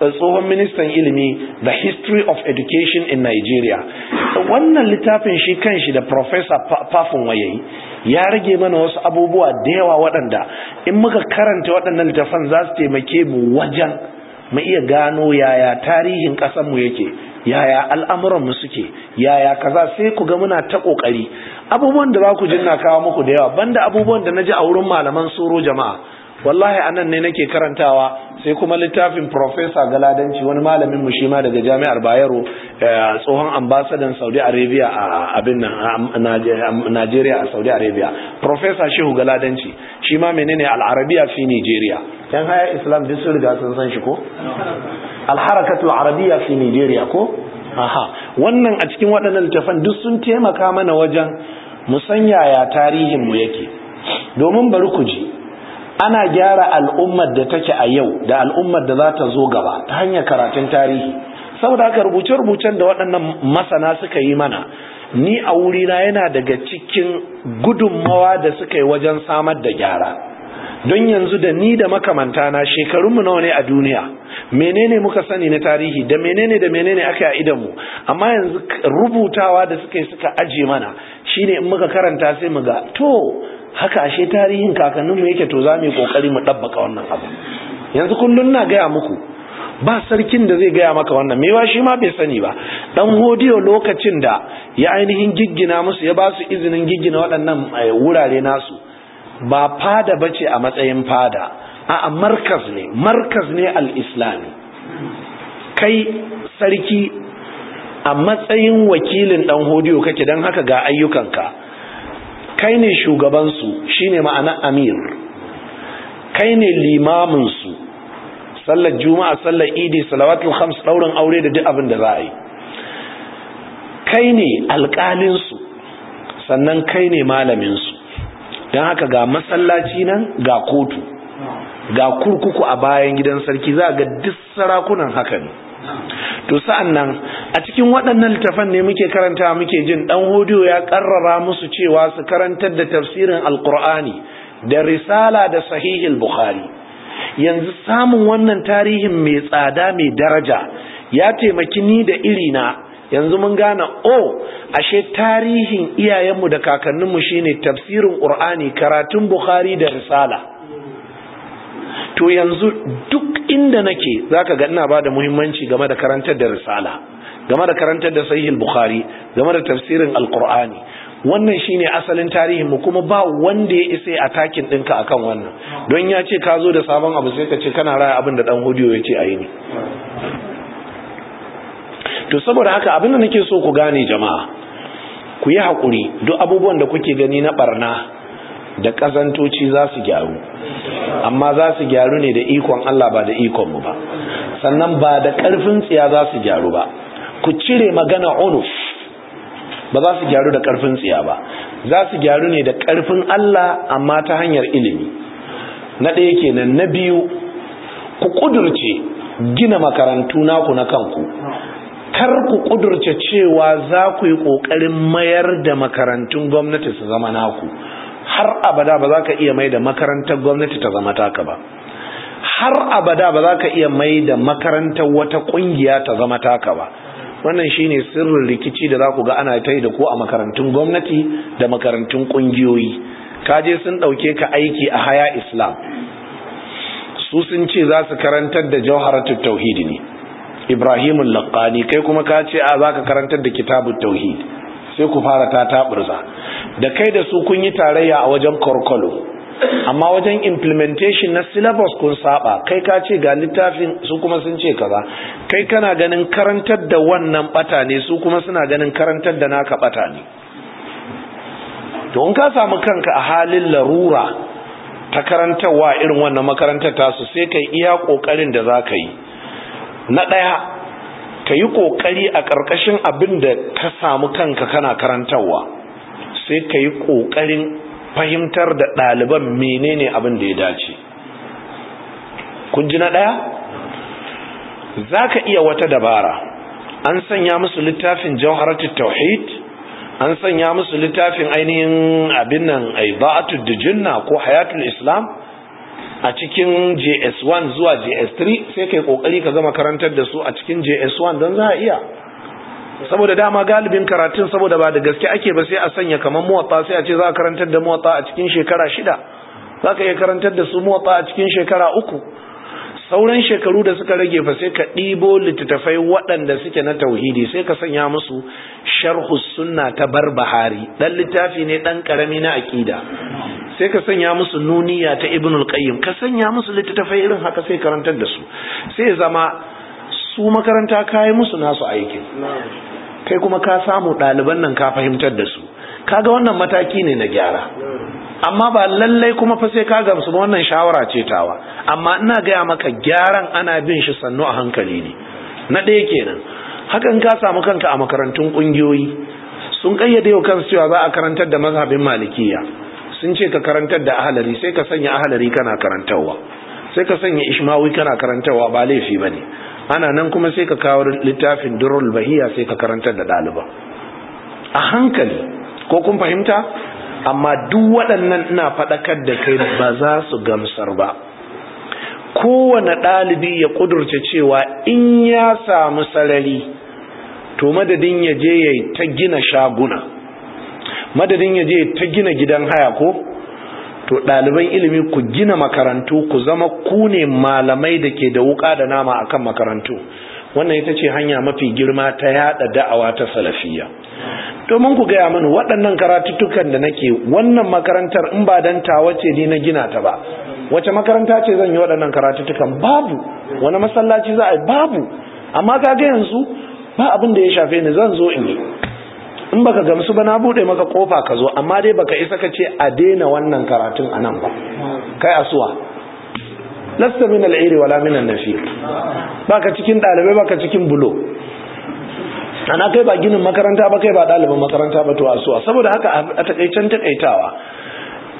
tsohon ministan ilimi the history of education in Nigeria wannan littafin shi kanshi da professor Pafin wayayi ya rage mana wasu abubuwa da yawa waɗanda in muka karanta waɗannan littafan za su taimake mu wajen mu iya gano yaya tarihin ƙasarmu yake yaya al'amuranmu suke yaya kaza sai ku ga muna ta ƙoƙari abubuwan da ba ku jin na kawo muku da yawa banda abubuwan da na ji a wurin malaman tsoro jama'a wallahi anan ne nake karantawa sai kuma littafin professor galadanci wani malamin mu shi daga jami'ar bayero eh, tsohon ambasadan saudi arabia a abin nigeria a saudi arabia professor shehu galadanci shi ma menene al'arabiya fi nigeria yan haya islam duk sun riga sun san shi ko arabiya fi nigeria ko aha wannan a cikin waɗannan littafan duk sun taimaka mana wajen musanyaya tarihin mu yake domin bari ku ji ana gyara al'ummar da take a yau da al'ummar da za ta zo gaba ta hanyar karatun tarihi saboda haka rubuce-rubucen da waɗannan masana suka yi mana ni a wurina yana daga cikin gudunmawa da suka yi wajen samar da gyara don yanzu da ni da makamantana shekarunmu nawa ne a duniya menene muka sani na tarihi da menene da menene aka yi a idanmu amma yanzu rubutawa da suka yi suka ajiye mana shine in muka karanta sai mu ga to haka ashe tarihin kakanninmu yake to za mu yi kokari mu ɗabbaka wannan abu yanzu kullum na gaya muku ba sarkin da zai gaya maka wannan mewa shi ma bai sani ba dan hodiyo lokacin da ya ainihin giggina musu ya ba su izinin giggina waɗannan eh, wurare nasu ba fada bace a matsayin fada a markaz ne markaz ne al-islami kai sarki a matsayin wakilin dan hodiyo kake dan haka ga ayyukanka kai ne shugabansu shine ma'ana amir kai ne limaminsu sallar juma'a sallar idi salawatul khams daurin aure da duk abin da za a yi kai ne alƙalinsu sannan kai ne malaminsu don haka ga masallaci nan ga kotu ga kurkuku a bayan gidan sarki za a ga duk sarakunan haka ne to sa'an a cikin waɗannan littafan ne muke karanta muke jin ɗan hodiyo ya ƙarrara musu cewa su karantar da tafsirin alƙur'ani da risala da sahihin bukhari yanzu samun wannan tarihin mai tsada mai daraja ya taimaki ni da irina yanzu mun gane o ashe tarihin iyayenmu da kakanninmu shine tafsirin Ƙur'ani, karatun bukhari da risala to yanzu duk inda nake zaka ga ina bada muhimmanci game da karantar da risala game da karantar da sahih bukhari game da tafsirin alqur'ani wannan shine asalin tarihin mu kuma ba wanda ya isa a takin dinka akan wannan don ya ce ka zo da sabon abu sai ka ce kana raya abin da dan hudiyo ya ce ayi ne to saboda haka abin da nake so ku gane jama'a ku yi hakuri duk abubuwan da kuke gani na barna da ƙazantoci za su gyaru amma za su gyaru ne da ikon Allah ba da ikonmu ba sannan ba da ƙarfin tsiya za su gyaru ba ku cire magana onuf ba za su gyaru da ƙarfin tsiya ba za su gyaru ne da ƙarfin Allah amma ta hanyar ilimi na ɗaya kenan na biyu ku ƙudurce gina makarantu naku na kanku kar ku ƙudurce cewa za ku yi ƙoƙarin mayar da makarantun gwamnati su zama naku har abada ba za ka iya mai da makarantar gwamnati ta zama taka ba har abada ba za ka iya mai da makarantar wata kungiya ta zama taka ba wannan shine sirrin rikici da za ku ga ana ta yi da ko a makarantun gwamnati da makarantun kungiyoyi kaje sun ɗauke ka aiki a haya islam su sun ce za su karantar da jawharatul tauhidi ne ibrahimul laqani kai kuma ka ce a za ka karantar da Kitabun tauhid sai ku fara ta taburza da kai da su kun yi tarayya a wajen korkolo amma wajen implementation na syllabus kun saba kai ka ce ga littafin su kuma sun ce kaza kai kana ganin karantar da wannan bata ne su kuma suna ganin karantar da naka bata ne to in ka samu kanka a halin larura ta karantarwa irin wannan makarantar tasu sai kai iya kokarin da za ka yi na ɗaya ka yi ƙoƙari a ƙarƙashin abin da ka samu kanka kana karantarwa sai ka yi ƙoƙarin fahimtar da ɗaliban menene abin da ya dace kun ji na ɗaya za ka iya wata dabara an sanya musu littafin jawharatul tauhid an sanya musu littafin ainihin abin nan aiba'atul dijinna ko hayatul islam a cikin JS1 zuwa JS3 sai kai kokari ka gama karantar da su a cikin JS1 don za a iya saboda dama galibin karatun saboda ba da gaske ake ba sai a sanya kamar muwatta sai a ce za a karantar da muwatta a cikin shekara shida za ka iya karantar da su muwatta a cikin shekara uku sauran shekaru da suka rage fa sai ka ɗibo littattafai waɗanda suke na tauhidi sai ka sanya musu sharhu sunna ta barbahari ɗan littafi ne ɗan ƙarami na aƙida sai ka sanya musu nuniya ta ibn qayyim ka sanya musu littattafai irin haka sai karantar da su sai zama su makaranta kayi musu nasu aiki. kai kuma ka samu ɗaliban nan ka fahimtar da su kaga wannan mataki ne na gyara amma ba lallai kuma fa sai ka gamsu ba wannan shawara ce tawa amma ina gaya maka gyaran ana bin shi sannu a hankali ne na ɗaya kenan hakan ka samu kanka a makarantun ƙungiyoyi sun ƙayyade wa kansu cewa za a karantar da mazhabin malikiya sun ce ka karantar da ahalari sai ka sanya ahalari kana karantarwa sai ka sanya ishmawi kana karantarwa ba laifi ba ne ana nan kuma sai ka kawo littafin durul bahiya sai ka karantar da ɗaliban a hankali ko kun fahimta amma duk waɗannan ina faɗakar da kai ba za su gamsar ba kowane ɗalibi ya ƙudurce cewa in ya samu sarari to madadin ya je ya ta gina shaguna madadin ya je ta gina gidan haya ko to ɗaliban ilimi ku gina makarantu ku zama ku ne malamai da ke da wuka da nama akan makarantu wannan ita ce hanya mafi girma ta yada da'awa ta salafiya domin ku gaya mana waɗannan karatuttukan da nake wannan makarantar in ba dan tawa ce ni na gina ta ba wace makaranta ce zan yi waɗannan karatuttukan babu wani masallaci za a yi babu amma ka ga yanzu ba abin da ya shafe ni zan zo in yi in baka gamsu ba na bude maka kofa ka zo amma dai baka isa ka ce a daina wannan karatun anan ba kai asuwa lasta min al'iri wala min annafi baka cikin dalibai baka cikin bulo ana kai ba ginin makaranta ba kai ba ɗaliban makaranta ba to a suwa saboda haka a takaicen takaitawa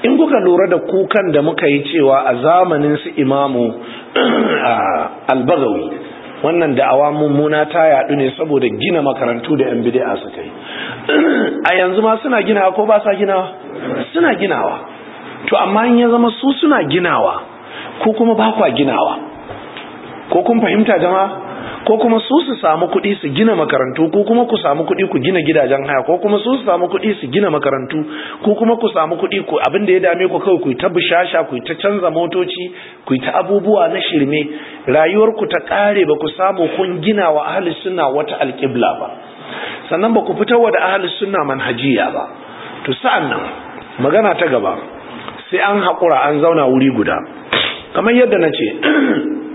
in kuka lura da kukan da muka yi cewa a zamanin su imamu [CLEARS THROAT] albagawi wannan da'awa mummuna ta yaɗu ne saboda gina makarantu da 'yan bidi'a su kai [CLEARS THROAT] a yanzu ma suna ginawa ko ba sa ginawa suna ginawa to amma in ya zama su suna ginawa ko kuma ba kwa ginawa ko kun fahimta jama ko kuma su su samu kuɗi su gina makarantu ko kuma ku samu kuɗi ku gina gidajen haya ko kuma su su samu kuɗi su gina makarantu ko kuma ku samu kuɗi ku abin da ya dame ku kawai ku ta bushasha ku ta canza motoci ku ta abubuwa na shirme rayuwar ku ta ƙare ba ku samu kun gina wa ahli sunna wata alƙibla ba sannan ba ku fita da ahli sunna manhajiya ba to sa'an nan magana ta gaba sai an haƙura an zauna wuri guda kamar yadda na ce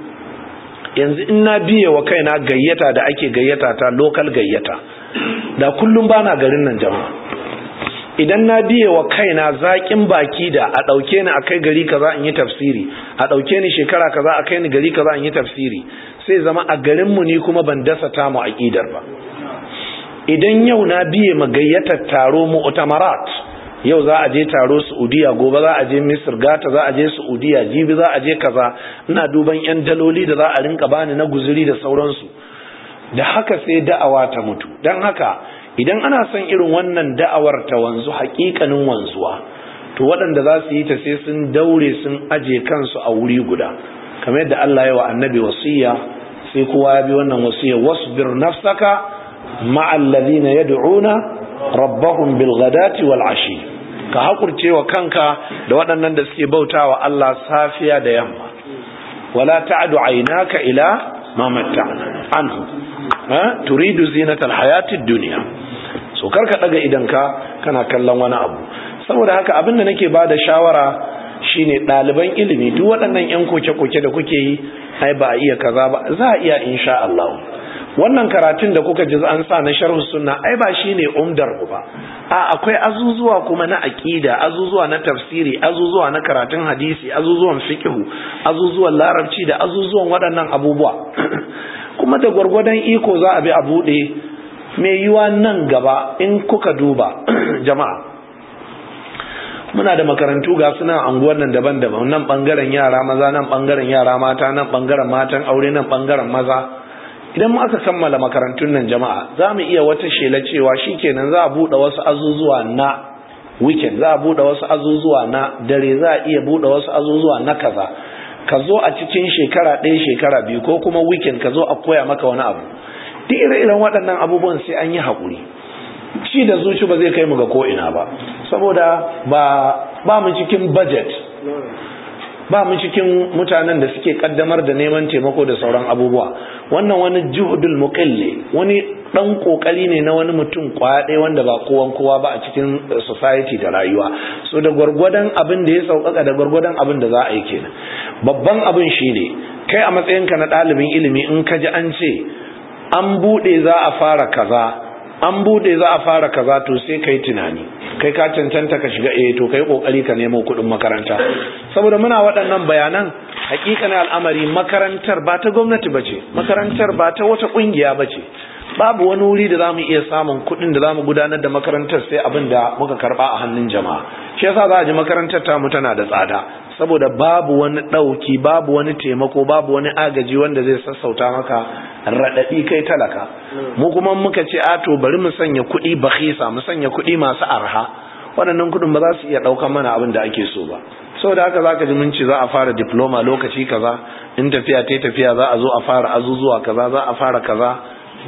[CLEARS THROAT] yanzu in na biye wa kaina gayyata da ake gayyata ta lokal gayyata da kullum bana garin nan jama'a idan na biye wa kaina zaƙin baki da a ɗauke ni a kai gari kaza in yi tafsiri a ɗauke ni shekara kaza a kai ni gari kaza in yi tafsiri sai zama a garinmu ni kuma ban dasa ta mu aƙidar ba idan yau na biye ma gayyatar taro mu'tamarat yau za a je taro Saudiya gobe za a je Misir gata za a je Saudiya jibi za a je kaza ina duban yan daloli da za a rinka bani na guziri da sauransu da haka sai da'awa ta mutu dan haka idan ana son irin wannan da'awar ta wanzu hakikanin wanzuwa to waɗanda za su yi ta sai sun daure sun aje kansu a wuri guda kamar yadda Allah ya wa annabi wasiya sai kowa ya bi wannan wasiya wasbir nafsaka ma'al na yad'una rabbahum bil ghadati wal ashi ka hakurce wa kanka da waɗannan da suke bautawa Allah safiya da yamma wala ta'du aynaka ila ma matta'na anhu ha turidu zinatal hayatid dunya so karka daga idan ka kana kallon wani abu saboda haka abin da nake bada shawara shine daliban ilimi duk waɗannan 'yan koke-koke da kuke yi ai ba a iya kaza ba za a iya insha Allah wannan karatun da kuka ji an sa na sharhu sunna ai ba shine umdar ku ba a akwai azuzuwa kuma na aƙida azuzuwa na tafsiri azuzuwa na karatun hadisi azuzuwan fikihu azuzuwan larabci da azuzuwan waɗannan abubuwa [CLEARS THROAT] kuma da gwargwadon iko za a bi a buɗe mai yiwa nan gaba in kuka duba [CLEARS THROAT] jama'a muna da makarantu ga suna anguwar nan daban-daban nan bangaren yara maza nan bangaren yara mata nan bangaren matan aure nan bangaren maza idan mu aka kammala makarantun nan jama'a za mu iya wata shela cewa shi kenan za a buɗe wasu azuzuwa na weekend za a buɗe wasu azuzuwa na dare za a iya buɗe wasu azuzuwa na kaza ka zo a cikin shekara ɗaya shekara biyu ko kuma weekend ka zo a koya maka wani abu duk ire-iren waɗannan abubuwan sai an yi haƙuri ci da zuci ba zai kai mu ga ko ina ba saboda ba mu cikin budget ba mu cikin mutanen da suke kaddamar da neman taimako da sauran abubuwa wannan wani juhudul muqalli wani dan kokari ne na wani mutum kwaɗe wanda ba kowan kowa ba a cikin eh, society da rayuwa so da gwargwadon abin da ya sauƙaƙa da gwargwadon abin da za a yi kenan babban abin shine kai a matsayinka na ɗalibin ilimi in ka ji an ce an buɗe za a fara kaza an bude za a fara kaza to sai kai tunani kai ka cancanta ka shiga eh to kai kokari ka nemo kuɗin makaranta saboda muna waɗannan bayanan hakikanin al'amari makarantar ba ta gwamnati bace makarantar ba ta wata kungiya bace babu wani wuri da zamu iya samun kuɗin da zamu gudanar da makarantar sai abinda muka karba a hannun jama'a shi yasa za a ji makarantar ta mu tana da tsada saboda babu wani ɗauki babu wani taimako babu wani agaji wanda zai sassauta maka raɗaɗi kai talaka mu kuma muka ce ato bari mu sanya kuɗi bakhisa mu sanya kuɗi masu arha waɗannan kuɗin ba za su iya ɗaukan mana abin da ake so ba saboda haka za ka ji mun ce za a fara diploma lokaci kaza in tafiya ta tafiya za a zo a fara azuzuwa kaza za a fara kaza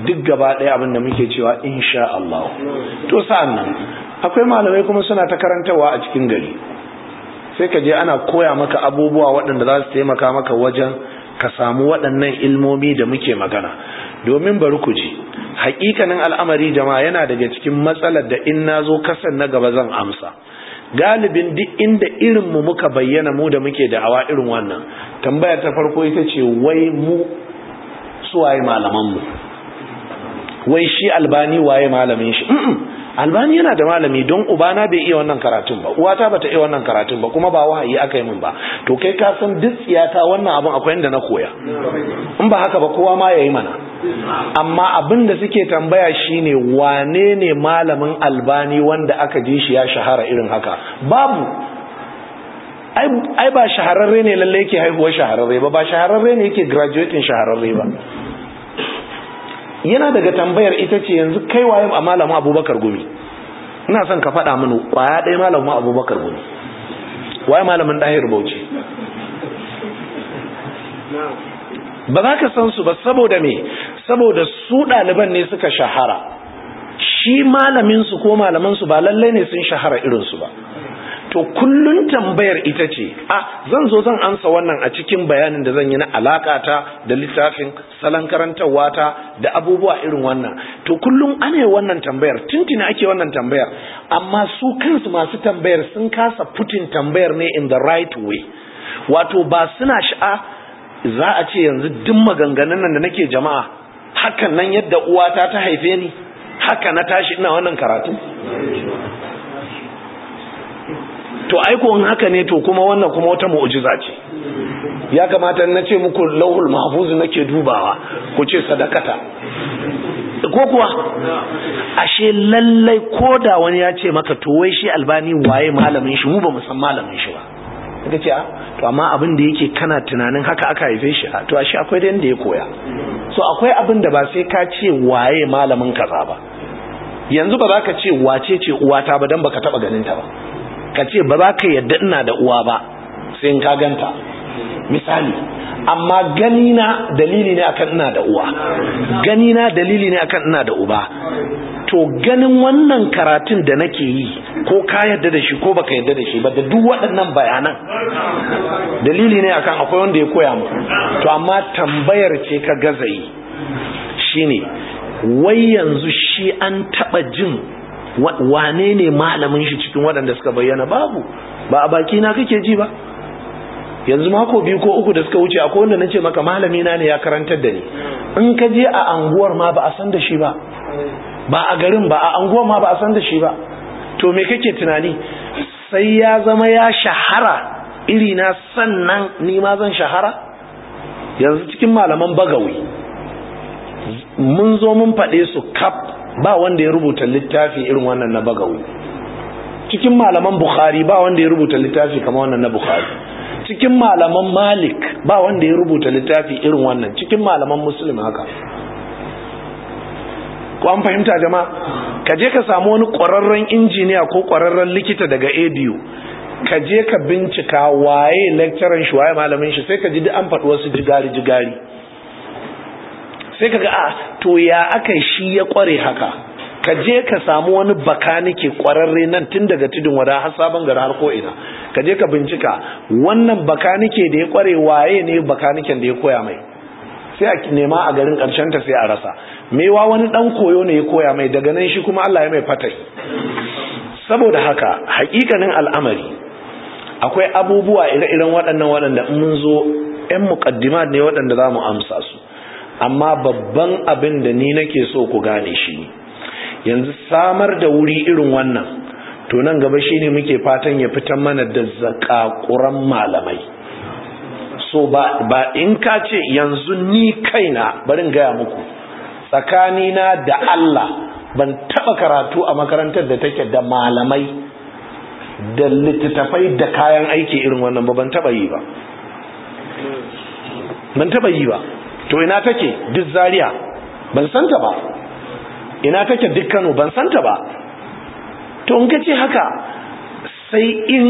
duk gaba ɗaya abin da muke cewa insha Allah to sa'an nan akwai malamai kuma suna ta karantawa a cikin gari sai ka je ana koya maka abubuwa waɗanda za su taimaka maka wajen ka samu waɗannan ilmomi da muke magana domin bari ku ji hakikanin al'amari jama'a yana daga cikin matsalar da in nazo kasan na gaba zan amsa galibin duk inda irin mu muka bayyana mu da muke da awa irin wannan tambaya ta farko ita ce wai mu suwaye malaman mu wai shi albani waye malamin shi albani yana da malami don ubana bai iya wannan karatun ba uwata bata iya wannan karatun ba kuma ba wahayi aka yi min ba to kai ka san duk tsiyata wannan abin akwai inda na koya in ba haka ba kowa ma yayi mana amma abin da suke tambaya shine wane ne malamin albani wanda aka ji shi ya shahara irin haka babu ai ba shahararre ne lalle yake haihuwar shahararre ba ba shahararre ne yake graduating shahararre ba yana daga tambayar ita ce yanzu kai waye a malamin abubakar gumi ina son ka faɗa mini kwaya ɗaya malamin abubakar gumi waye malamin ɗahir bauchi ba za ka san su ba saboda me saboda su ɗaliban ne suka shahara shi malamin su ko malaman su ba lallai ne sun shahara irin su ba to kullun tambayar ita ce a zan zo zan amsa wannan a cikin bayanin da zan yi na alakata da littafin salon karantarwa ta da abubuwa irin wannan to kullun ana wannan tambayar tuntuna ake wannan tambayar amma su kansu masu tambayar sun kasa putin tambayar ne in the right way wato ba suna sha'a za a ce yanzu duk maganganun nan da nake jama'a hakan nan yadda uwata ta haife ni haka na tashi ina wannan karatu to aiko in haka ne to kuma wannan kuma wata mu'jiza ce ya kamata na ce muku lauhul mahfuz nake dubawa ku ce sadakata ko kuwa ashe lallai ko da wani ya ce maka to wai shi albani waye malamin shi mu ba mu san malamin shi ba kaga ce ah, to amma abin da yake kana tunanin haka aka haife shi ah, to ashe akwai da yanda ya koya so akwai abin da ba sai ka ce waye malamin kaza ba yanzu ba za ka ce wace ce uwata ba dan baka taba ganin ta ba ka ce ba za ka yadda ina da uwa ba sai in ka ganta misali amma ganina dalili ne akan ina da uwa ganina dalili ne akan ina da uba to ganin wannan karatun da nake yi ko ka yadda da shi ko baka yadda da shi ba da duk waɗannan bayanan dalili ne akan akwai wanda ya koya mu to amma tambayar ce ka gazayi shine wai yanzu shi an taɓa jin wane ne malamin shi cikin waɗanda suka bayyana babu ba a baki na kake ji ba yanzu mako biyu ko uku da suka wuce akwai wanda ce maka malami na ne ya karantar da ni in ka je a anguwar ma ba a san da shi ba ba a garin ba a anguwar ma ba a san da shi ba to me kake tunani sai ya zama ya shahara iri na sannan ni ma zan shahara yanzu cikin malaman bagawi mun zo mun faɗe su kaf ba wanda ya rubuta littafi irin wannan na bagawi cikin malaman bukhari ba wanda ya rubuta littafi kamar wannan na bukhari cikin malaman malik ba wanda ya rubuta littafi irin wannan cikin malaman musulmi haka ko an fahimta jama'a ka je ka samu wani ƙwararren injiniya ko ƙwararren likita daga ADU ka je ka bincika waye lecturer shi waye malamin shi sai ka ji duk an faɗi wasu jigari jigari sai kaga a ah, to ya akai shi ya kware haka ka je ka samu wani bakanike kwararre nan tun daga tudun wada har sabon gari har ko ina ka je ka bincika wannan bakanike da ya kware waye ne bakaniken da ya koya mai sai a nema a garin karshen ta sai a rasa mewa wani dan koyo ne ya koya mai daga nan shi kuma Allah ya mai fatai saboda haka hakikanin al'amari akwai abubuwa ire-iren waɗannan waɗanda mun zo 'yan muƙaddima ne waɗanda za mu amsa su amma babban abin da ni nake so ku gane shi yanzu samar da wuri irin wannan to nan gaba shi ne muke fatan ya fita mana da zakakuran malamai so ba, ba in ka ce yanzu ni kaina barin gaya muku tsakanina da Allah ban taba karatu a makarantar da take da malamai da littattafai da kayan aiki irin wannan ba ban taba yi ba ban taba yi ba to ina take duk Zariya? ban santa ba ina take duk kano ban santa ba to in ka haka sai in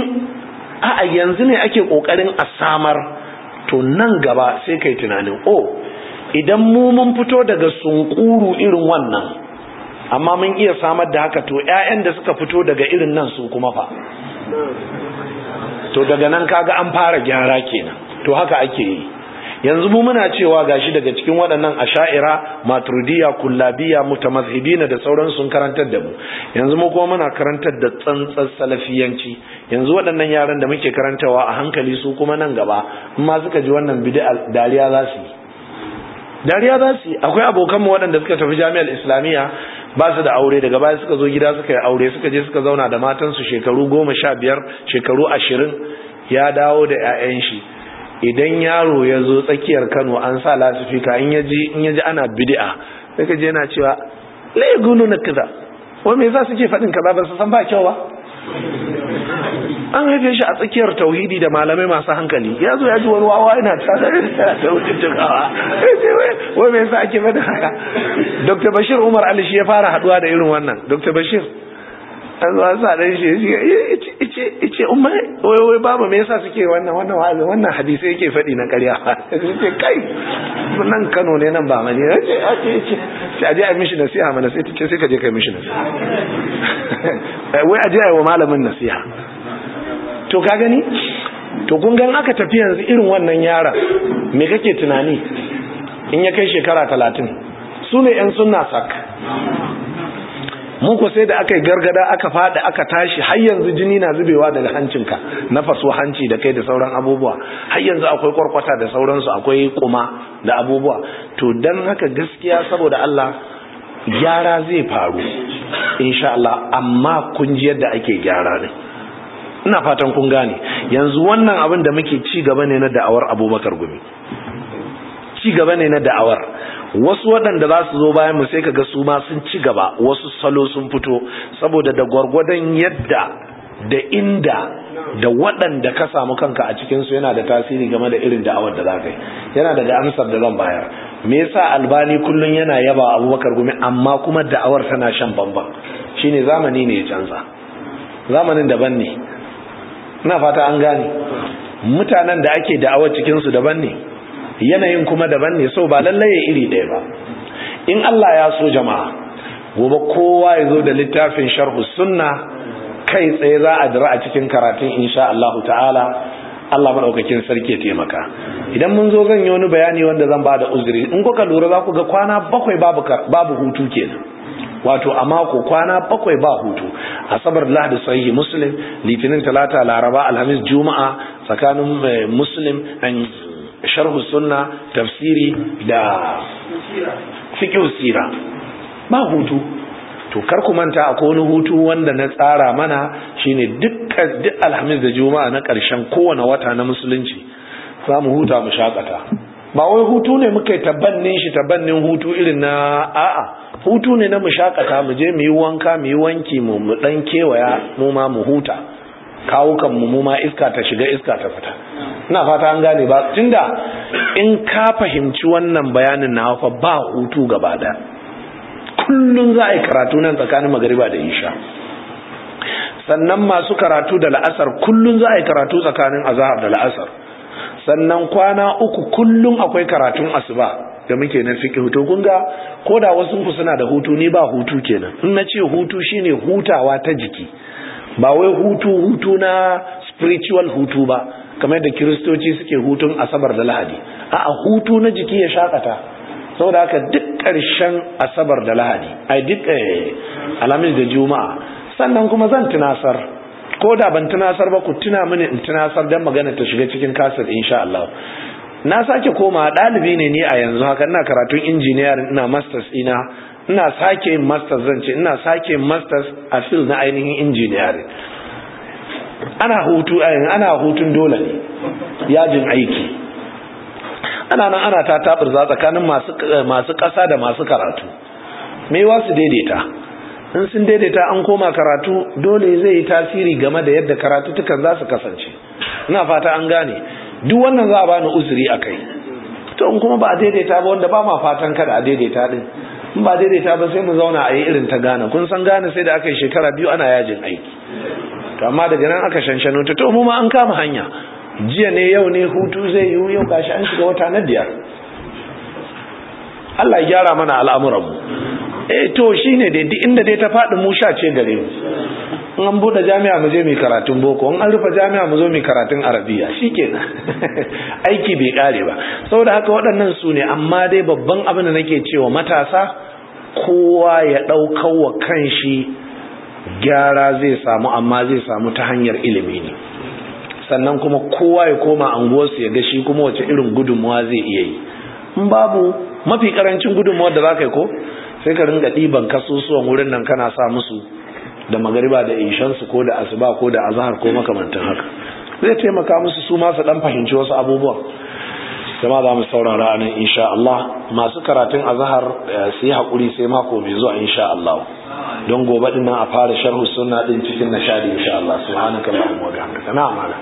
a yanzu ne ake kokarin a samar to nan gaba sai kai tunanin oh idan mu mun fito daga sunkuru irin wannan amma mun iya samar da haka to 'ya'yan da suka fito daga irin nan su kuma fa to daga nan kaga an fara gyara kenan to haka ake yi yanzu mu muna cewa gashi daga cikin waɗannan asha'ira maturidiya kullabiya mutamazhibina da sauran sun karantar da mu yanzu mu kuma muna karantar da tsantsar salafiyanci yanzu waɗannan yaran da muke karantawa a hankali su kuma nan gaba in ma suka ji wannan bid'a dariya za su yi dariya za su yi akwai abokanmu waɗanda suka tafi jami'ar islamiyya ba su da aure daga baya suka zo gida suka yi aure suka je suka zauna da matansu shekaru goma sha biyar shekaru ashirin ya dawo da 'ya'yan shi idan yaro ya zo tsakiyar kano an sa lasifika in ya ji ana bid'a sai ka je yana cewa la yagunu na kaza wa me za su ke faɗin kaza ba su san ba kyau ba an haife shi a tsakiyar tauhidi da malamai masu hankali ya zo ya ji wani wawa yana tsada da wututukawa wai me yasa ake faɗin haka dr bashir umar ali shi ya fara haɗuwa da irin wannan dr bashir an zuwa sa ran shi shi ice ice umar? wai wai babu me yasa suke wannan wannan wa'azi wannan hadisai yake faɗi na ƙarya [LAUGHS] ce kai nan Kano ne nan ba mani ce ce ce aje a mishi nasiha mana sai ce sai ka je kai mishi nasiha [LAUGHS] wai aje a wa malamin nasiha to ka gani to kun gan aka tafi yanzu irin wannan yara me kake tunani in ya kai shekara talatin su ne 'yan sunna sak mu ko sai da aka yi gargada aka fada aka tashi har yanzu jini na zubewa daga hancinka na faso hanci da kai da sauran abubuwa har yanzu akwai kwarkwata da sauransu akwai kuma da abubuwa to dan haka gaskiya saboda Allah gyara zai faru insha Allah amma kun ji yadda ake gyara ne ina fatan kun gane yanzu wannan abin da muke ci gaba ne na da'awar Abubakar Gumi ci gaba ne na da'awar wasu waɗanda za su zo bayan mu sai kaga su ma sun ci gaba wasu salo sun fito saboda da gwargwadon yadda da inda da waɗanda ka samu kanka a cikinsu yana da tasiri game da irin da'awar da za ka yi yana daga amsar da zan bayar me yasa albani kullum yana yaba abubakar gumi amma kuma da'awar tana shan bamban shine zamani ne ya canza zamanin daban ne ina fata an gane mutanen da ake da'awar cikinsu daban ne yanayin kuma daban ne so ba lallai ya iri ɗaya ba in Allah ya so jama'a gobe kowa ya zo da littafin sharhu sunna kai tsaye za a dira a cikin karatun insha Allah ta'ala Allah maɗaukakin sarki ya taimaka idan mun zo zan yi wani bayani wanda zan ba da uzuri in kuka lura za ku ga kwana bakwai babu hutu kenan wato a mako kwana bakwai ba hutu asabar lahadi sahihi muslim litinin talata laraba alhamis juma'a tsakanin eh, muslim an sharhu sunna tafsiri da fiqh sira ba hutu to kar ku manta akwai wani hutu wanda na tsara mana shine dukkan duk alhamis da juma'a na ƙarshen kowane wata na musulunci za mu huta mu shakata ba wai hutu ne muka yi tabannin shi tabannin hutu irin na a'a hutu ne na mu shakata mu je mu yi wanka mu yi wanki mu mu dan kewaya mu ma mu huta kawukan mu ma iska ta shiga iska ta fita ina fata an gane ba tunda in ka fahimci wannan bayanin na hafa ba hutu gaba da Kullum za a yi karatu nan tsakanin magariba da isha sannan masu karatu da la'asar kullum za a yi karatu tsakanin azahar da la'asar sannan kwana uku kullum akwai karatun asuba da muke na fiƙi hutu gunga ko da wasu ku suna da hutu ni ba hutu kenan in na ce hutu shine hutawa ta jiki ba wai hutu hutu na spiritual hutu ba kamar da kiristoci suke hutun asabar da lahadi a hutu na jiki ya shakata saboda haka duk ƙarshen asabar da lahadi ai duk eh, alamis da juma'a sannan kuma zan tunasar ko da ban tunasar ba ku tuna mini in tunasar don magana ta shiga cikin kasir insha Allah na sake koma ɗalibi ne ni a yanzu haka ina karatun injiniyar ina masters ina ina sake yin masters zan ce ina sake yin masters a field na ainihin engineering ana hutu eh, ana hutun dole ne yajin aiki ana nan ana ta taburza tsakanin masu kasa eh, da masu karatu me wasu daidaita in sun daidaita an koma karatu dole zai yi tasiri game da yadda karatu tukan za su kasance ina fata an gane duk wannan za a bani uzuri akai to in kuma ba a daidaita ba wanda ba ma fatan kada a daidaita din in ba daidaita ba sai mu zauna a yi irin ta gana kun san gane sai da aka yi shekara biyu ana yajin aiki to amma daga nan aka shanshano ta to mu ma an kama hanya jiya ne yau ne hutu zai yiwu yau gashi an shiga wata na biyar Allah ya gyara mana al'amuran mu eh to shine dai duk inda dai ta faɗi mu sha ce gare mu in an bude jami'a mu je mu karatun boko in an rufe jami'a mu zo mu karatun arabiya shikenan [LAUGHS] aiki bai kare ba saboda haka waɗannan su ne amma dai babban abin da nake cewa matasa kowa ya ɗaukar wa kanshi gyara zai samu amma zai samu ta hanyar ilimi ne sannan kuma kowa ya koma anguwarsu ya ga shi kuma wace irin gudunmuwa zai iya yi in babu mafi karancin gudunmuwar da za ka yi ko sai ka ringa ɗiban kasusuwan wurin nan kana sa musu da magariba da ishansu ko da asuba ko da azahar ko makamantan haka zai taimaka musu su masu su dan fahimci wasu abubuwan jama'a za mu saurara anan insha Allah masu karatun azahar eh, su yi haƙuri sai mako mai zuwa insha Allah don gobe din nan a fara sharhu sunna din cikin nashadi insha Allah subhanaka allahumma